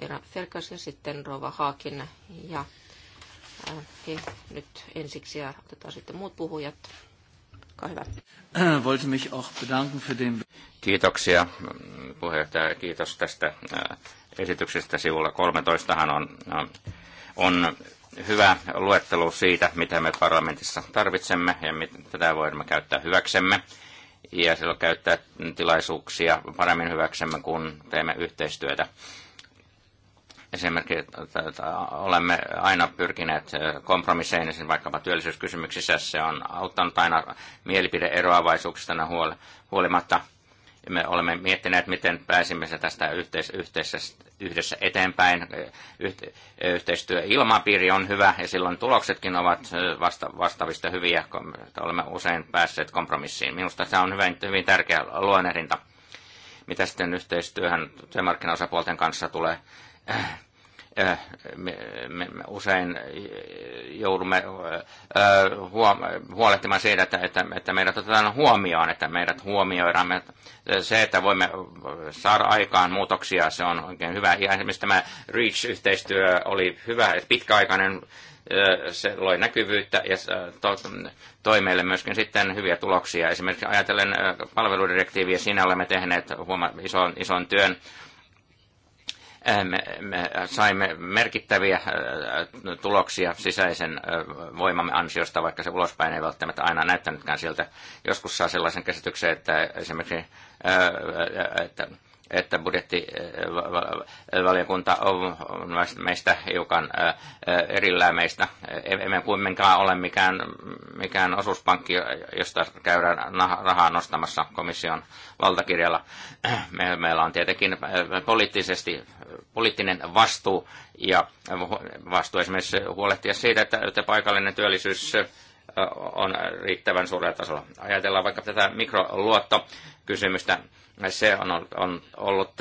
herra Ferkas ja sitten Rova Haakin. Ja he nyt ensiksi ja otetaan sitten muut puhujat. Olkaa hyvä. Äh, wollte mich auch bedanken für den... Kiitoksia puheenjohtaja. Kiitos tästä äh, esityksestä. Sivulla 13 on, äh, on hyvä luettelo siitä, mitä me parlamentissa tarvitsemme ja mitä tätä voimme käyttää hyväksemme. Ja silloin käyttää tilaisuuksia paremmin hyväksemme, kun teemme yhteistyötä Esimerkiksi että olemme aina pyrkineet kompromisseihin, esimerkiksi vaikkapa työllisyyskysymyksissä. Se on auttanut aina mielipideeroavaisuuksista huolimatta. Me olemme miettineet, miten pääsimme tästä yhteis- yhteisestä yhdessä eteenpäin. yhteistyö ilmapiiri on hyvä ja silloin tuloksetkin ovat vasta, vastaavista hyviä. Olemme usein päässeet kompromissiin. Minusta tämä on hyvin, hyvin tärkeä luonnehdinta. Mitä sitten yhteistyöhön työmarkkinaosapuolten kanssa tulee? Äh, äh, me, usein joudumme äh, huolehtimaan siitä, että, että, että meidät otetaan huomioon, että meidät huomioidaan. Se, että voimme saada aikaan muutoksia, se on oikein hyvä. Ja esimerkiksi tämä REACH-yhteistyö oli hyvä, pitkäaikainen, se loi näkyvyyttä ja toi meille myöskin sitten hyviä tuloksia. Esimerkiksi ajatellen palveludirektiiviä, siinä olemme tehneet huoma- ison, ison työn Äh, me, me saimme merkittäviä äh, tuloksia sisäisen äh, voimamme ansiosta, vaikka se ulospäin ei välttämättä aina näyttänytkään siltä. Joskus saa sellaisen käsityksen, että esimerkiksi että että budjettivaliokunta eh, on meistä hiukan eh, eh, erillään meistä. Emme kuitenkaan ole mikään, mikään osuuspankki, josta käydään rahaa nostamassa komission valtakirjalla. Meillä on tietenkin poliittisesti, poliittinen vastuu ja vastuu esimerkiksi huolehtia siitä, että paikallinen työllisyys on riittävän suurella tasolla. Ajatellaan vaikka tätä mikroluottokysymystä. Se on, on ollut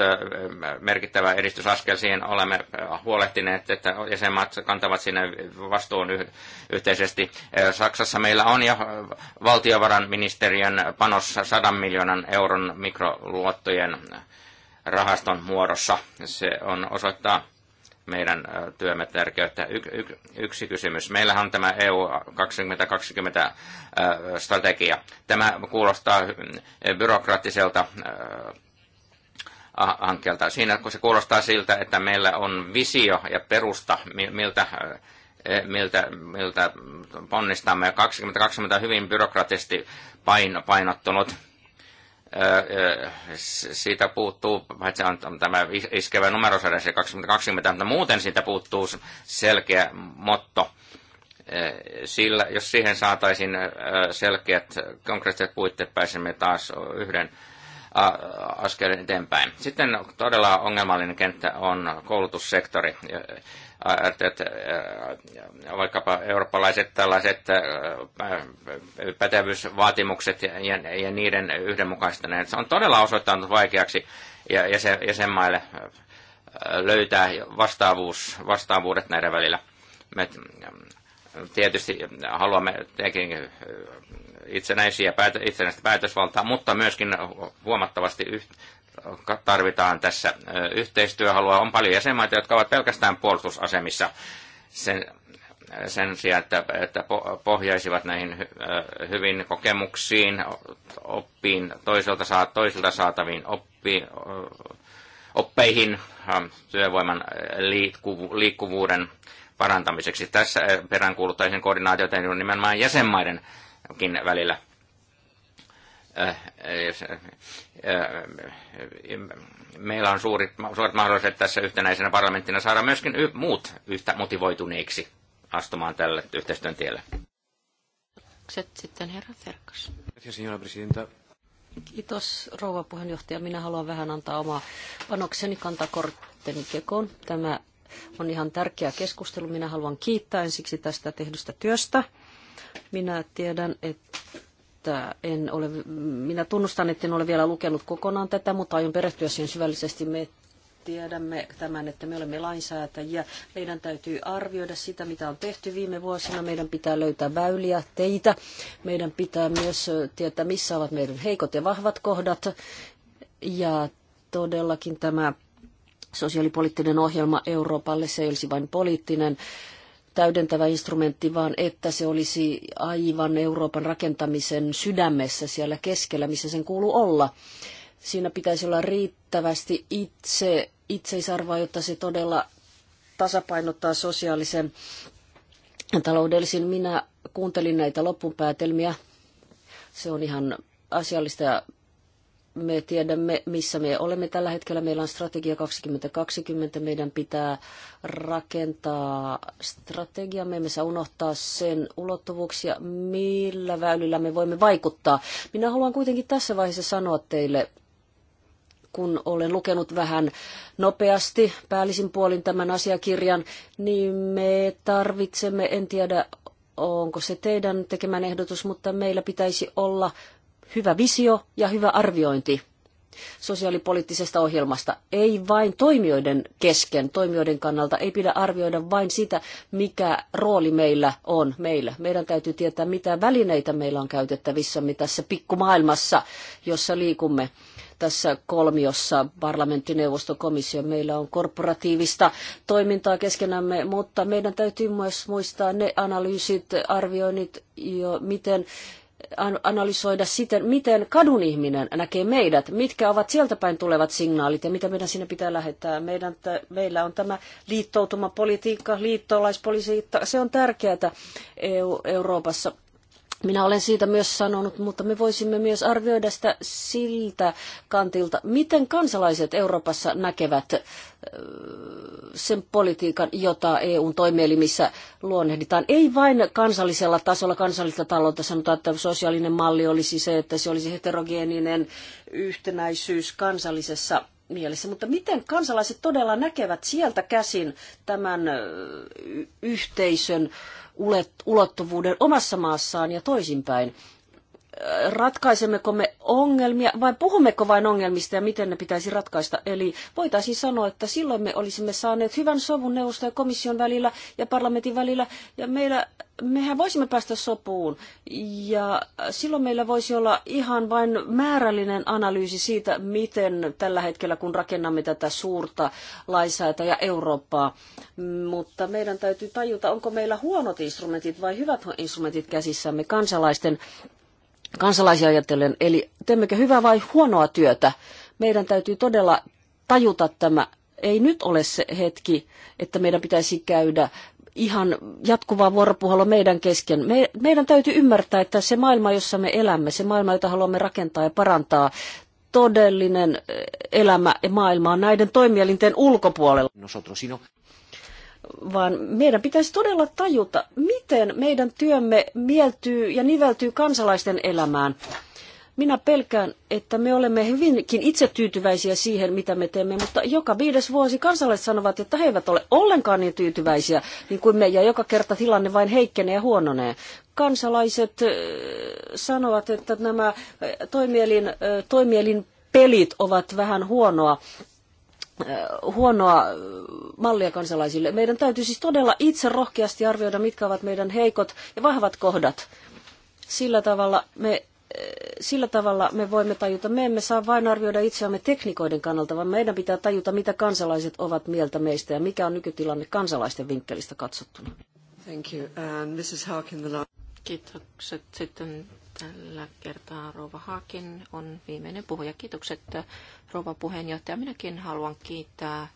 merkittävä edistysaskel. Siihen olemme huolehtineet, että jäsenmaat kantavat sinne vastuun yhteisesti. Saksassa meillä on jo valtiovarainministeriön panossa 100 miljoonan euron mikroluottojen rahaston muodossa. Se on osoittaa meidän työmme tärkeyttä. Y- y- yksi kysymys. Meillähän on tämä EU 2020 strategia. Tämä kuulostaa byrokraattiselta hankkeelta. Siinä kun se kuulostaa siltä, että meillä on visio ja perusta, miltä e, miltä, miltä ponnistamme. 2020 on hyvin byrokraattisesti painottunut siitä puuttuu, paitsi on tämä iskevä numerosarja se 2020, mutta muuten siitä puuttuu selkeä motto. Sillä, jos siihen saataisiin selkeät konkreettiset puitteet, pääsemme taas yhden askeleen eteenpäin. Sitten todella ongelmallinen kenttä on koulutussektori. Vaikkapa eurooppalaiset tällaiset pätevyysvaatimukset ja niiden yhdenmukaistaneet. Se on todella osoittanut vaikeaksi jäsenmaille löytää vastaavuus, vastaavuudet näiden välillä tietysti haluamme tietenkin äh, itsenäisiä, itsenäistä päätösvaltaa, mutta myöskin huomattavasti yht, tarvitaan tässä äh, yhteistyöhalua. On paljon jäsenmaita, jotka ovat pelkästään puolustusasemissa sen, sen sijaan, että, että pohjaisivat näihin äh, hyvin kokemuksiin, oppiin, toisilta, saa, toisilta saataviin oppi, oppeihin, työvoiman liikkuvuuden parantamiseksi. Tässä eh, peräänkuuluttaisin koordinaatiota nimenomaan jäsenmaidenkin välillä. Eh, eh, meillä on suurit, suuret mahdollisuudet tässä yhtenäisenä parlamenttina saada myöskin muut yhtä motivoituneiksi astumaan tälle yhteistyön tielle. Sitten herra Terkas. Kiitos rouva puheenjohtaja. Minä haluan vähän antaa omaa panokseni kantakortteni kekoon. Tämä on ihan tärkeä keskustelu. Minä haluan kiittää ensiksi tästä tehdystä työstä. Minä tiedän, että en ole, minä tunnustan, että en ole vielä lukenut kokonaan tätä, mutta aion perehtyä siihen syvällisesti. Me tiedämme tämän, että me olemme lainsäätäjiä. Meidän täytyy arvioida sitä, mitä on tehty viime vuosina. Meidän pitää löytää väyliä, teitä. Meidän pitää myös tietää, missä ovat meidän heikot ja vahvat kohdat. Ja todellakin tämä sosiaalipoliittinen ohjelma Euroopalle, se ei olisi vain poliittinen täydentävä instrumentti, vaan että se olisi aivan Euroopan rakentamisen sydämessä siellä keskellä, missä sen kuuluu olla. Siinä pitäisi olla riittävästi itse, itseisarvoa, jotta se todella tasapainottaa sosiaalisen taloudellisen. Minä kuuntelin näitä loppupäätelmiä. Se on ihan asiallista ja me tiedämme, missä me olemme tällä hetkellä. Meillä on strategia 2020. Meidän pitää rakentaa strategia. Me emme saa unohtaa sen ulottuvuuksia, millä väylillä me voimme vaikuttaa. Minä haluan kuitenkin tässä vaiheessa sanoa teille, kun olen lukenut vähän nopeasti päällisin puolin tämän asiakirjan, niin me tarvitsemme, en tiedä onko se teidän tekemän ehdotus, mutta meillä pitäisi olla hyvä visio ja hyvä arviointi sosiaalipoliittisesta ohjelmasta. Ei vain toimijoiden kesken, toimijoiden kannalta ei pidä arvioida vain sitä, mikä rooli meillä on meillä. Meidän täytyy tietää, mitä välineitä meillä on käytettävissämme tässä pikkumaailmassa, jossa liikumme tässä kolmiossa parlamenttineuvostokomissio. Meillä on korporatiivista toimintaa keskenämme, mutta meidän täytyy myös muistaa ne analyysit, arvioinnit, jo, miten analysoida sitä, miten kadun ihminen näkee meidät, mitkä ovat sieltä päin tulevat signaalit ja mitä meidän sinne pitää lähettää. Meidän, meillä on tämä liittoutumapolitiikka, liittolaispolitiikka, se on tärkeää EU, Euroopassa. Minä olen siitä myös sanonut, mutta me voisimme myös arvioida sitä siltä kantilta, miten kansalaiset Euroopassa näkevät sen politiikan, jota EUn toimielimissä luonnehditaan. Ei vain kansallisella tasolla, kansallista taloutta sanotaan, että sosiaalinen malli olisi se, että se olisi heterogeeninen yhtenäisyys kansallisessa mielessä, mutta miten kansalaiset todella näkevät sieltä käsin tämän yhteisön ulottuvuuden omassa maassaan ja toisinpäin ratkaisemmeko me ongelmia vai puhummeko vain ongelmista ja miten ne pitäisi ratkaista. Eli voitaisiin sanoa, että silloin me olisimme saaneet hyvän sovun neuvoston ja komission välillä ja parlamentin välillä ja meillä, mehän voisimme päästä sopuun. Ja silloin meillä voisi olla ihan vain määrällinen analyysi siitä, miten tällä hetkellä kun rakennamme tätä suurta lainsäätäjä Eurooppaa. Mutta meidän täytyy tajuta, onko meillä huonot instrumentit vai hyvät instrumentit käsissämme kansalaisten kansalaisia ajatellen, eli teemmekö hyvää vai huonoa työtä. Meidän täytyy todella tajuta tämä. Ei nyt ole se hetki, että meidän pitäisi käydä ihan jatkuvaa vuoropuhelua meidän kesken. Me, meidän täytyy ymmärtää, että se maailma, jossa me elämme, se maailma, jota haluamme rakentaa ja parantaa, todellinen eh, elämä ja maailma on näiden toimielinten ulkopuolella vaan meidän pitäisi todella tajuta, miten meidän työmme mieltyy ja niveltyy kansalaisten elämään. Minä pelkään, että me olemme hyvinkin itsetyytyväisiä siihen, mitä me teemme, mutta joka viides vuosi kansalaiset sanovat, että he eivät ole ollenkaan niin tyytyväisiä niin kuin me, ja joka kerta tilanne vain heikkenee ja huononee. Kansalaiset sanovat, että nämä toimielin, toimielin pelit ovat vähän huonoa Äh, huonoa äh, mallia kansalaisille. Meidän täytyy siis todella itse rohkeasti arvioida, mitkä ovat meidän heikot ja vahvat kohdat. Sillä tavalla me, äh, sillä tavalla me voimme tajuta, me emme saa vain arvioida itseämme teknikoiden kannalta, vaan meidän pitää tajuta, mitä kansalaiset ovat mieltä meistä ja mikä on nykytilanne kansalaisten vinkkelistä katsottuna. Thank you. And Mrs. Harkin, the last... Kiitokset. Sitten Tällä kertaa Rova Haakin on viimeinen puhuja. Kiitokset Rova puheenjohtaja. Minäkin haluan kiittää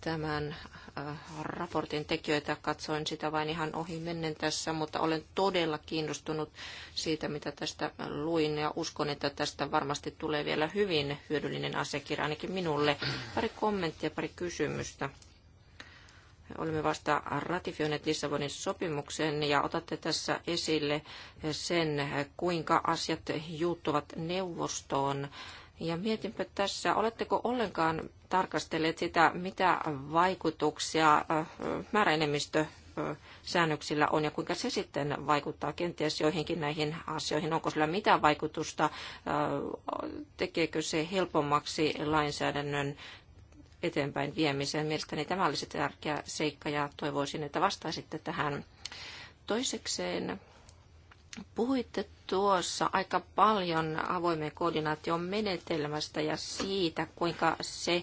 tämän äh, raportin tekijöitä. Katsoin sitä vain ihan ohi mennen tässä, mutta olen todella kiinnostunut siitä, mitä tästä luin ja uskon, että tästä varmasti tulee vielä hyvin hyödyllinen asiakirja, ainakin minulle. Pari kommenttia, pari kysymystä. Olemme vasta ratifioineet Lissabonin sopimuksen ja otatte tässä esille sen, kuinka asiat juuttuvat neuvostoon. Ja mietinpä tässä, oletteko ollenkaan tarkastelleet sitä, mitä vaikutuksia määräenemmistö säännöksillä on ja kuinka se sitten vaikuttaa kenties joihinkin näihin asioihin. Onko sillä mitä vaikutusta? Tekeekö se helpommaksi lainsäädännön eteenpäin viemiseen. Mielestäni tämä olisi tärkeä seikka ja toivoisin, että vastaisitte tähän. Toisekseen puhuitte tuossa aika paljon avoimen koordinaation menetelmästä ja siitä, kuinka se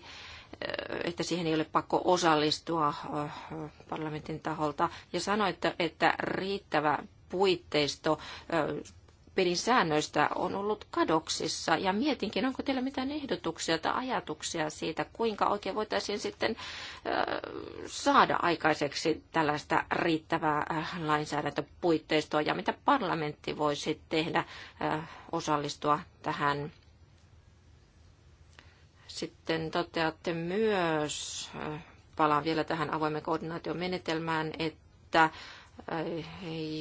että siihen ei ole pakko osallistua äh, parlamentin taholta. Ja sanoitte, että riittävä puitteisto äh, pelin säännöistä on ollut kadoksissa ja mietinkin, onko teillä mitään ehdotuksia tai ajatuksia siitä, kuinka oikein voitaisiin sitten saada aikaiseksi tällaista riittävää lainsäädäntöpuitteistoa ja mitä parlamentti voisi tehdä osallistua tähän sitten toteatte myös, palaan vielä tähän avoimen koordinaation menetelmään, että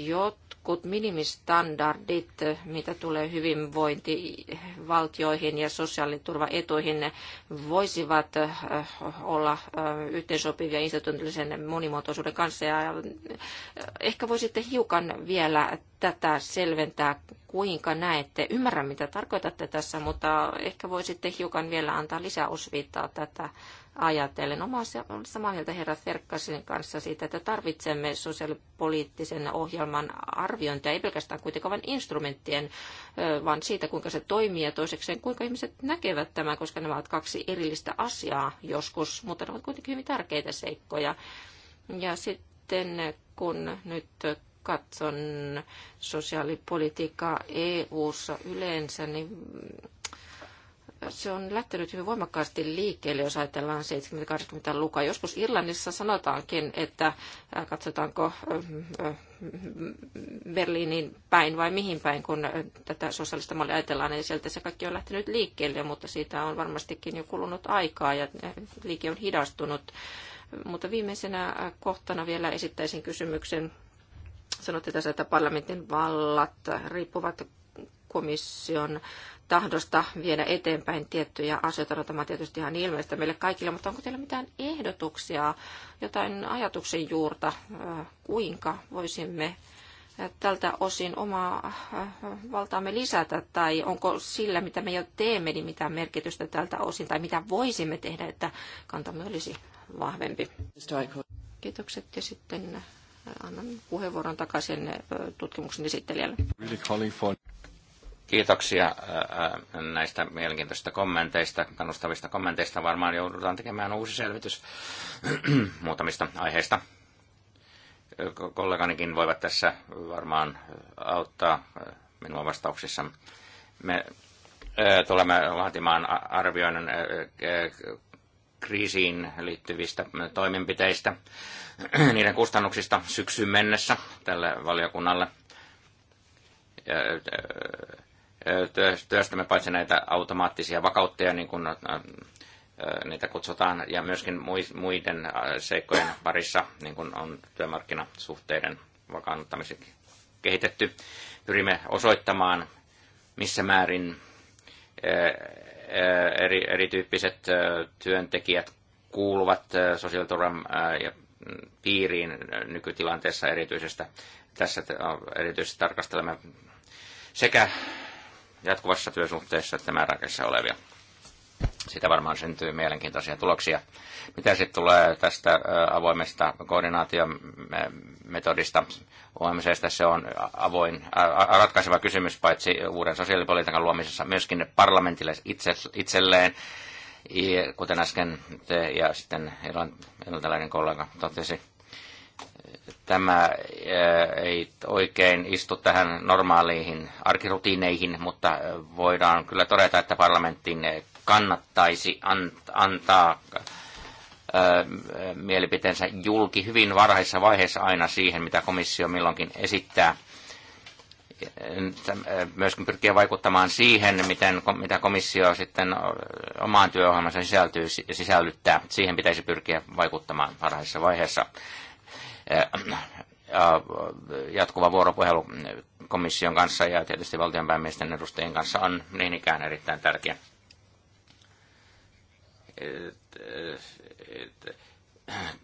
jotkut minimistandardit, mitä tulee hyvinvointivaltioihin ja sosiaaliturvaetuihin, voisivat eh, olla eh, yhteensopivia instituutiollisen monimuotoisuuden kanssa. Ja eh, ehkä voisitte hiukan vielä tätä selventää, kuinka näette. Ymmärrän, mitä tarkoitatte tässä, mutta ehkä voisitte hiukan vielä antaa lisää osviittaa tätä ajatellen. Oma olen samaa mieltä herra Ferkkasin kanssa siitä, että tarvitsemme sosiaalipoliittisen ohjelman arviointia, ei pelkästään kuitenkaan vain instrumenttien, vaan siitä, kuinka se toimii ja toisekseen, kuinka ihmiset näkevät tämän, koska nämä ovat kaksi erillistä asiaa joskus, mutta ne ovat kuitenkin hyvin tärkeitä seikkoja. Ja sitten kun nyt katson sosiaalipolitiikkaa EU-ssa yleensä, niin se on lähtenyt hyvin voimakkaasti liikkeelle, jos ajatellaan 70-80-lukua. Joskus Irlannissa sanotaankin, että katsotaanko Berliinin päin vai mihin päin, kun tätä sosiaalista mallia ajatellaan, niin sieltä se kaikki on lähtenyt liikkeelle, mutta siitä on varmastikin jo kulunut aikaa ja liike on hidastunut. Mutta viimeisenä kohtana vielä esittäisin kysymyksen Sanotte tässä, että parlamentin vallat riippuvat komission tahdosta viedä eteenpäin tiettyjä asioita. No, tämä on tietysti ihan ilmeistä meille kaikille, mutta onko teillä mitään ehdotuksia, jotain ajatuksen juurta, äh, kuinka voisimme äh, tältä osin omaa äh, valtaamme lisätä, tai onko sillä, mitä me jo teemme, niin mitään merkitystä tältä osin, tai mitä voisimme tehdä, että kantamme olisi vahvempi? Kiitokset ja sitten annan puheenvuoron takaisin tutkimuksen esittelijälle. Kiitoksia näistä mielenkiintoisista kommenteista, kannustavista kommenteista. Varmaan joudutaan tekemään uusi selvitys muutamista aiheista. Kolleganikin voivat tässä varmaan auttaa minua vastauksissa. Me tulemme laatimaan arvioinnin kriisiin liittyvistä toimenpiteistä, niiden kustannuksista syksyn mennessä tälle valiokunnalle. Työstämme paitsi näitä automaattisia vakautteja, niin kuin niitä kutsutaan, ja myöskin muiden seikkojen parissa, niin kuin on työmarkkinasuhteiden vakaannuttamiseksi kehitetty. Pyrimme osoittamaan, missä määrin eri, erityyppiset työntekijät kuuluvat sosiaaliturvan ja mm, piiriin nykytilanteessa erityisestä. Tässä erityisesti tarkastelemme sekä jatkuvassa työsuhteessa että määräaikaisessa olevia sitä varmaan syntyy mielenkiintoisia tuloksia. Mitä sitten tulee tästä avoimesta koordinaatiometodista? OMCstä se on avoin, ratkaiseva kysymys paitsi uuden sosiaalipolitiikan luomisessa myöskin parlamentille itse, itselleen kuten äsken te ja sitten tällainen kollega totesi, tämä ei oikein istu tähän normaaliin arkirutiineihin, mutta voidaan kyllä todeta, että parlamenttiin kannattaisi antaa mielipiteensä julki hyvin varhaisessa vaiheessa aina siihen, mitä komissio milloinkin esittää. Myöskin pyrkiä vaikuttamaan siihen, miten, mitä komissio sitten omaan työohjelmansa sisältyy, sisällyttää. Siihen pitäisi pyrkiä vaikuttamaan varhaisessa vaiheessa. Jatkuva vuoropuhelu komission kanssa ja tietysti valtionpäämiesten edustajien kanssa on niin ikään erittäin tärkeä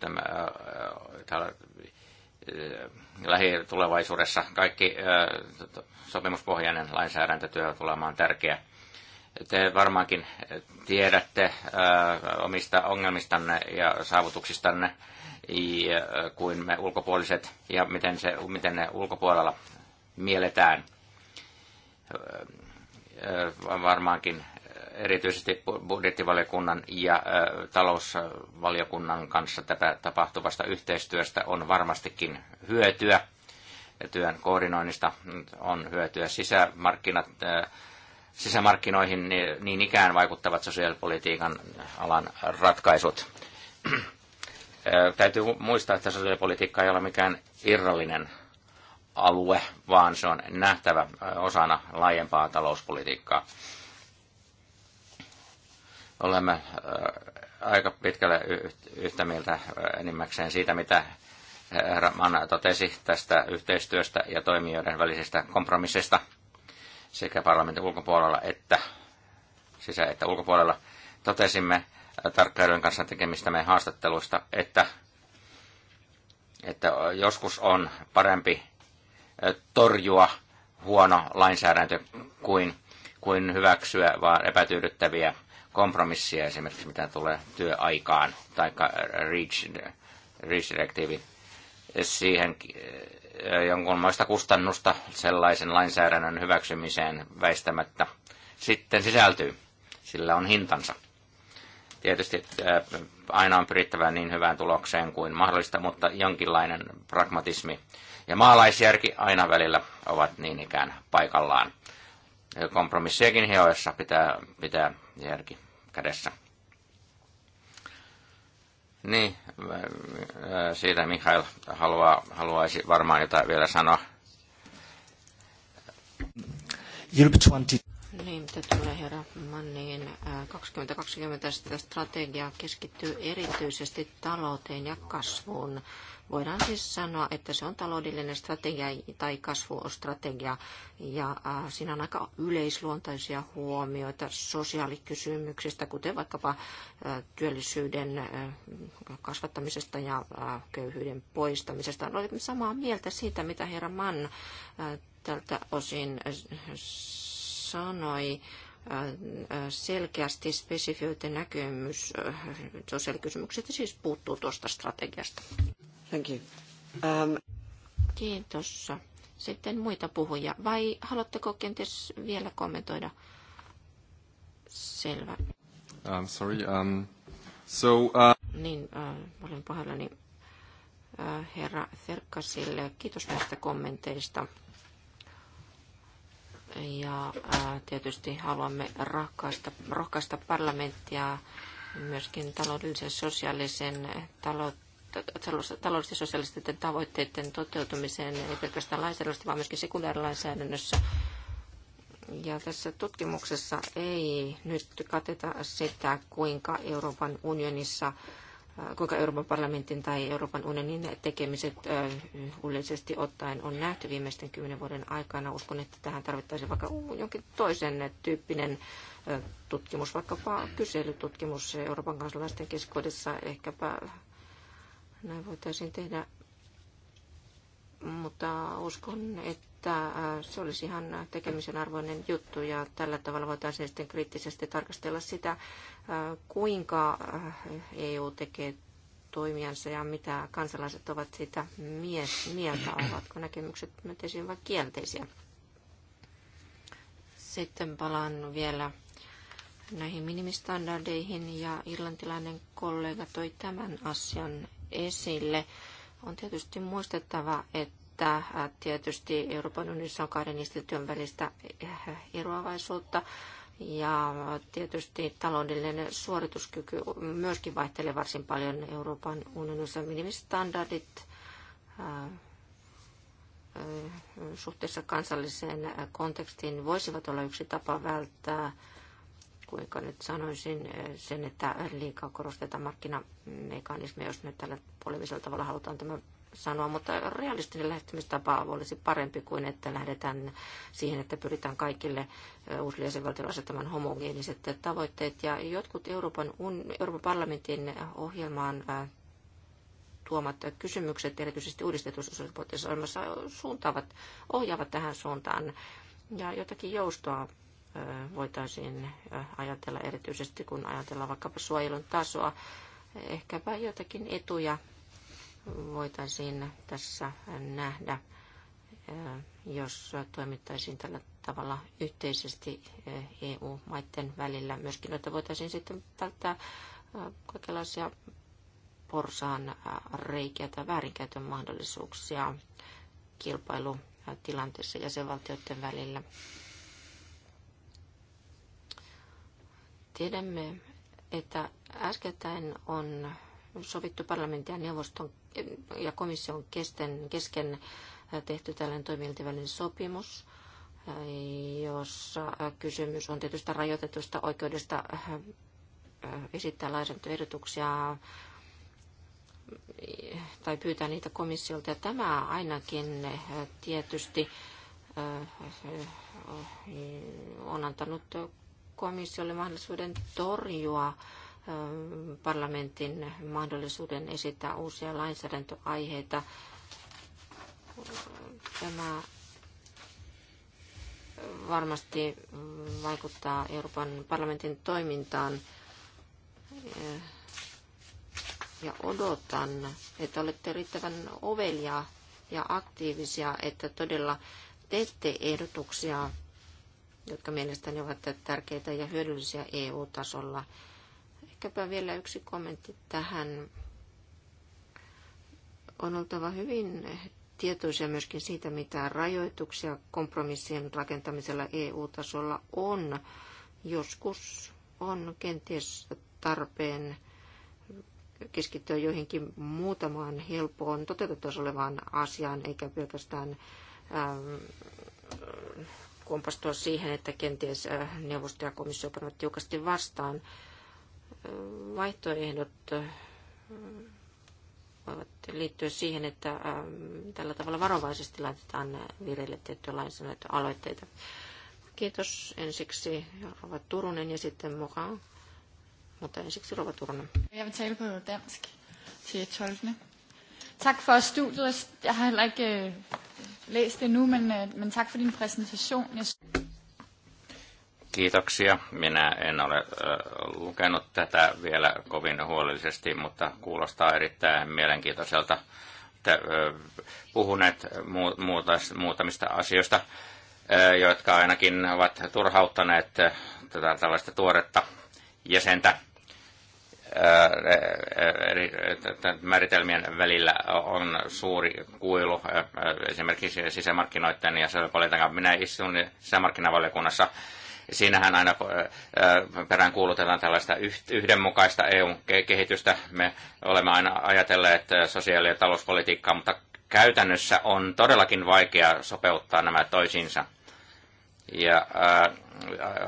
tämä, äh, täällä, äh, lähitulevaisuudessa kaikki äh, sopimuspohjainen lainsäädäntötyö tulemaan tärkeä. Te varmaankin tiedätte omista ongelmistanne ja saavutuksistanne kuin me ulkopuoliset ja miten, se, miten ne ulkopuolella mielletään. Varmaankin erityisesti budjettivaliokunnan ja talousvaliokunnan kanssa tätä tapahtuvasta yhteistyöstä on varmastikin hyötyä. Työn koordinoinnista on hyötyä sisämarkkinat, sisämarkkinoihin niin ikään vaikuttavat sosiaalipolitiikan alan ratkaisut. Täytyy muistaa, että sosiaalipolitiikka ei ole mikään irrallinen alue, vaan se on nähtävä osana laajempaa talouspolitiikkaa olemme äh, aika pitkälle yhtä mieltä äh, enimmäkseen siitä, mitä herra Manna totesi tästä yhteistyöstä ja toimijoiden välisestä kompromissista sekä parlamentin ulkopuolella että sisä- että ulkopuolella. Totesimme äh, tarkkailujen kanssa meidän haastatteluista, että, että joskus on parempi torjua huono lainsäädäntö kuin, kuin hyväksyä vaan epätyydyttäviä kompromissia esimerkiksi, mitä tulee työaikaan tai REACH-direktiivi. Reach Siihen eh, jonkunmoista kustannusta sellaisen lainsäädännön hyväksymiseen väistämättä sitten sisältyy. Sillä on hintansa. Tietysti eh, aina on pyrittävä niin hyvään tulokseen kuin mahdollista, mutta jonkinlainen pragmatismi ja maalaisjärki aina välillä ovat niin ikään paikallaan kompromissiakin hioessa pitää, pitää järki kädessä. Niin, äh, siitä Mikhail haluaa, haluaisi varmaan jotain vielä sanoa. Niin, mitä tulee herra Manniin, 2020 äh, strategia keskittyy erityisesti talouteen ja kasvuun. Voidaan siis sanoa, että se on taloudellinen strategia tai kasvustrategia ja siinä on aika yleisluontaisia huomioita sosiaalikysymyksistä, kuten vaikkapa työllisyyden kasvattamisesta ja köyhyyden poistamisesta. Olemme samaa mieltä siitä, mitä herra Mann tältä osin sanoi selkeästi spesifioiden näkemys sosiaalikysymykset siis puuttuu tuosta strategiasta. Thank you. Um... Kiitos. Sitten muita puhujia. Vai haluatteko kenties vielä kommentoida? Selvä. Um, sorry. Um, so, uh... Niin, äh, olen pahoillani äh, herra Ferkkasille. Kiitos näistä kommenteista. Ja äh, tietysti haluamme rohkaista, rohkaista parlamenttia myöskin taloudellisen sosiaalisen taloutta taloudellisten ja sosiaalisten tavoitteiden toteutumiseen, ei pelkästään lainsäädännössä, vaan myöskin sekundaarilainsäädännössä. Ja tässä tutkimuksessa ei nyt kateta sitä, kuinka Euroopan unionissa äh, kuinka Euroopan parlamentin tai Euroopan unionin tekemiset äh, yleisesti ottaen on nähty viimeisten kymmenen vuoden aikana. Uskon, että tähän tarvittaisiin vaikka jonkin toisen tyyppinen äh, tutkimus, vaikkapa kyselytutkimus Euroopan kansalaisten keskuudessa. Ehkäpä näin voitaisiin tehdä, mutta uskon, että äh, se olisi ihan tekemisen arvoinen juttu ja tällä tavalla voitaisiin sitten kriittisesti tarkastella sitä, äh, kuinka äh, EU tekee toimijansa ja mitä kansalaiset ovat siitä mieltä, ovatko näkemykset myönteisiä vai kielteisiä. Sitten palaan vielä näihin minimistandardeihin ja irlantilainen kollega toi tämän asian esille. On tietysti muistettava, että tietysti Euroopan unionissa on kahden instituution välistä eh, eroavaisuutta. Ja tietysti taloudellinen suorituskyky myöskin vaihtelee varsin paljon Euroopan unionissa minimistandardit suhteessa kansalliseen kontekstiin voisivat olla yksi tapa välttää kuinka nyt sanoisin eh, sen, että liikaa korostetaan markkinamekanismeja, jos nyt tällä poliivisella tavalla halutaan tämä sanoa, mutta realistinen lähestymistapa olisi parempi kuin, että lähdetään siihen, että pyritään kaikille eh, uusille jäsenvaltioille asettamaan homogeeniset tavoitteet. Ja jotkut Euroopan, Euroopan parlamentin ohjelmaan eh, tuomat kysymykset, erityisesti uudistetussa suuntaavat, ohjaavat tähän suuntaan ja jotakin joustoa voitaisiin ajatella erityisesti, kun ajatellaan vaikkapa suojelun tasoa. Ehkäpä jotakin etuja voitaisiin tässä nähdä, jos toimittaisiin tällä tavalla yhteisesti EU-maiden välillä. Myöskin, noita voitaisiin sitten välttää kaikenlaisia porsaan reikiä tai väärinkäytön mahdollisuuksia kilpailutilanteessa jäsenvaltioiden välillä. Tiedämme, että äskettäin on sovittu parlamentin ja neuvoston ja komission kesken, kesken tehty tällainen toimielintevälinen sopimus, jossa kysymys on tietystä rajoitetusta oikeudesta esittää lainsäädäntöehdotuksia tai pyytää niitä komissiolta. Ja tämä ainakin tietysti on antanut komissiolle mahdollisuuden torjua parlamentin mahdollisuuden esittää uusia lainsäädäntöaiheita. Tämä varmasti vaikuttaa Euroopan parlamentin toimintaan ja odotan, että olette riittävän ovelia ja aktiivisia, että todella teette ehdotuksia jotka mielestäni ovat tärkeitä ja hyödyllisiä EU-tasolla. Ehkäpä vielä yksi kommentti tähän. On oltava hyvin tietoisia myöskin siitä, mitä rajoituksia kompromissien rakentamisella EU-tasolla on. Joskus on kenties tarpeen keskittyä joihinkin muutamaan helpoon toteutettavassa olevaan asiaan, eikä pelkästään ähm, kompastua siihen, että kenties äh, neuvosto ja komissio panevat tiukasti vastaan. Äh, vaihtoehdot äh, voivat liittyä siihen, että tällä tavalla varovaisesti laitetaan vireille tiettyjä lainsäädäntöaloitteita. Kiitos ensiksi Rova Turunen ja sitten mukaan. Mutta ensiksi Rova Turunen. Jag vill tala på dansk till tolkning. Tack för studiet. Jag har heller inte læst det nu, men, øh, men tak for din præsentation. Kiitoksia. Minä en ole äh, lukenut tätä vielä kovin huolellisesti, mutta kuulostaa erittäin mielenkiintoiselta. Te, äh, puhuneet mu- muuta, muutamista asioista, äh, jotka ainakin ovat turhauttaneet äh, tätä tällaista tuoretta jäsentä määritelmien välillä on suuri kuilu esimerkiksi sisämarkkinoiden ja paljonkaan. Minä istun sisämarkkinavaliokunnassa Siinähän aina peräänkuulutetaan tällaista yhdenmukaista EU-kehitystä. Me olemme aina ajatelleet sosiaali- ja talouspolitiikkaa, mutta käytännössä on todellakin vaikea sopeuttaa nämä toisiinsa – ja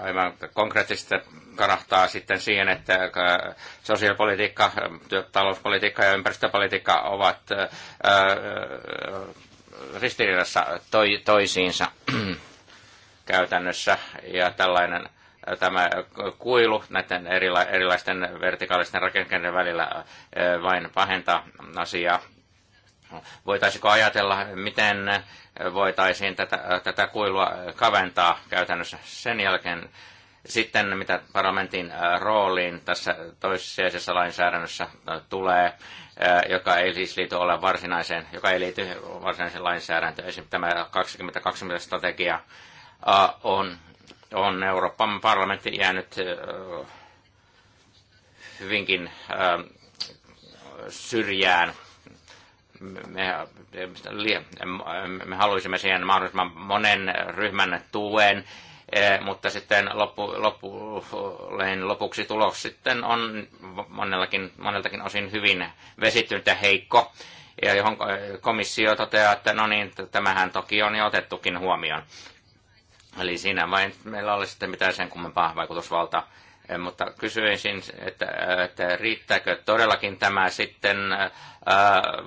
aivan konkreettisesti kanahtaa sitten siihen, että sosiaalipolitiikka, talouspolitiikka ja ympäristöpolitiikka ovat ristiriidassa toisiinsa käytännössä. Ja tällainen tämä kuilu näiden erila- erilaisten vertikaalisten rakenteiden välillä vain pahentaa asiaa. Voitaisiko ajatella, miten voitaisiin tätä, tätä kuilua kaventaa käytännössä sen jälkeen, sitten mitä parlamentin äh, rooliin tässä toissijaisessa lainsäädännössä äh, tulee, äh, joka ei siis liity ole varsinaiseen, joka ei liity varsinaiseen lainsäädäntöön. Esimerkiksi tämä 2020 strategia on, on Euroopan parlamentti jäänyt hyvinkin syrjään me, me haluaisimme siihen mahdollisimman monen ryhmän tuen, e, mutta sitten loppu, loppu, lopuksi tulos sitten on monellakin, moneltakin osin hyvin vesittynyt ja heikko, ja johon komissio toteaa, että no niin, tämähän toki on jo otettukin huomioon. Eli siinä vain meillä olisi sitten mitään sen kummempaa vaikutusvaltaa Eh, mutta kysyisin, että, että riittääkö todellakin tämä sitten eh,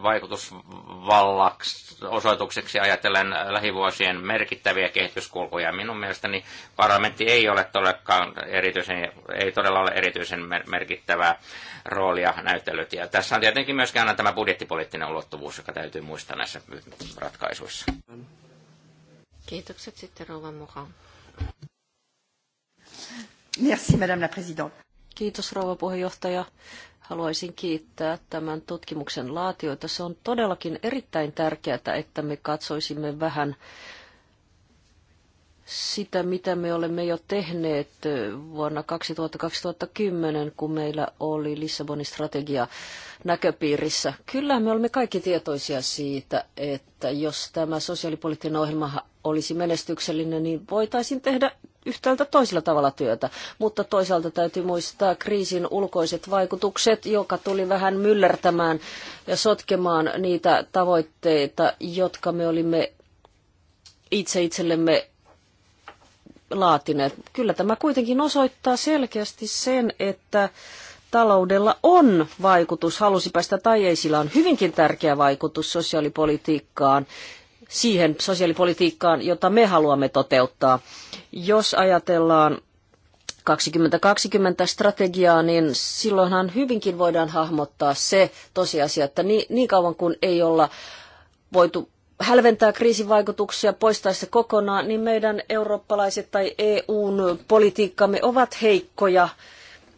vaikutusvallaksi osoitukseksi ajatellen eh, lähivuosien merkittäviä kehityskulkuja. Minun mielestäni parlamentti ei ole todellakaan erityisen, ei todella ole erityisen merkittävää roolia näytellyt. Ja tässä on tietenkin myöskin aina tämä budjettipoliittinen ulottuvuus, joka täytyy muistaa näissä ratkaisuissa. Kiitokset sitten Rouva mukaan. Kiitos, rouva puheenjohtaja. Haluaisin kiittää tämän tutkimuksen laatioita. Se on todellakin erittäin tärkeää, että me katsoisimme vähän sitä, mitä me olemme jo tehneet vuonna 2000-2010, kun meillä oli Lissabonin strategia näköpiirissä. Kyllä me olemme kaikki tietoisia siitä, että jos tämä sosiaalipoliittinen ohjelma olisi menestyksellinen, niin voitaisiin tehdä yhtäältä toisella tavalla työtä, mutta toisaalta täytyy muistaa kriisin ulkoiset vaikutukset, joka tuli vähän myllertämään ja sotkemaan niitä tavoitteita, jotka me olimme itse itsellemme laatineet. Kyllä tämä kuitenkin osoittaa selkeästi sen, että taloudella on vaikutus, halusipä sitä tai ei, sillä on hyvinkin tärkeä vaikutus sosiaalipolitiikkaan, siihen sosiaalipolitiikkaan, jota me haluamme toteuttaa jos ajatellaan 2020 strategiaa, niin silloinhan hyvinkin voidaan hahmottaa se tosiasia, että niin, niin kauan kuin ei olla voitu hälventää kriisin vaikutuksia, poistaa se kokonaan, niin meidän eurooppalaiset tai EUn politiikkamme ovat heikkoja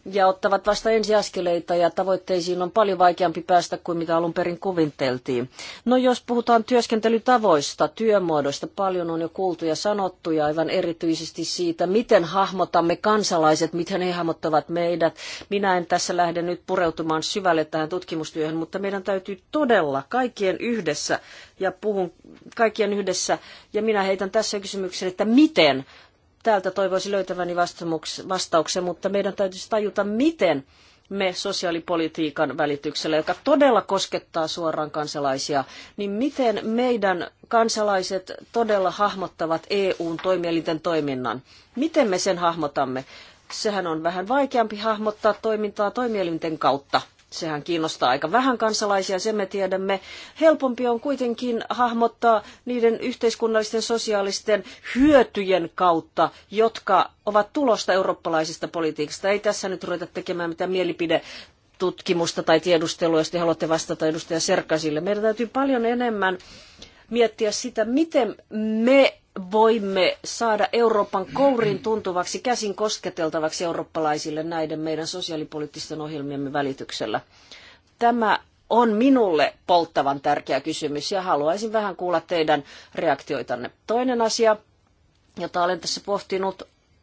ja ottavat vasta ensiaskeleita ja tavoitteisiin on paljon vaikeampi päästä kuin mitä alun perin kuvinteltiin. No jos puhutaan työskentelytavoista, työmuodoista, paljon on jo kuultu ja sanottu ja aivan erityisesti siitä, miten hahmotamme kansalaiset, miten he hahmottavat meidät. Minä en tässä lähde nyt pureutumaan syvälle tähän tutkimustyöhön, mutta meidän täytyy todella kaikkien yhdessä ja puhun kaikkien yhdessä ja minä heitän tässä kysymyksen, että miten täältä toivoisi löytäväni vastauksen, mutta meidän täytyisi tajuta, miten me sosiaalipolitiikan välityksellä, joka todella koskettaa suoraan kansalaisia, niin miten meidän kansalaiset todella hahmottavat EUn toimielinten toiminnan? Miten me sen hahmotamme? Sehän on vähän vaikeampi hahmottaa toimintaa toimielinten kautta Sehän kiinnostaa aika vähän kansalaisia, sen me tiedämme. Helpompi on kuitenkin hahmottaa niiden yhteiskunnallisten sosiaalisten hyötyjen kautta, jotka ovat tulosta eurooppalaisesta politiikasta. Ei tässä nyt ruveta tekemään mitään mielipide tutkimusta tai tiedustelua, jos te haluatte vastata edustaja Serkasille. Meidän täytyy paljon enemmän miettiä sitä, miten me voimme saada Euroopan kourin tuntuvaksi, käsin kosketeltavaksi eurooppalaisille näiden meidän sosiaalipoliittisten ohjelmiemme välityksellä. Tämä on minulle polttavan tärkeä kysymys ja haluaisin vähän kuulla teidän reaktioitanne. Toinen asia, jota olen tässä pohtinut,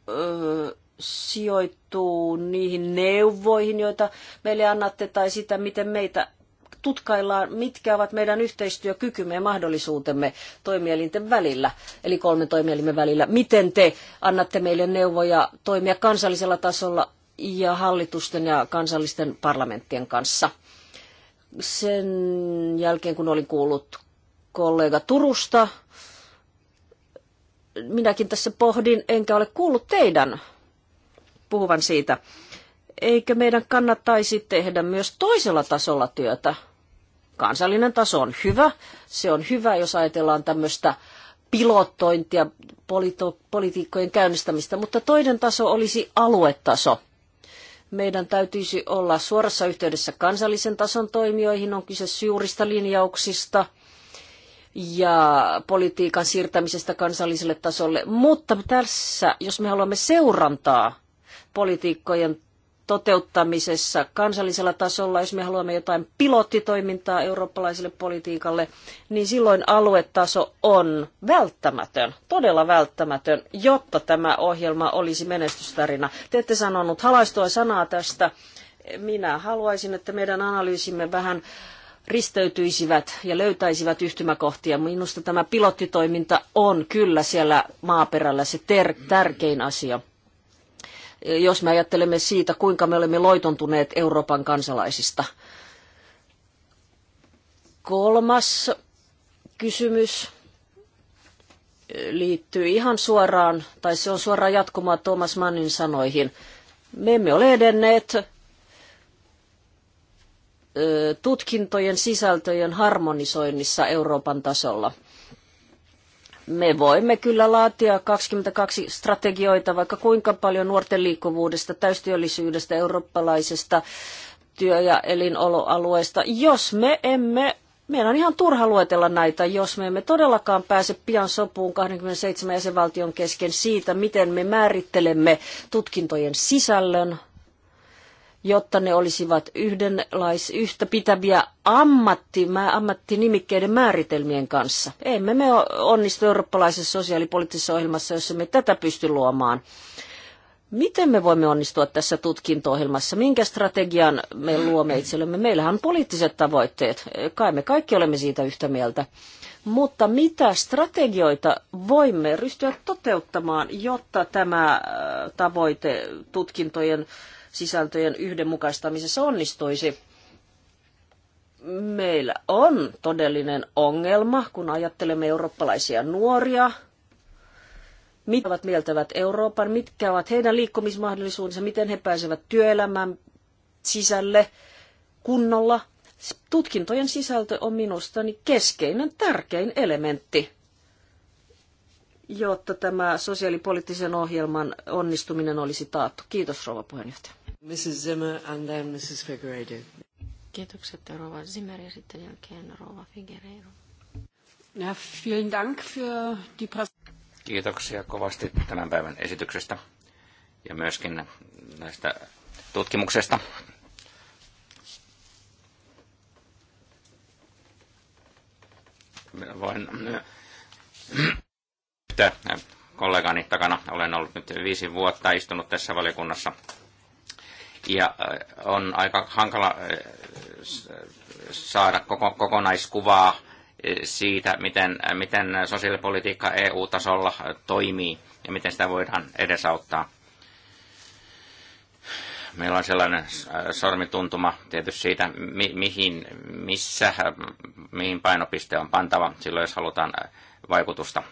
öö, sijoittuu niihin neuvoihin, joita meille annatte, tai sitä, miten meitä tutkaillaan, mitkä ovat meidän yhteistyökykymme ja mahdollisuutemme toimielinten välillä, eli kolmen toimielimen välillä. Miten te annatte meille neuvoja toimia kansallisella tasolla ja hallitusten ja kansallisten parlamenttien kanssa? Sen jälkeen, kun olin kuullut kollega Turusta, minäkin tässä pohdin, enkä ole kuullut teidän puhuvan siitä eikö meidän kannattaisi tehdä myös toisella tasolla työtä? kansallinen taso on hyvä. Se on hyvä, jos ajatellaan tämmöistä pilottointia, polito, politiikkojen käynnistämistä, mutta toinen taso olisi aluetaso. Meidän täytyisi olla suorassa yhteydessä kansallisen tason toimijoihin, on kyse suurista linjauksista ja politiikan siirtämisestä kansalliselle tasolle. Mutta tässä, jos me haluamme seurantaa politiikkojen toteuttamisessa kansallisella tasolla, jos me haluamme jotain pilottitoimintaa eurooppalaiselle politiikalle, niin silloin aluetaso on välttämätön, todella välttämätön, jotta tämä ohjelma olisi menestystarina. Te ette sanonut halaistua sanaa tästä. Minä haluaisin, että meidän analyysimme vähän risteytyisivät ja löytäisivät yhtymäkohtia. Minusta tämä pilottitoiminta on kyllä siellä maaperällä se tärkein asia jos me ajattelemme siitä, kuinka me olemme loitontuneet Euroopan kansalaisista. Kolmas kysymys liittyy ihan suoraan, tai se on suoraan jatkumaa Thomas Mannin sanoihin. Me emme ole edenneet tutkintojen sisältöjen harmonisoinnissa Euroopan tasolla – me voimme kyllä laatia 22 strategioita, vaikka kuinka paljon nuorten liikkuvuudesta, täystyöllisyydestä, eurooppalaisesta työ- ja elinoloalueesta, jos me emme Meidän on ihan turha luetella näitä, jos me emme todellakaan pääse pian sopuun 27 jäsenvaltion kesken siitä, miten me määrittelemme tutkintojen sisällön, jotta ne olisivat yhdenlais, yhtä pitäviä ammatti, ammattinimikkeiden määritelmien kanssa. Emme me onnistu eurooppalaisessa sosiaalipoliittisessa ohjelmassa, jos emme tätä pysty luomaan. Miten me voimme onnistua tässä tutkinto-ohjelmassa? Minkä strategian me luomme itsellemme? Meillähän on poliittiset tavoitteet. Kai me kaikki olemme siitä yhtä mieltä. Mutta mitä strategioita voimme ryhtyä toteuttamaan, jotta tämä äh, tavoite tutkintojen sisältöjen yhdenmukaistamisessa onnistuisi. Meillä on todellinen ongelma, kun ajattelemme eurooppalaisia nuoria, mitä ovat mieltävät Euroopan, mitkä ovat heidän liikkumismahdollisuutensa, miten he pääsevät työelämän sisälle kunnolla. Tutkintojen sisältö on minustani keskeinen, tärkein elementti, jotta tämä sosiaalipoliittisen ohjelman onnistuminen olisi taattu. Kiitos rouva puheenjohtaja. Mrs. Zimmer and then Mrs. Figueredo. Kiitokset Rova Zimmer ja sitten jälkeen Rova Figueiredo. Ja, vielen Dank für die Kiitoksia kovasti tämän päivän esityksestä ja myöskin näistä tutkimuksesta. Minä voin kollegani takana. Olen ollut nyt viisi vuotta istunut tässä valiokunnassa ja äh, on aika hankala äh, saada koko, kokonaiskuvaa äh, siitä, miten, miten sosiaalipolitiikka EU-tasolla toimii ja miten sitä voidaan edesauttaa. Meillä on sellainen sormituntuma tietysti siitä, mi- mihin, missä, mihin painopiste on pantava silloin, jos halutaan vaikutusta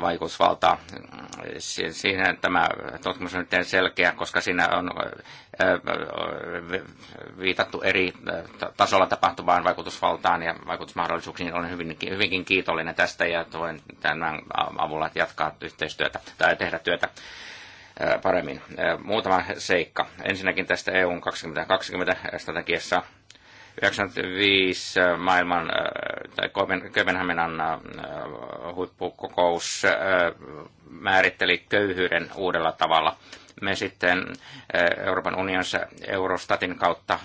vaikutusvaltaa. Siinä tämä tutkimus on nyt selkeä, koska siinä on viitattu eri tasolla tapahtuvaan vaikutusvaltaan ja vaikutusmahdollisuuksiin. Olen hyvinkin, hyvinkin kiitollinen tästä ja voin tämän avulla jatkaa yhteistyötä tai tehdä työtä paremmin. Muutama seikka. Ensinnäkin tästä EUn 2020 strategiassa 1995 äh, maailman äh, tai Kööpenhaminan äh, huippukokous määritteli köyhyyden uudella tavalla. Me sitten Euroopan unionissa Eurostatin kautta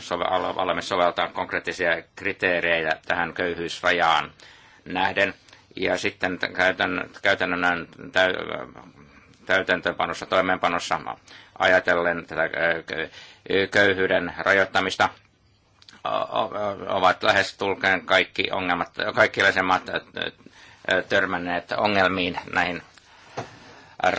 alamme soveltaa konkreettisia kriteerejä tähän köyhyysrajaan nähden. Ja sitten käytännön täytäntöönpanossa, toimeenpanossa ajatellen tätä köyhyyden rajoittamista – ovat lähes tulkeen kaikki ongelmat, kaikki jäsenmaat törmänneet ongelmiin näihin äh,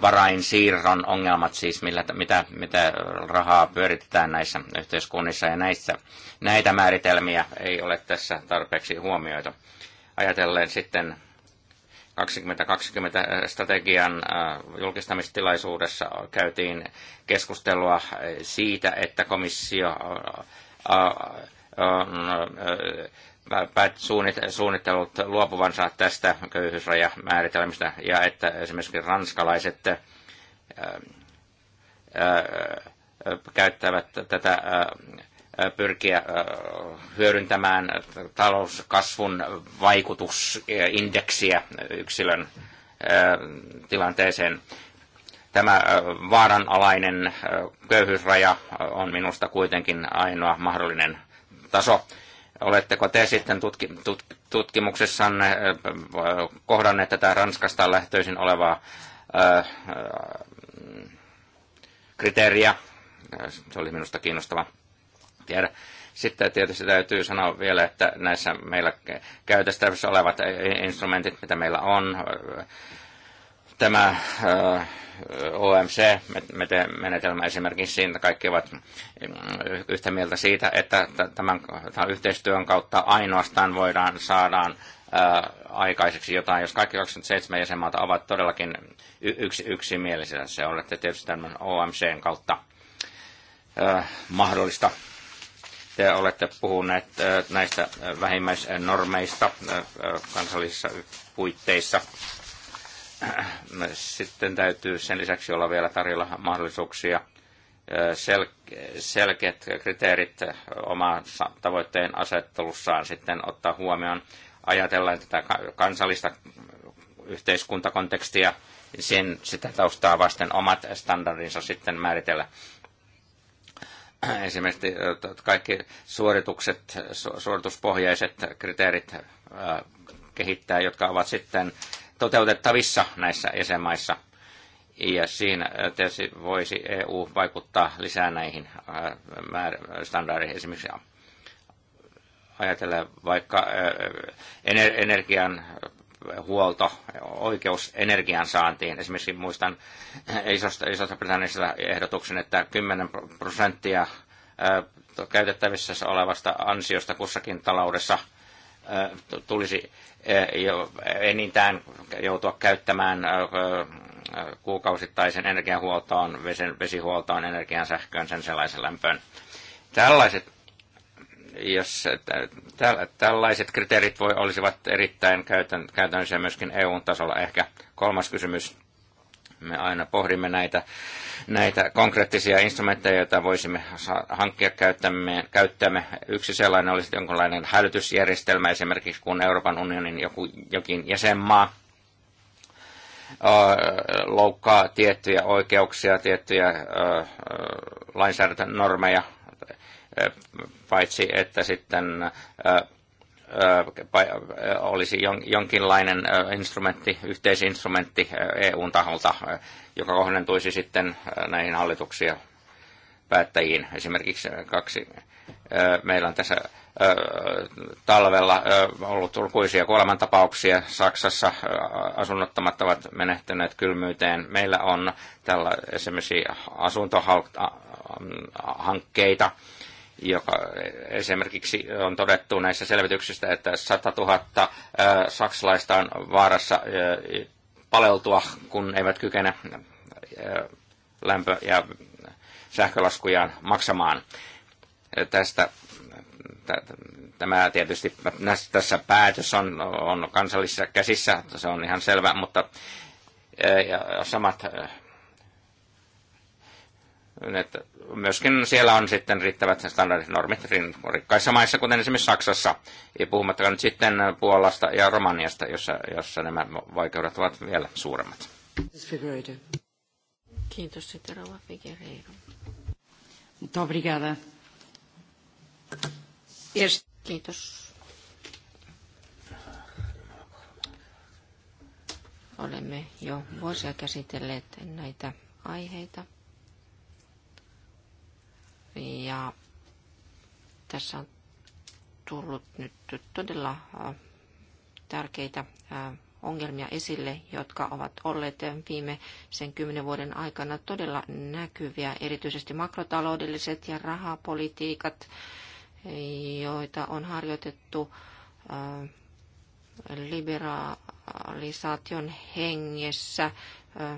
varainsiirron ongelmat, siis millä, mitä, mitä rahaa pyöritetään näissä yhteiskunnissa ja näissä, näitä määritelmiä ei ole tässä tarpeeksi huomioitu. Ajatellen sitten 2020 äh, strategian äh, julkistamistilaisuudessa käytiin keskustelua siitä, että komissio suunnittelut luopuvansa tästä köyhyysrajamääritelmistä ja että esimerkiksi ranskalaiset äh, äh, käyttävät tätä äh, pyrkiä hyödyntämään talouskasvun vaikutusindeksiä yksilön tilanteeseen. Tämä vaaranalainen köyhyysraja on minusta kuitenkin ainoa mahdollinen taso. Oletteko te sitten tutki, tut, tutkimuksessanne kohdanneet tätä Ranskasta lähtöisin olevaa ää, ää, kriteeriä? Se oli minusta kiinnostava tiedä. Sitten tietysti täytyy sanoa vielä, että näissä meillä käytettävissä olevat instrumentit, mitä meillä on, Tämä OMC-menetelmä esimerkiksi siinä kaikki ovat mm, yhtä mieltä siitä, että tämän, tämän yhteistyön kautta ainoastaan voidaan saadaan aikaiseksi jotain, jos kaikki 27 jäsenmaata ovat todellakin yksi, yksimielisiä. Se olette tietysti tämän OMCn kautta mahdollista. Te olette puhuneet näistä vähimmäisnormeista kansallisissa puitteissa sitten täytyy sen lisäksi olla vielä tarjolla mahdollisuuksia sel- selkeät kriteerit oman tavoitteen asettelussaan sitten ottaa huomioon. Ajatellaan tätä kansallista yhteiskuntakontekstia, sen, sitä taustaa vasten omat standardinsa sitten määritellä. Esimerkiksi kaikki suoritukset, suorituspohjaiset kriteerit kehittää, jotka ovat sitten toteutettavissa näissä jäsenmaissa. Ja siinä äh, tietysti voisi EU vaikuttaa lisää näihin äh, standardeihin. Esimerkiksi ajatella vaikka äh, energian huolto, oikeus energian saantiin. Esimerkiksi muistan isosta, isosta Britanniasta ehdotuksen, että 10 prosenttia käytettävissä olevasta ansiosta kussakin taloudessa – tulisi jo enintään joutua käyttämään kuukausittaisen energiahuoltoon, vesihuoltoon, energian, sähköön, sen sellaisen lämpöön. Tällaiset, jos tällaiset kriteerit voi, olisivat erittäin käytännössä käytännöllisiä myöskin eu tasolla ehkä. Kolmas kysymys me aina pohdimme näitä, näitä konkreettisia instrumentteja, joita voisimme hankkia käyttämme, käyttämme. Yksi sellainen olisi jonkinlainen hälytysjärjestelmä, esimerkiksi kun Euroopan unionin joku, jokin jäsenmaa loukkaa tiettyjä oikeuksia, tiettyjä lainsäädäntönormeja, paitsi että sitten olisi jonkinlainen instrumentti, yhteisinstrumentti EUn taholta, joka kohdentuisi sitten näihin hallituksia päättäjiin. Esimerkiksi kaksi, meillä on tässä talvella ollut lukuisia kuolemantapauksia Saksassa, asunnottomat ovat menehtyneet kylmyyteen. Meillä on tällä esimerkiksi asuntohankkeita, joka esimerkiksi on todettu näissä selvityksissä, että 100 000 saksalaista on vaarassa paleltua, kun eivät kykene lämpö- ja sähkölaskujaan maksamaan. Tästä tämä tietysti tässä päätös on, on kansallisissa käsissä, se on ihan selvä, mutta ja samat et myöskin siellä on sitten riittävät standardit normit rikkaissa maissa, kuten esimerkiksi Saksassa, ja puhumattakaan nyt sitten Puolasta ja Romaniasta, jossa, jossa nämä vaikeudet ovat vielä suuremmat. Kiitos, sitten Rova Figueiredo. Obrigada. Kiitos. Olemme jo vuosia käsitelleet näitä aiheita. Ja tässä on tullut nyt todella äh, tärkeitä äh, ongelmia esille, jotka ovat olleet äh, viime sen kymmenen vuoden aikana todella näkyviä, erityisesti makrotaloudelliset ja rahapolitiikat, joita on harjoitettu liberalisaation hengessä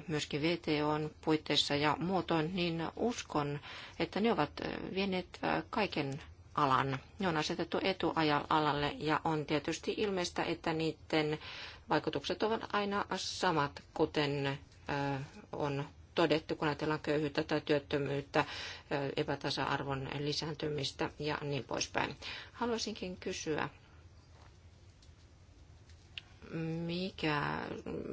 myöskin VTOn puitteissa ja muutoin, niin uskon, että ne ovat vieneet kaiken alan. Ne on asetettu etualalle ja on tietysti ilmeistä, että niiden vaikutukset ovat aina samat, kuten on todettu, kun ajatellaan köyhyyttä tai työttömyyttä, epätasa-arvon lisääntymistä ja niin poispäin. Haluaisinkin kysyä mikä,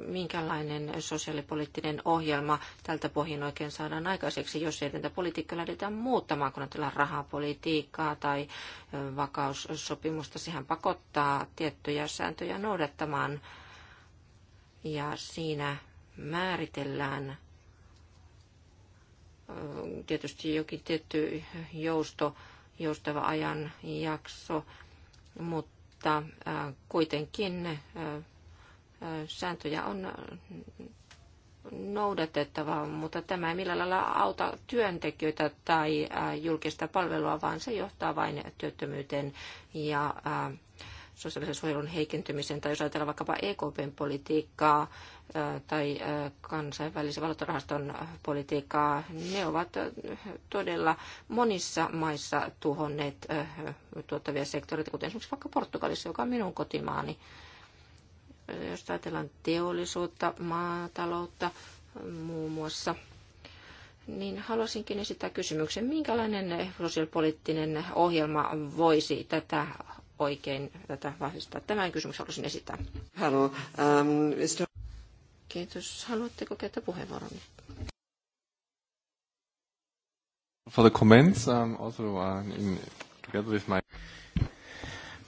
minkälainen sosiaalipoliittinen ohjelma tältä pohjin oikein saadaan aikaiseksi, jos ei tätä politiikkaa lähdetä muuttamaan, kun ajatellaan rahapolitiikkaa tai vakaussopimusta. Sehän pakottaa tiettyjä sääntöjä noudattamaan ja siinä määritellään tietysti jokin tietty jousto, joustava ajanjakso, mutta mutta äh, kuitenkin äh, sääntöjä on noudatettava, mutta tämä ei millään lailla auta työntekijöitä tai äh, julkista palvelua, vaan se johtaa vain työttömyyteen ja sosiaalisen suojelun heikentymisen, tai jos ajatellaan vaikkapa EKPn politiikkaa tai kansainvälisen valuuttarahaston politiikkaa, ne ovat todella monissa maissa tuhonneet tuottavia sektoreita, kuten esimerkiksi vaikka Portugalissa, joka on minun kotimaani. Jos ajatellaan teollisuutta, maataloutta muun muassa, niin haluaisinkin esittää kysymyksen, minkälainen sosiaalipoliittinen ohjelma voisi tätä oikein tätä vahvistaa. Tämän kysymyksen halusin esittää. Hello, um, Mr. Kiitos. Haluatteko käyttää puheenvuoron? For the comments, um, also uh, in, together with my...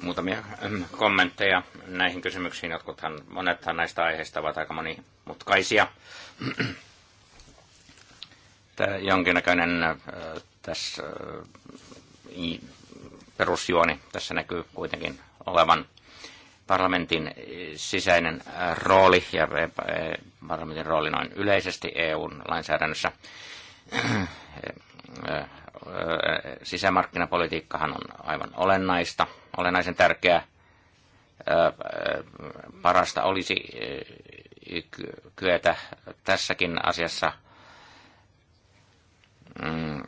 Muutamia um, kommentteja näihin kysymyksiin. Jotkuthan, monethan näistä aiheista ovat aika monimutkaisia. Tämä jonkinnäköinen äh, tässä äh, perusjuoni tässä näkyy kuitenkin olevan parlamentin sisäinen rooli ja parlamentin rooli noin yleisesti EUn lainsäädännössä. Sisämarkkinapolitiikkahan on aivan olennaista, olennaisen tärkeää. Parasta olisi kyetä tässäkin asiassa mm,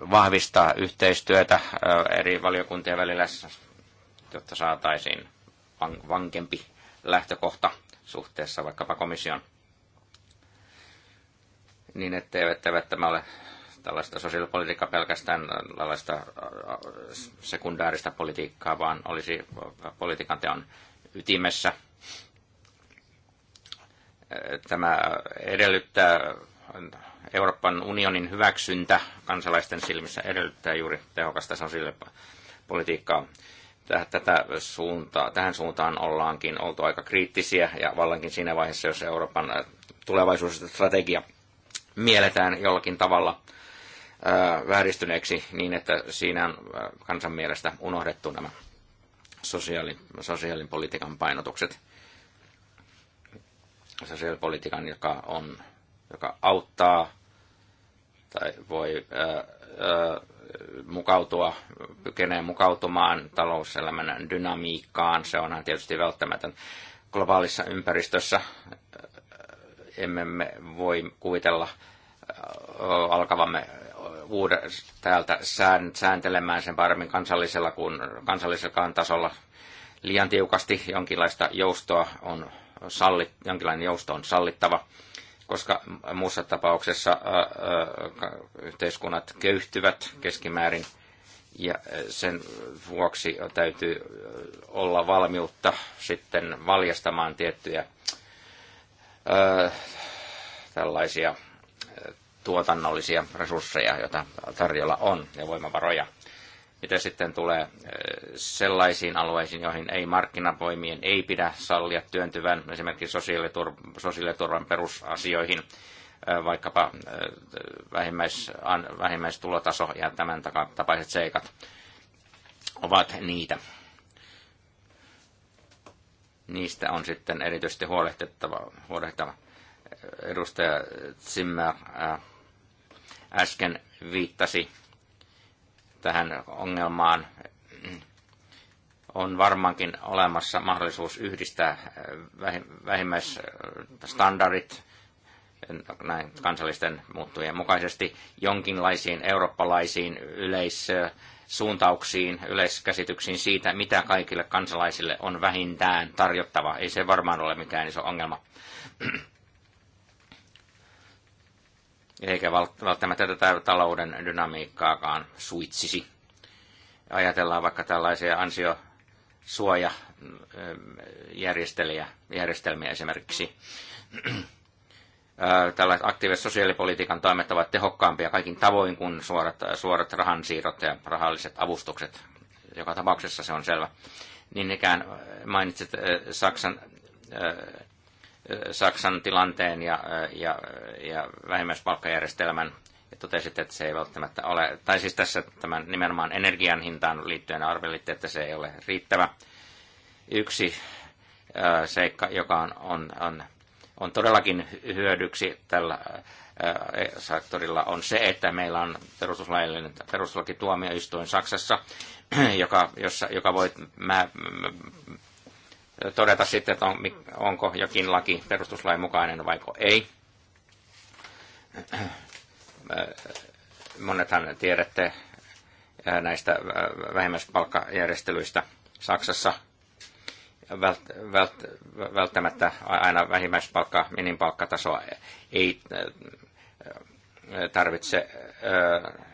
vahvistaa yhteistyötä eri valiokuntien välillä, jotta saataisiin vankempi lähtökohta suhteessa vaikkapa komission. Niin ettei, tämä ole tällaista sosiaalipolitiikkaa pelkästään tällaista sekundaarista politiikkaa, vaan olisi politiikan teon ytimessä. Tämä edellyttää Euroopan unionin hyväksyntä kansalaisten silmissä edellyttää juuri tehokasta sille politiikkaa. Tätä suuntaa, tähän suuntaan ollaankin oltu aika kriittisiä ja vallankin siinä vaiheessa, jos Euroopan tulevaisuusstrategia mielletään jollakin tavalla vääristyneeksi niin, että siinä on kansan mielestä unohdettu nämä sosiaali, sosiaalipolitiikan painotukset. Sosiaalipolitiikan, joka on joka auttaa tai voi ää, ää, mukautua, kykenee mukautumaan talouselämän dynamiikkaan. Se on tietysti välttämätön globaalissa ympäristössä. Emme me voi kuvitella alkavamme uuden, täältä sään, sääntelemään sen paremmin kansallisella kuin kansallisellakaan tasolla liian tiukasti. Jonkinlaista joustoa on sallit, jonkinlainen jousto on sallittava koska muussa tapauksessa yhteiskunnat köyhtyvät keskimäärin ja sen vuoksi täytyy olla valmiutta sitten valjastamaan tiettyjä tällaisia tuotannollisia resursseja, joita tarjolla on ja voimavaroja. Mitä sitten tulee eh, sellaisiin alueisiin, joihin ei markkinavoimien ei pidä sallia työntyvän esimerkiksi sosiaaliturvan, sosiaaliturvan perusasioihin, eh, vaikkapa eh, vähimmäis, vähimmäistulotaso ja tämän tapaiset seikat ovat niitä. Niistä on sitten erityisesti huolehtettava, huolehtittava. Edustaja Zimmer äsken viittasi tähän ongelmaan on varmaankin olemassa mahdollisuus yhdistää äh, vähimmäisstandardit äh, näin kansallisten muuttujien mukaisesti jonkinlaisiin eurooppalaisiin yleissuuntauksiin, yleiskäsityksiin siitä, mitä kaikille kansalaisille on vähintään tarjottava. Ei se varmaan ole mikään iso ongelma eikä välttämättä tätä talouden dynamiikkaakaan suitsisi. Ajatellaan vaikka tällaisia ansiosuojajärjestelmiä mm, esimerkiksi. Tällaiset aktiiviset sosiaalipolitiikan toimet ovat tehokkaampia kaikin tavoin kuin suorat, suorat rahansiirrot ja rahalliset avustukset. Joka tapauksessa se on selvä. Niin ikään mainitsit Saksan Saksan tilanteen ja, ja, ja vähimmäispalkkajärjestelmän ja totesitte, että se ei välttämättä ole, tai siis tässä tämän nimenomaan energian hintaan liittyen arvelitte, että se ei ole riittävä. Yksi seikka, joka on, on, on, on todellakin hyödyksi tällä e, sektorilla, on se, että meillä on perustuslaillinen perustuslakituomioistuin Saksassa, joka, jossa, joka voi mä, todeta sitten, että on, onko jokin laki perustuslain mukainen vai ei. Monethan tiedätte äh, näistä äh, vähimmäispalkkajärjestelyistä Saksassa vält, vält, välttämättä aina vähimmäispalkka, minimipalkkatasoa ei äh, tarvitse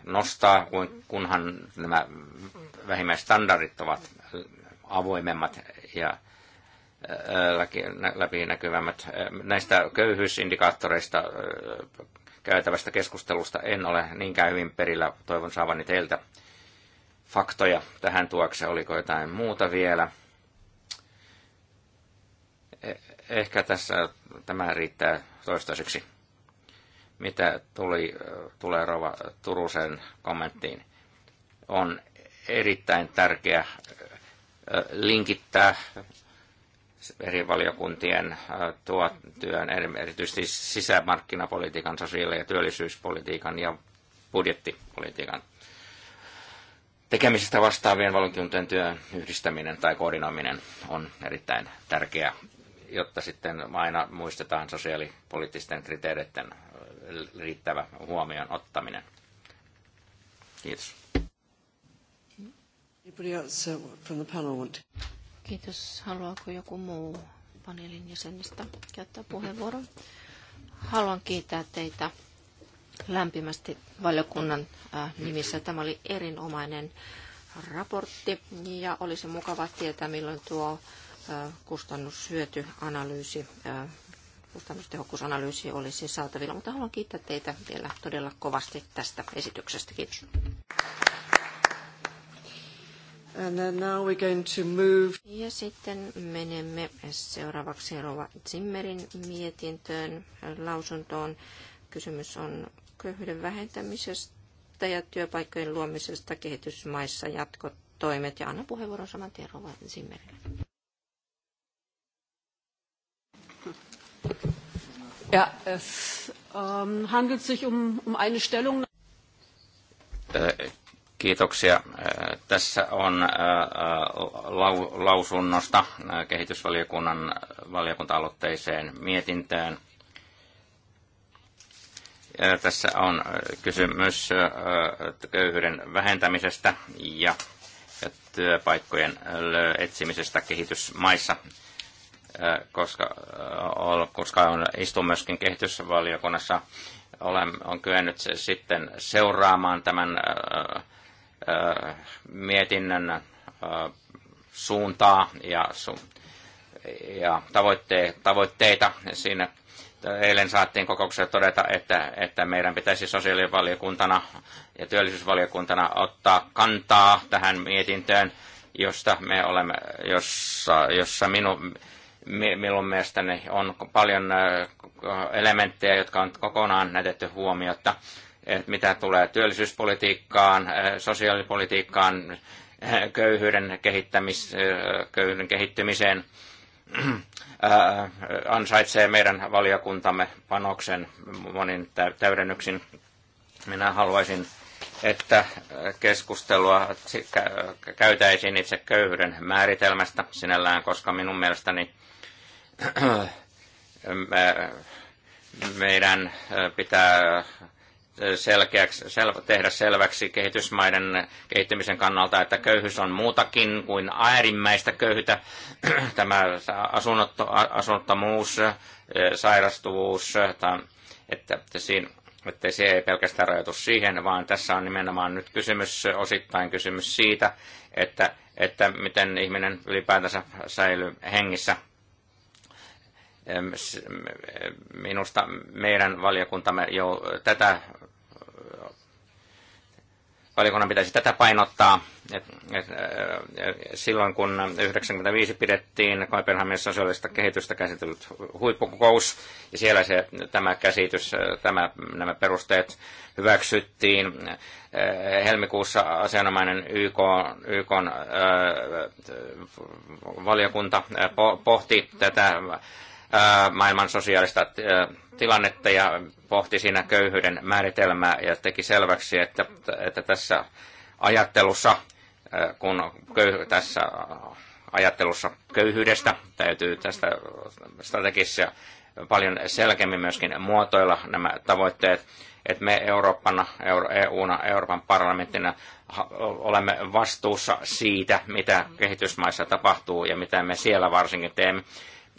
nostaa, kunhan nämä vähimmäistandardit ovat avoimemmat ja Äh, läpinäkyvämmät. Äh, näistä köyhyysindikaattoreista äh, käytävästä keskustelusta en ole niinkään hyvin perillä. Toivon saavani teiltä faktoja tähän tuokse. Oliko jotain muuta vielä? E, ehkä tässä tämä riittää toistaiseksi. Mitä tuli, tulee Rova Turusen kommenttiin? On erittäin tärkeä linkittää eri valiokuntien äh, tuo työn, erityisesti sisämarkkinapolitiikan, sosiaali- ja työllisyyspolitiikan ja budjettipolitiikan tekemisestä vastaavien valiokuntien työn yhdistäminen tai koordinoiminen on erittäin tärkeää, jotta sitten aina muistetaan sosiaalipoliittisten kriteereiden äh, riittävä huomioon ottaminen. Kiitos. Kiitos. Haluaako joku muu paneelin jäsenistä käyttää puheenvuoron? Haluan kiittää teitä lämpimästi valiokunnan äh, nimissä. Tämä oli erinomainen raportti ja olisi mukava tietää, milloin tuo äh, kustannushyötyanalyysi, äh, kustannustehokkuusanalyysi olisi saatavilla. Mutta haluan kiittää teitä vielä todella kovasti tästä esityksestä. Kiitos. And then now we're going to move. Ja sitten menemme seuraavaksi Rova Zimmerin mietintöön, lausuntoon. Kysymys on köyhyyden vähentämisestä ja työpaikkojen luomisesta kehitysmaissa jatkotoimet. Ja anna puheenvuoron saman tien Rova Zimmerille. Ja, es ähm, handelt sich um, um eine Stellung. Äh, Kiitoksia. Äh, tässä on äh, äh, lausunnosta kehitysvaliokunnan valiokunta-aloitteiseen mietintään. Ja tässä on kysymys köyhyyden vähentämisestä ja työpaikkojen etsimisestä kehitysmaissa, koska, koska on, istun myöskin kehitysvaliokunnassa olen, on kyennyt sitten seuraamaan tämän äh, mietinnön suuntaa ja, ja tavoitte, tavoitteita. Siinä eilen saatiin kokouksessa todeta, että, että meidän pitäisi sosiaalivaliokuntana ja työllisyysvaliokuntana ottaa kantaa tähän mietintöön, josta me olemme, jossa, jossa minun, minun mielestäni on paljon elementtejä, jotka on kokonaan näytetty huomiota mitä tulee työllisyyspolitiikkaan, eh, sosiaalipolitiikkaan, eh, köyhyyden, kehittämis, eh, köyhyyden kehittymiseen, ansaitsee meidän valiokuntamme panoksen monin täydennyksin. Minä haluaisin, että keskustelua käytäisiin itse köyhyyden määritelmästä sinällään, koska minun mielestäni meidän pitää selkeäksi, sel, tehdä selväksi kehitysmaiden kehittymisen kannalta, että köyhyys on muutakin kuin äärimmäistä köyhyyttä. Tämä asunnotto, asunnottomuus, sairastuvuus, että, että siinä että se ei pelkästään rajoitu siihen, vaan tässä on nimenomaan nyt kysymys, osittain kysymys siitä, että, että miten ihminen ylipäätänsä säilyy hengissä Minusta meidän valiokuntamme jo tätä valiokunnan pitäisi tätä painottaa. Et, et, et, äh, silloin kun 1995 pidettiin Kaipenhamin sosiaalista kehitystä käsitellyt huippukokous, ja siellä se, tämä käsitys, äh, tämä, nämä perusteet hyväksyttiin. Äh, helmikuussa asianomainen YK, YK ää, valiokunta pohti tätä maailman sosiaalista tilannetta ja pohti siinä köyhyyden määritelmää ja teki selväksi, että, että tässä ajattelussa, kun köy, tässä ajattelussa köyhyydestä täytyy tästä strategisia paljon selkeämmin myöskin muotoilla nämä tavoitteet, että me Eurooppana, Euro, EUna, Euroopan parlamenttina olemme vastuussa siitä, mitä kehitysmaissa tapahtuu ja mitä me siellä varsinkin teemme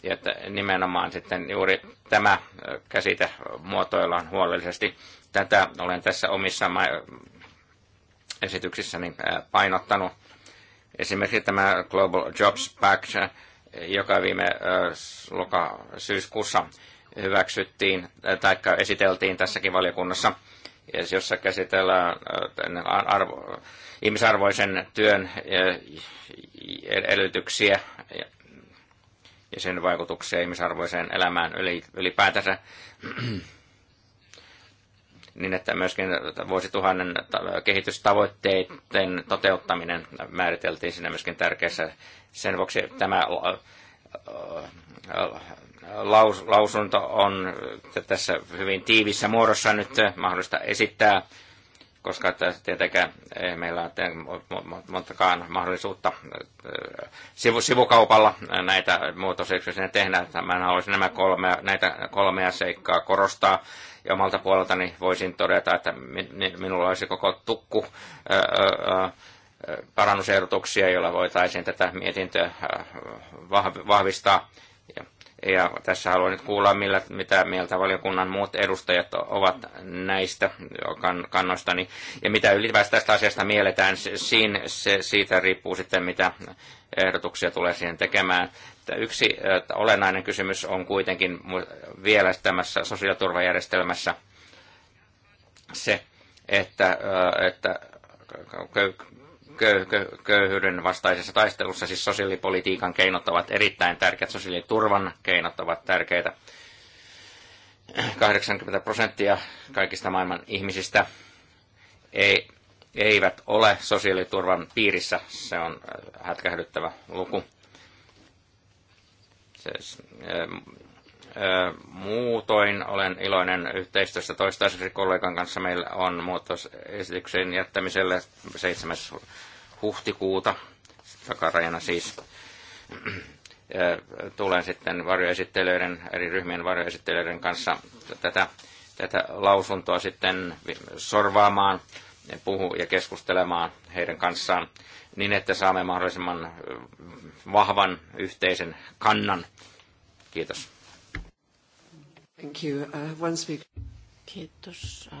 että nimenomaan sitten juuri tämä äh, käsite muotoillaan huolellisesti. Tätä olen tässä omissa esityksissäni äh, painottanut. Esimerkiksi tämä Global Jobs Pact, äh, joka viime loka, syyskuussa hyväksyttiin tai esiteltiin tässäkin valiokunnassa, jossa käsitellään arvo, ihmisarvoisen työn edellytyksiä ja sen vaikutuksia ihmisarvoiseen elämään ylipäätänsä, niin että myöskin vuosituhannen kehitystavoitteiden toteuttaminen määriteltiin siinä myöskin tärkeässä. Sen vuoksi tämä lausunto on tässä hyvin tiivissä muodossa nyt mahdollista esittää koska tietenkään ei meillä ole montakaan mahdollisuutta äh, sivu, sivukaupalla näitä sinne tehdä. Mä haluaisin nämä kolme, näitä kolmea seikkaa korostaa. Ja omalta puoleltani voisin todeta, että minulla olisi koko tukku äh, äh, parannusehdotuksia, joilla voitaisiin tätä mietintöä vahvistaa. Ja tässä haluan nyt kuulla, millä, mitä mieltä valiokunnan muut edustajat ovat näistä kannostani. Ja mitä ylipäätään tästä asiasta mielletään, siin, se, siitä riippuu sitten, mitä ehdotuksia tulee siihen tekemään. Yksi olennainen kysymys on kuitenkin vielä tämässä sosiaaliturvajärjestelmässä se, että, että köyhyyden vastaisessa taistelussa, siis sosiaalipolitiikan keinot ovat erittäin tärkeät, sosiaaliturvan keinot ovat tärkeitä. 80 prosenttia kaikista maailman ihmisistä ei, eivät ole sosiaaliturvan piirissä. Se on äh, hätkähdyttävä luku. Se, äh, Muutoin olen iloinen yhteistyöstä toistaiseksi kollegan kanssa. Meillä on muutosesityksen jättämiselle 7. huhtikuuta, takarajana siis. Tulen sitten varjoesittelijöiden, eri ryhmien varjoesittelijöiden kanssa tätä, tätä lausuntoa sitten sorvaamaan puhu ja keskustelemaan heidän kanssaan niin, että saamme mahdollisimman vahvan yhteisen kannan. Kiitos. Thank you. Uh, one Kiitos. Uh,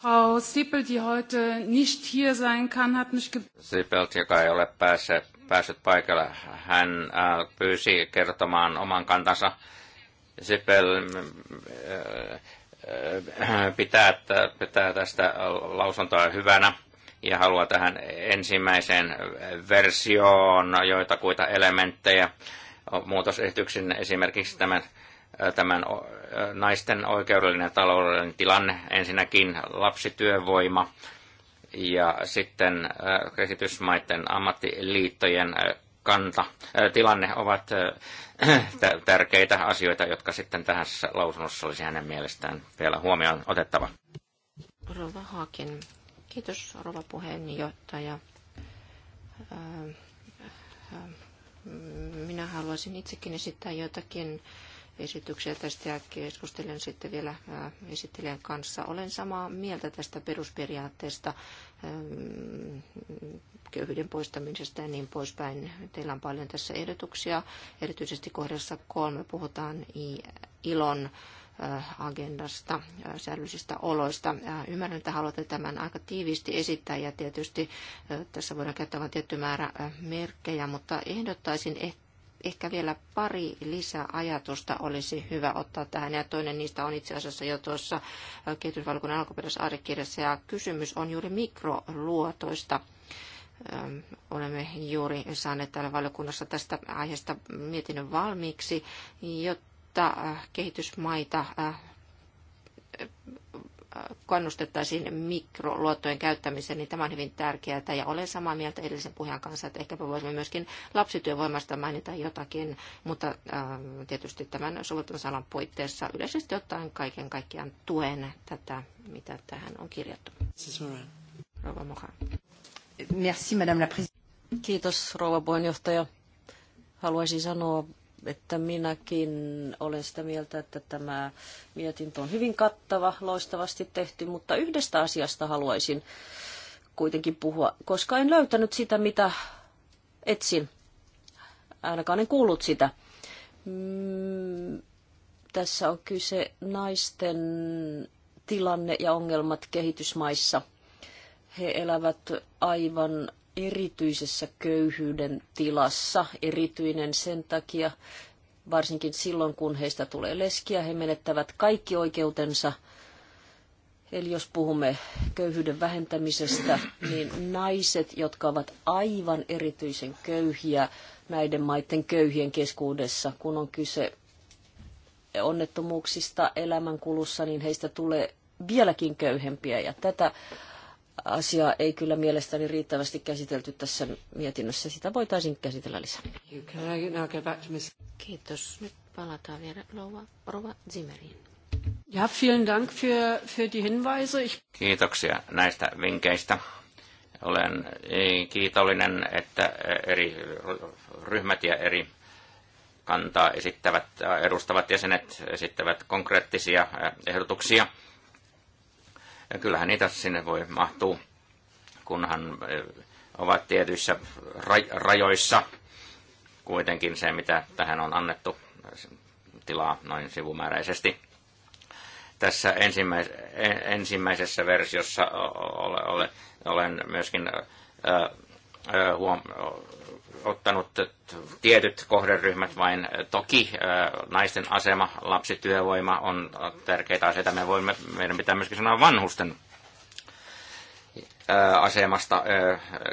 Frau Sippel, die heute nicht hier sein kann, hat mich joka ei ole päässyt, päässyt paikalle, hän äh, pyysi kertomaan oman kantansa. Sippel äh, äh, pitää, pitää tästä lausuntoa hyvänä ja haluaa tähän ensimmäiseen versioon joitakuita elementtejä muutosesityksen esimerkiksi tämän äh, tämän naisten oikeudellinen ja taloudellinen tilanne, ensinnäkin lapsityövoima ja sitten kehitysmaiden ammattiliittojen kanta, tilanne ovat tärkeitä asioita, jotka sitten tässä lausunnossa olisi hänen mielestään vielä huomioon otettava. Rova Haakin. Kiitos Rova puheenjohtaja. Minä haluaisin itsekin esittää jotakin esityksiä tästä ja keskustelen sitten vielä äh, esittelijän kanssa. Olen samaa mieltä tästä perusperiaatteesta, ähm, köyhyyden poistamisesta ja niin poispäin. Teillä on paljon tässä ehdotuksia. Erityisesti kohdassa kolme puhutaan ilon äh, agendasta, äh, säädöllisistä oloista. Ymmärrän, että haluatte tämän aika tiiviisti esittää ja tietysti tässä voidaan käyttää vain tietty määrä merkkejä, mutta ehdottaisin ehkä vielä pari lisäajatusta olisi hyvä ottaa tähän, ja toinen niistä on itse asiassa jo tuossa kehitysvaliokunnan alkuperäisarjekirjassa, ja kysymys on juuri mikroluotoista olemme juuri saaneet täällä valiokunnassa tästä aiheesta mietinnön valmiiksi, jotta kehitysmaita kannustettaisiin mikroluottojen käyttämiseen, niin tämä on hyvin tärkeää. Ja olen samaa mieltä edellisen puheen kanssa, että ehkäpä voisimme myöskin lapsityövoimasta mainita jotakin, mutta äh, tietysti tämän soveltamisalan puitteissa yleisesti ottaen kaiken kaikkiaan tuen tätä, mitä tähän on kirjattu. Rouva Moha. Merci, Madame la Kiitos, rouva puheenjohtaja. Haluaisin sanoa että minäkin olen sitä mieltä, että tämä mietintö on hyvin kattava, loistavasti tehty, mutta yhdestä asiasta haluaisin kuitenkin puhua, koska en löytänyt sitä, mitä etsin. Ainakaan en kuullut sitä. Mm, tässä on kyse naisten tilanne ja ongelmat kehitysmaissa. He elävät aivan erityisessä köyhyyden tilassa, erityinen sen takia, varsinkin silloin kun heistä tulee leskiä, he menettävät kaikki oikeutensa. Eli jos puhumme köyhyyden vähentämisestä, niin naiset, jotka ovat aivan erityisen köyhiä näiden maiden köyhien keskuudessa, kun on kyse onnettomuuksista elämänkulussa, niin heistä tulee vieläkin köyhempiä. Ja tätä asiaa ei kyllä mielestäni riittävästi käsitelty tässä mietinnössä. Sitä voitaisiin käsitellä lisää. Kiitos. Nyt palataan vielä Rouva, Rova Zimmeriin. Ja, vielen Dank für, für die Hinweise. Kiitoksia näistä vinkkeistä. Olen kiitollinen, että eh, eri ryhmät ja eri kantaa esittävät, eh, edustavat jäsenet esittävät konkreettisia eh, ehdotuksia – ja kyllähän niitä sinne voi mahtua, kunhan eh, ovat tietyissä rajoissa kuitenkin se, mitä tähän on annettu eh, tilaa noin sivumääräisesti. Tässä ensimmäis- e-, ensimmäisessä versiossa ole, ole, olen myöskin eh, huom- ottanut tietyt kohderyhmät vain. E, toki e, naisten asema, lapsityövoima on tärkeitä asioita. Me voimme, meidän pitää myöskin sanoa vanhusten e, asemasta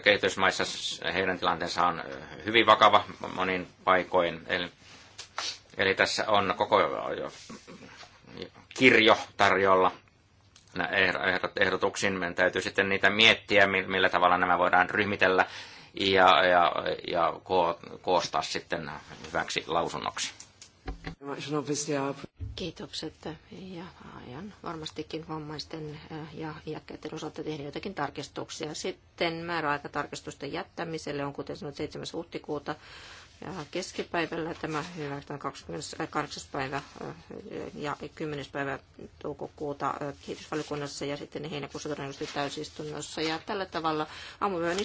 kehitysmaissa heidän tilanteensa on hyvin vakava monin paikoin. Eli, eli tässä on koko kirjo tarjolla ehdotuksiin. Meidän täytyy sitten niitä miettiä, millä tavalla nämä voidaan ryhmitellä ja, ja, ja ko, koostaa sitten hyväksi lausunnoksi. Kiitokset ja ajan varmastikin vammaisten ja iäkkäiden osalta tehdä jotakin tarkistuksia. Sitten määräaikatarkistusten jättämiselle on kuten sanoit 7. huhtikuuta ja keskipäivällä tämä hyväksytään 28. päivä ja 10. päivä toukokuuta kiitosvalikunnassa ja sitten heinäkuussa todennäköisesti täysistunnossa. Ja tällä tavalla aamuyön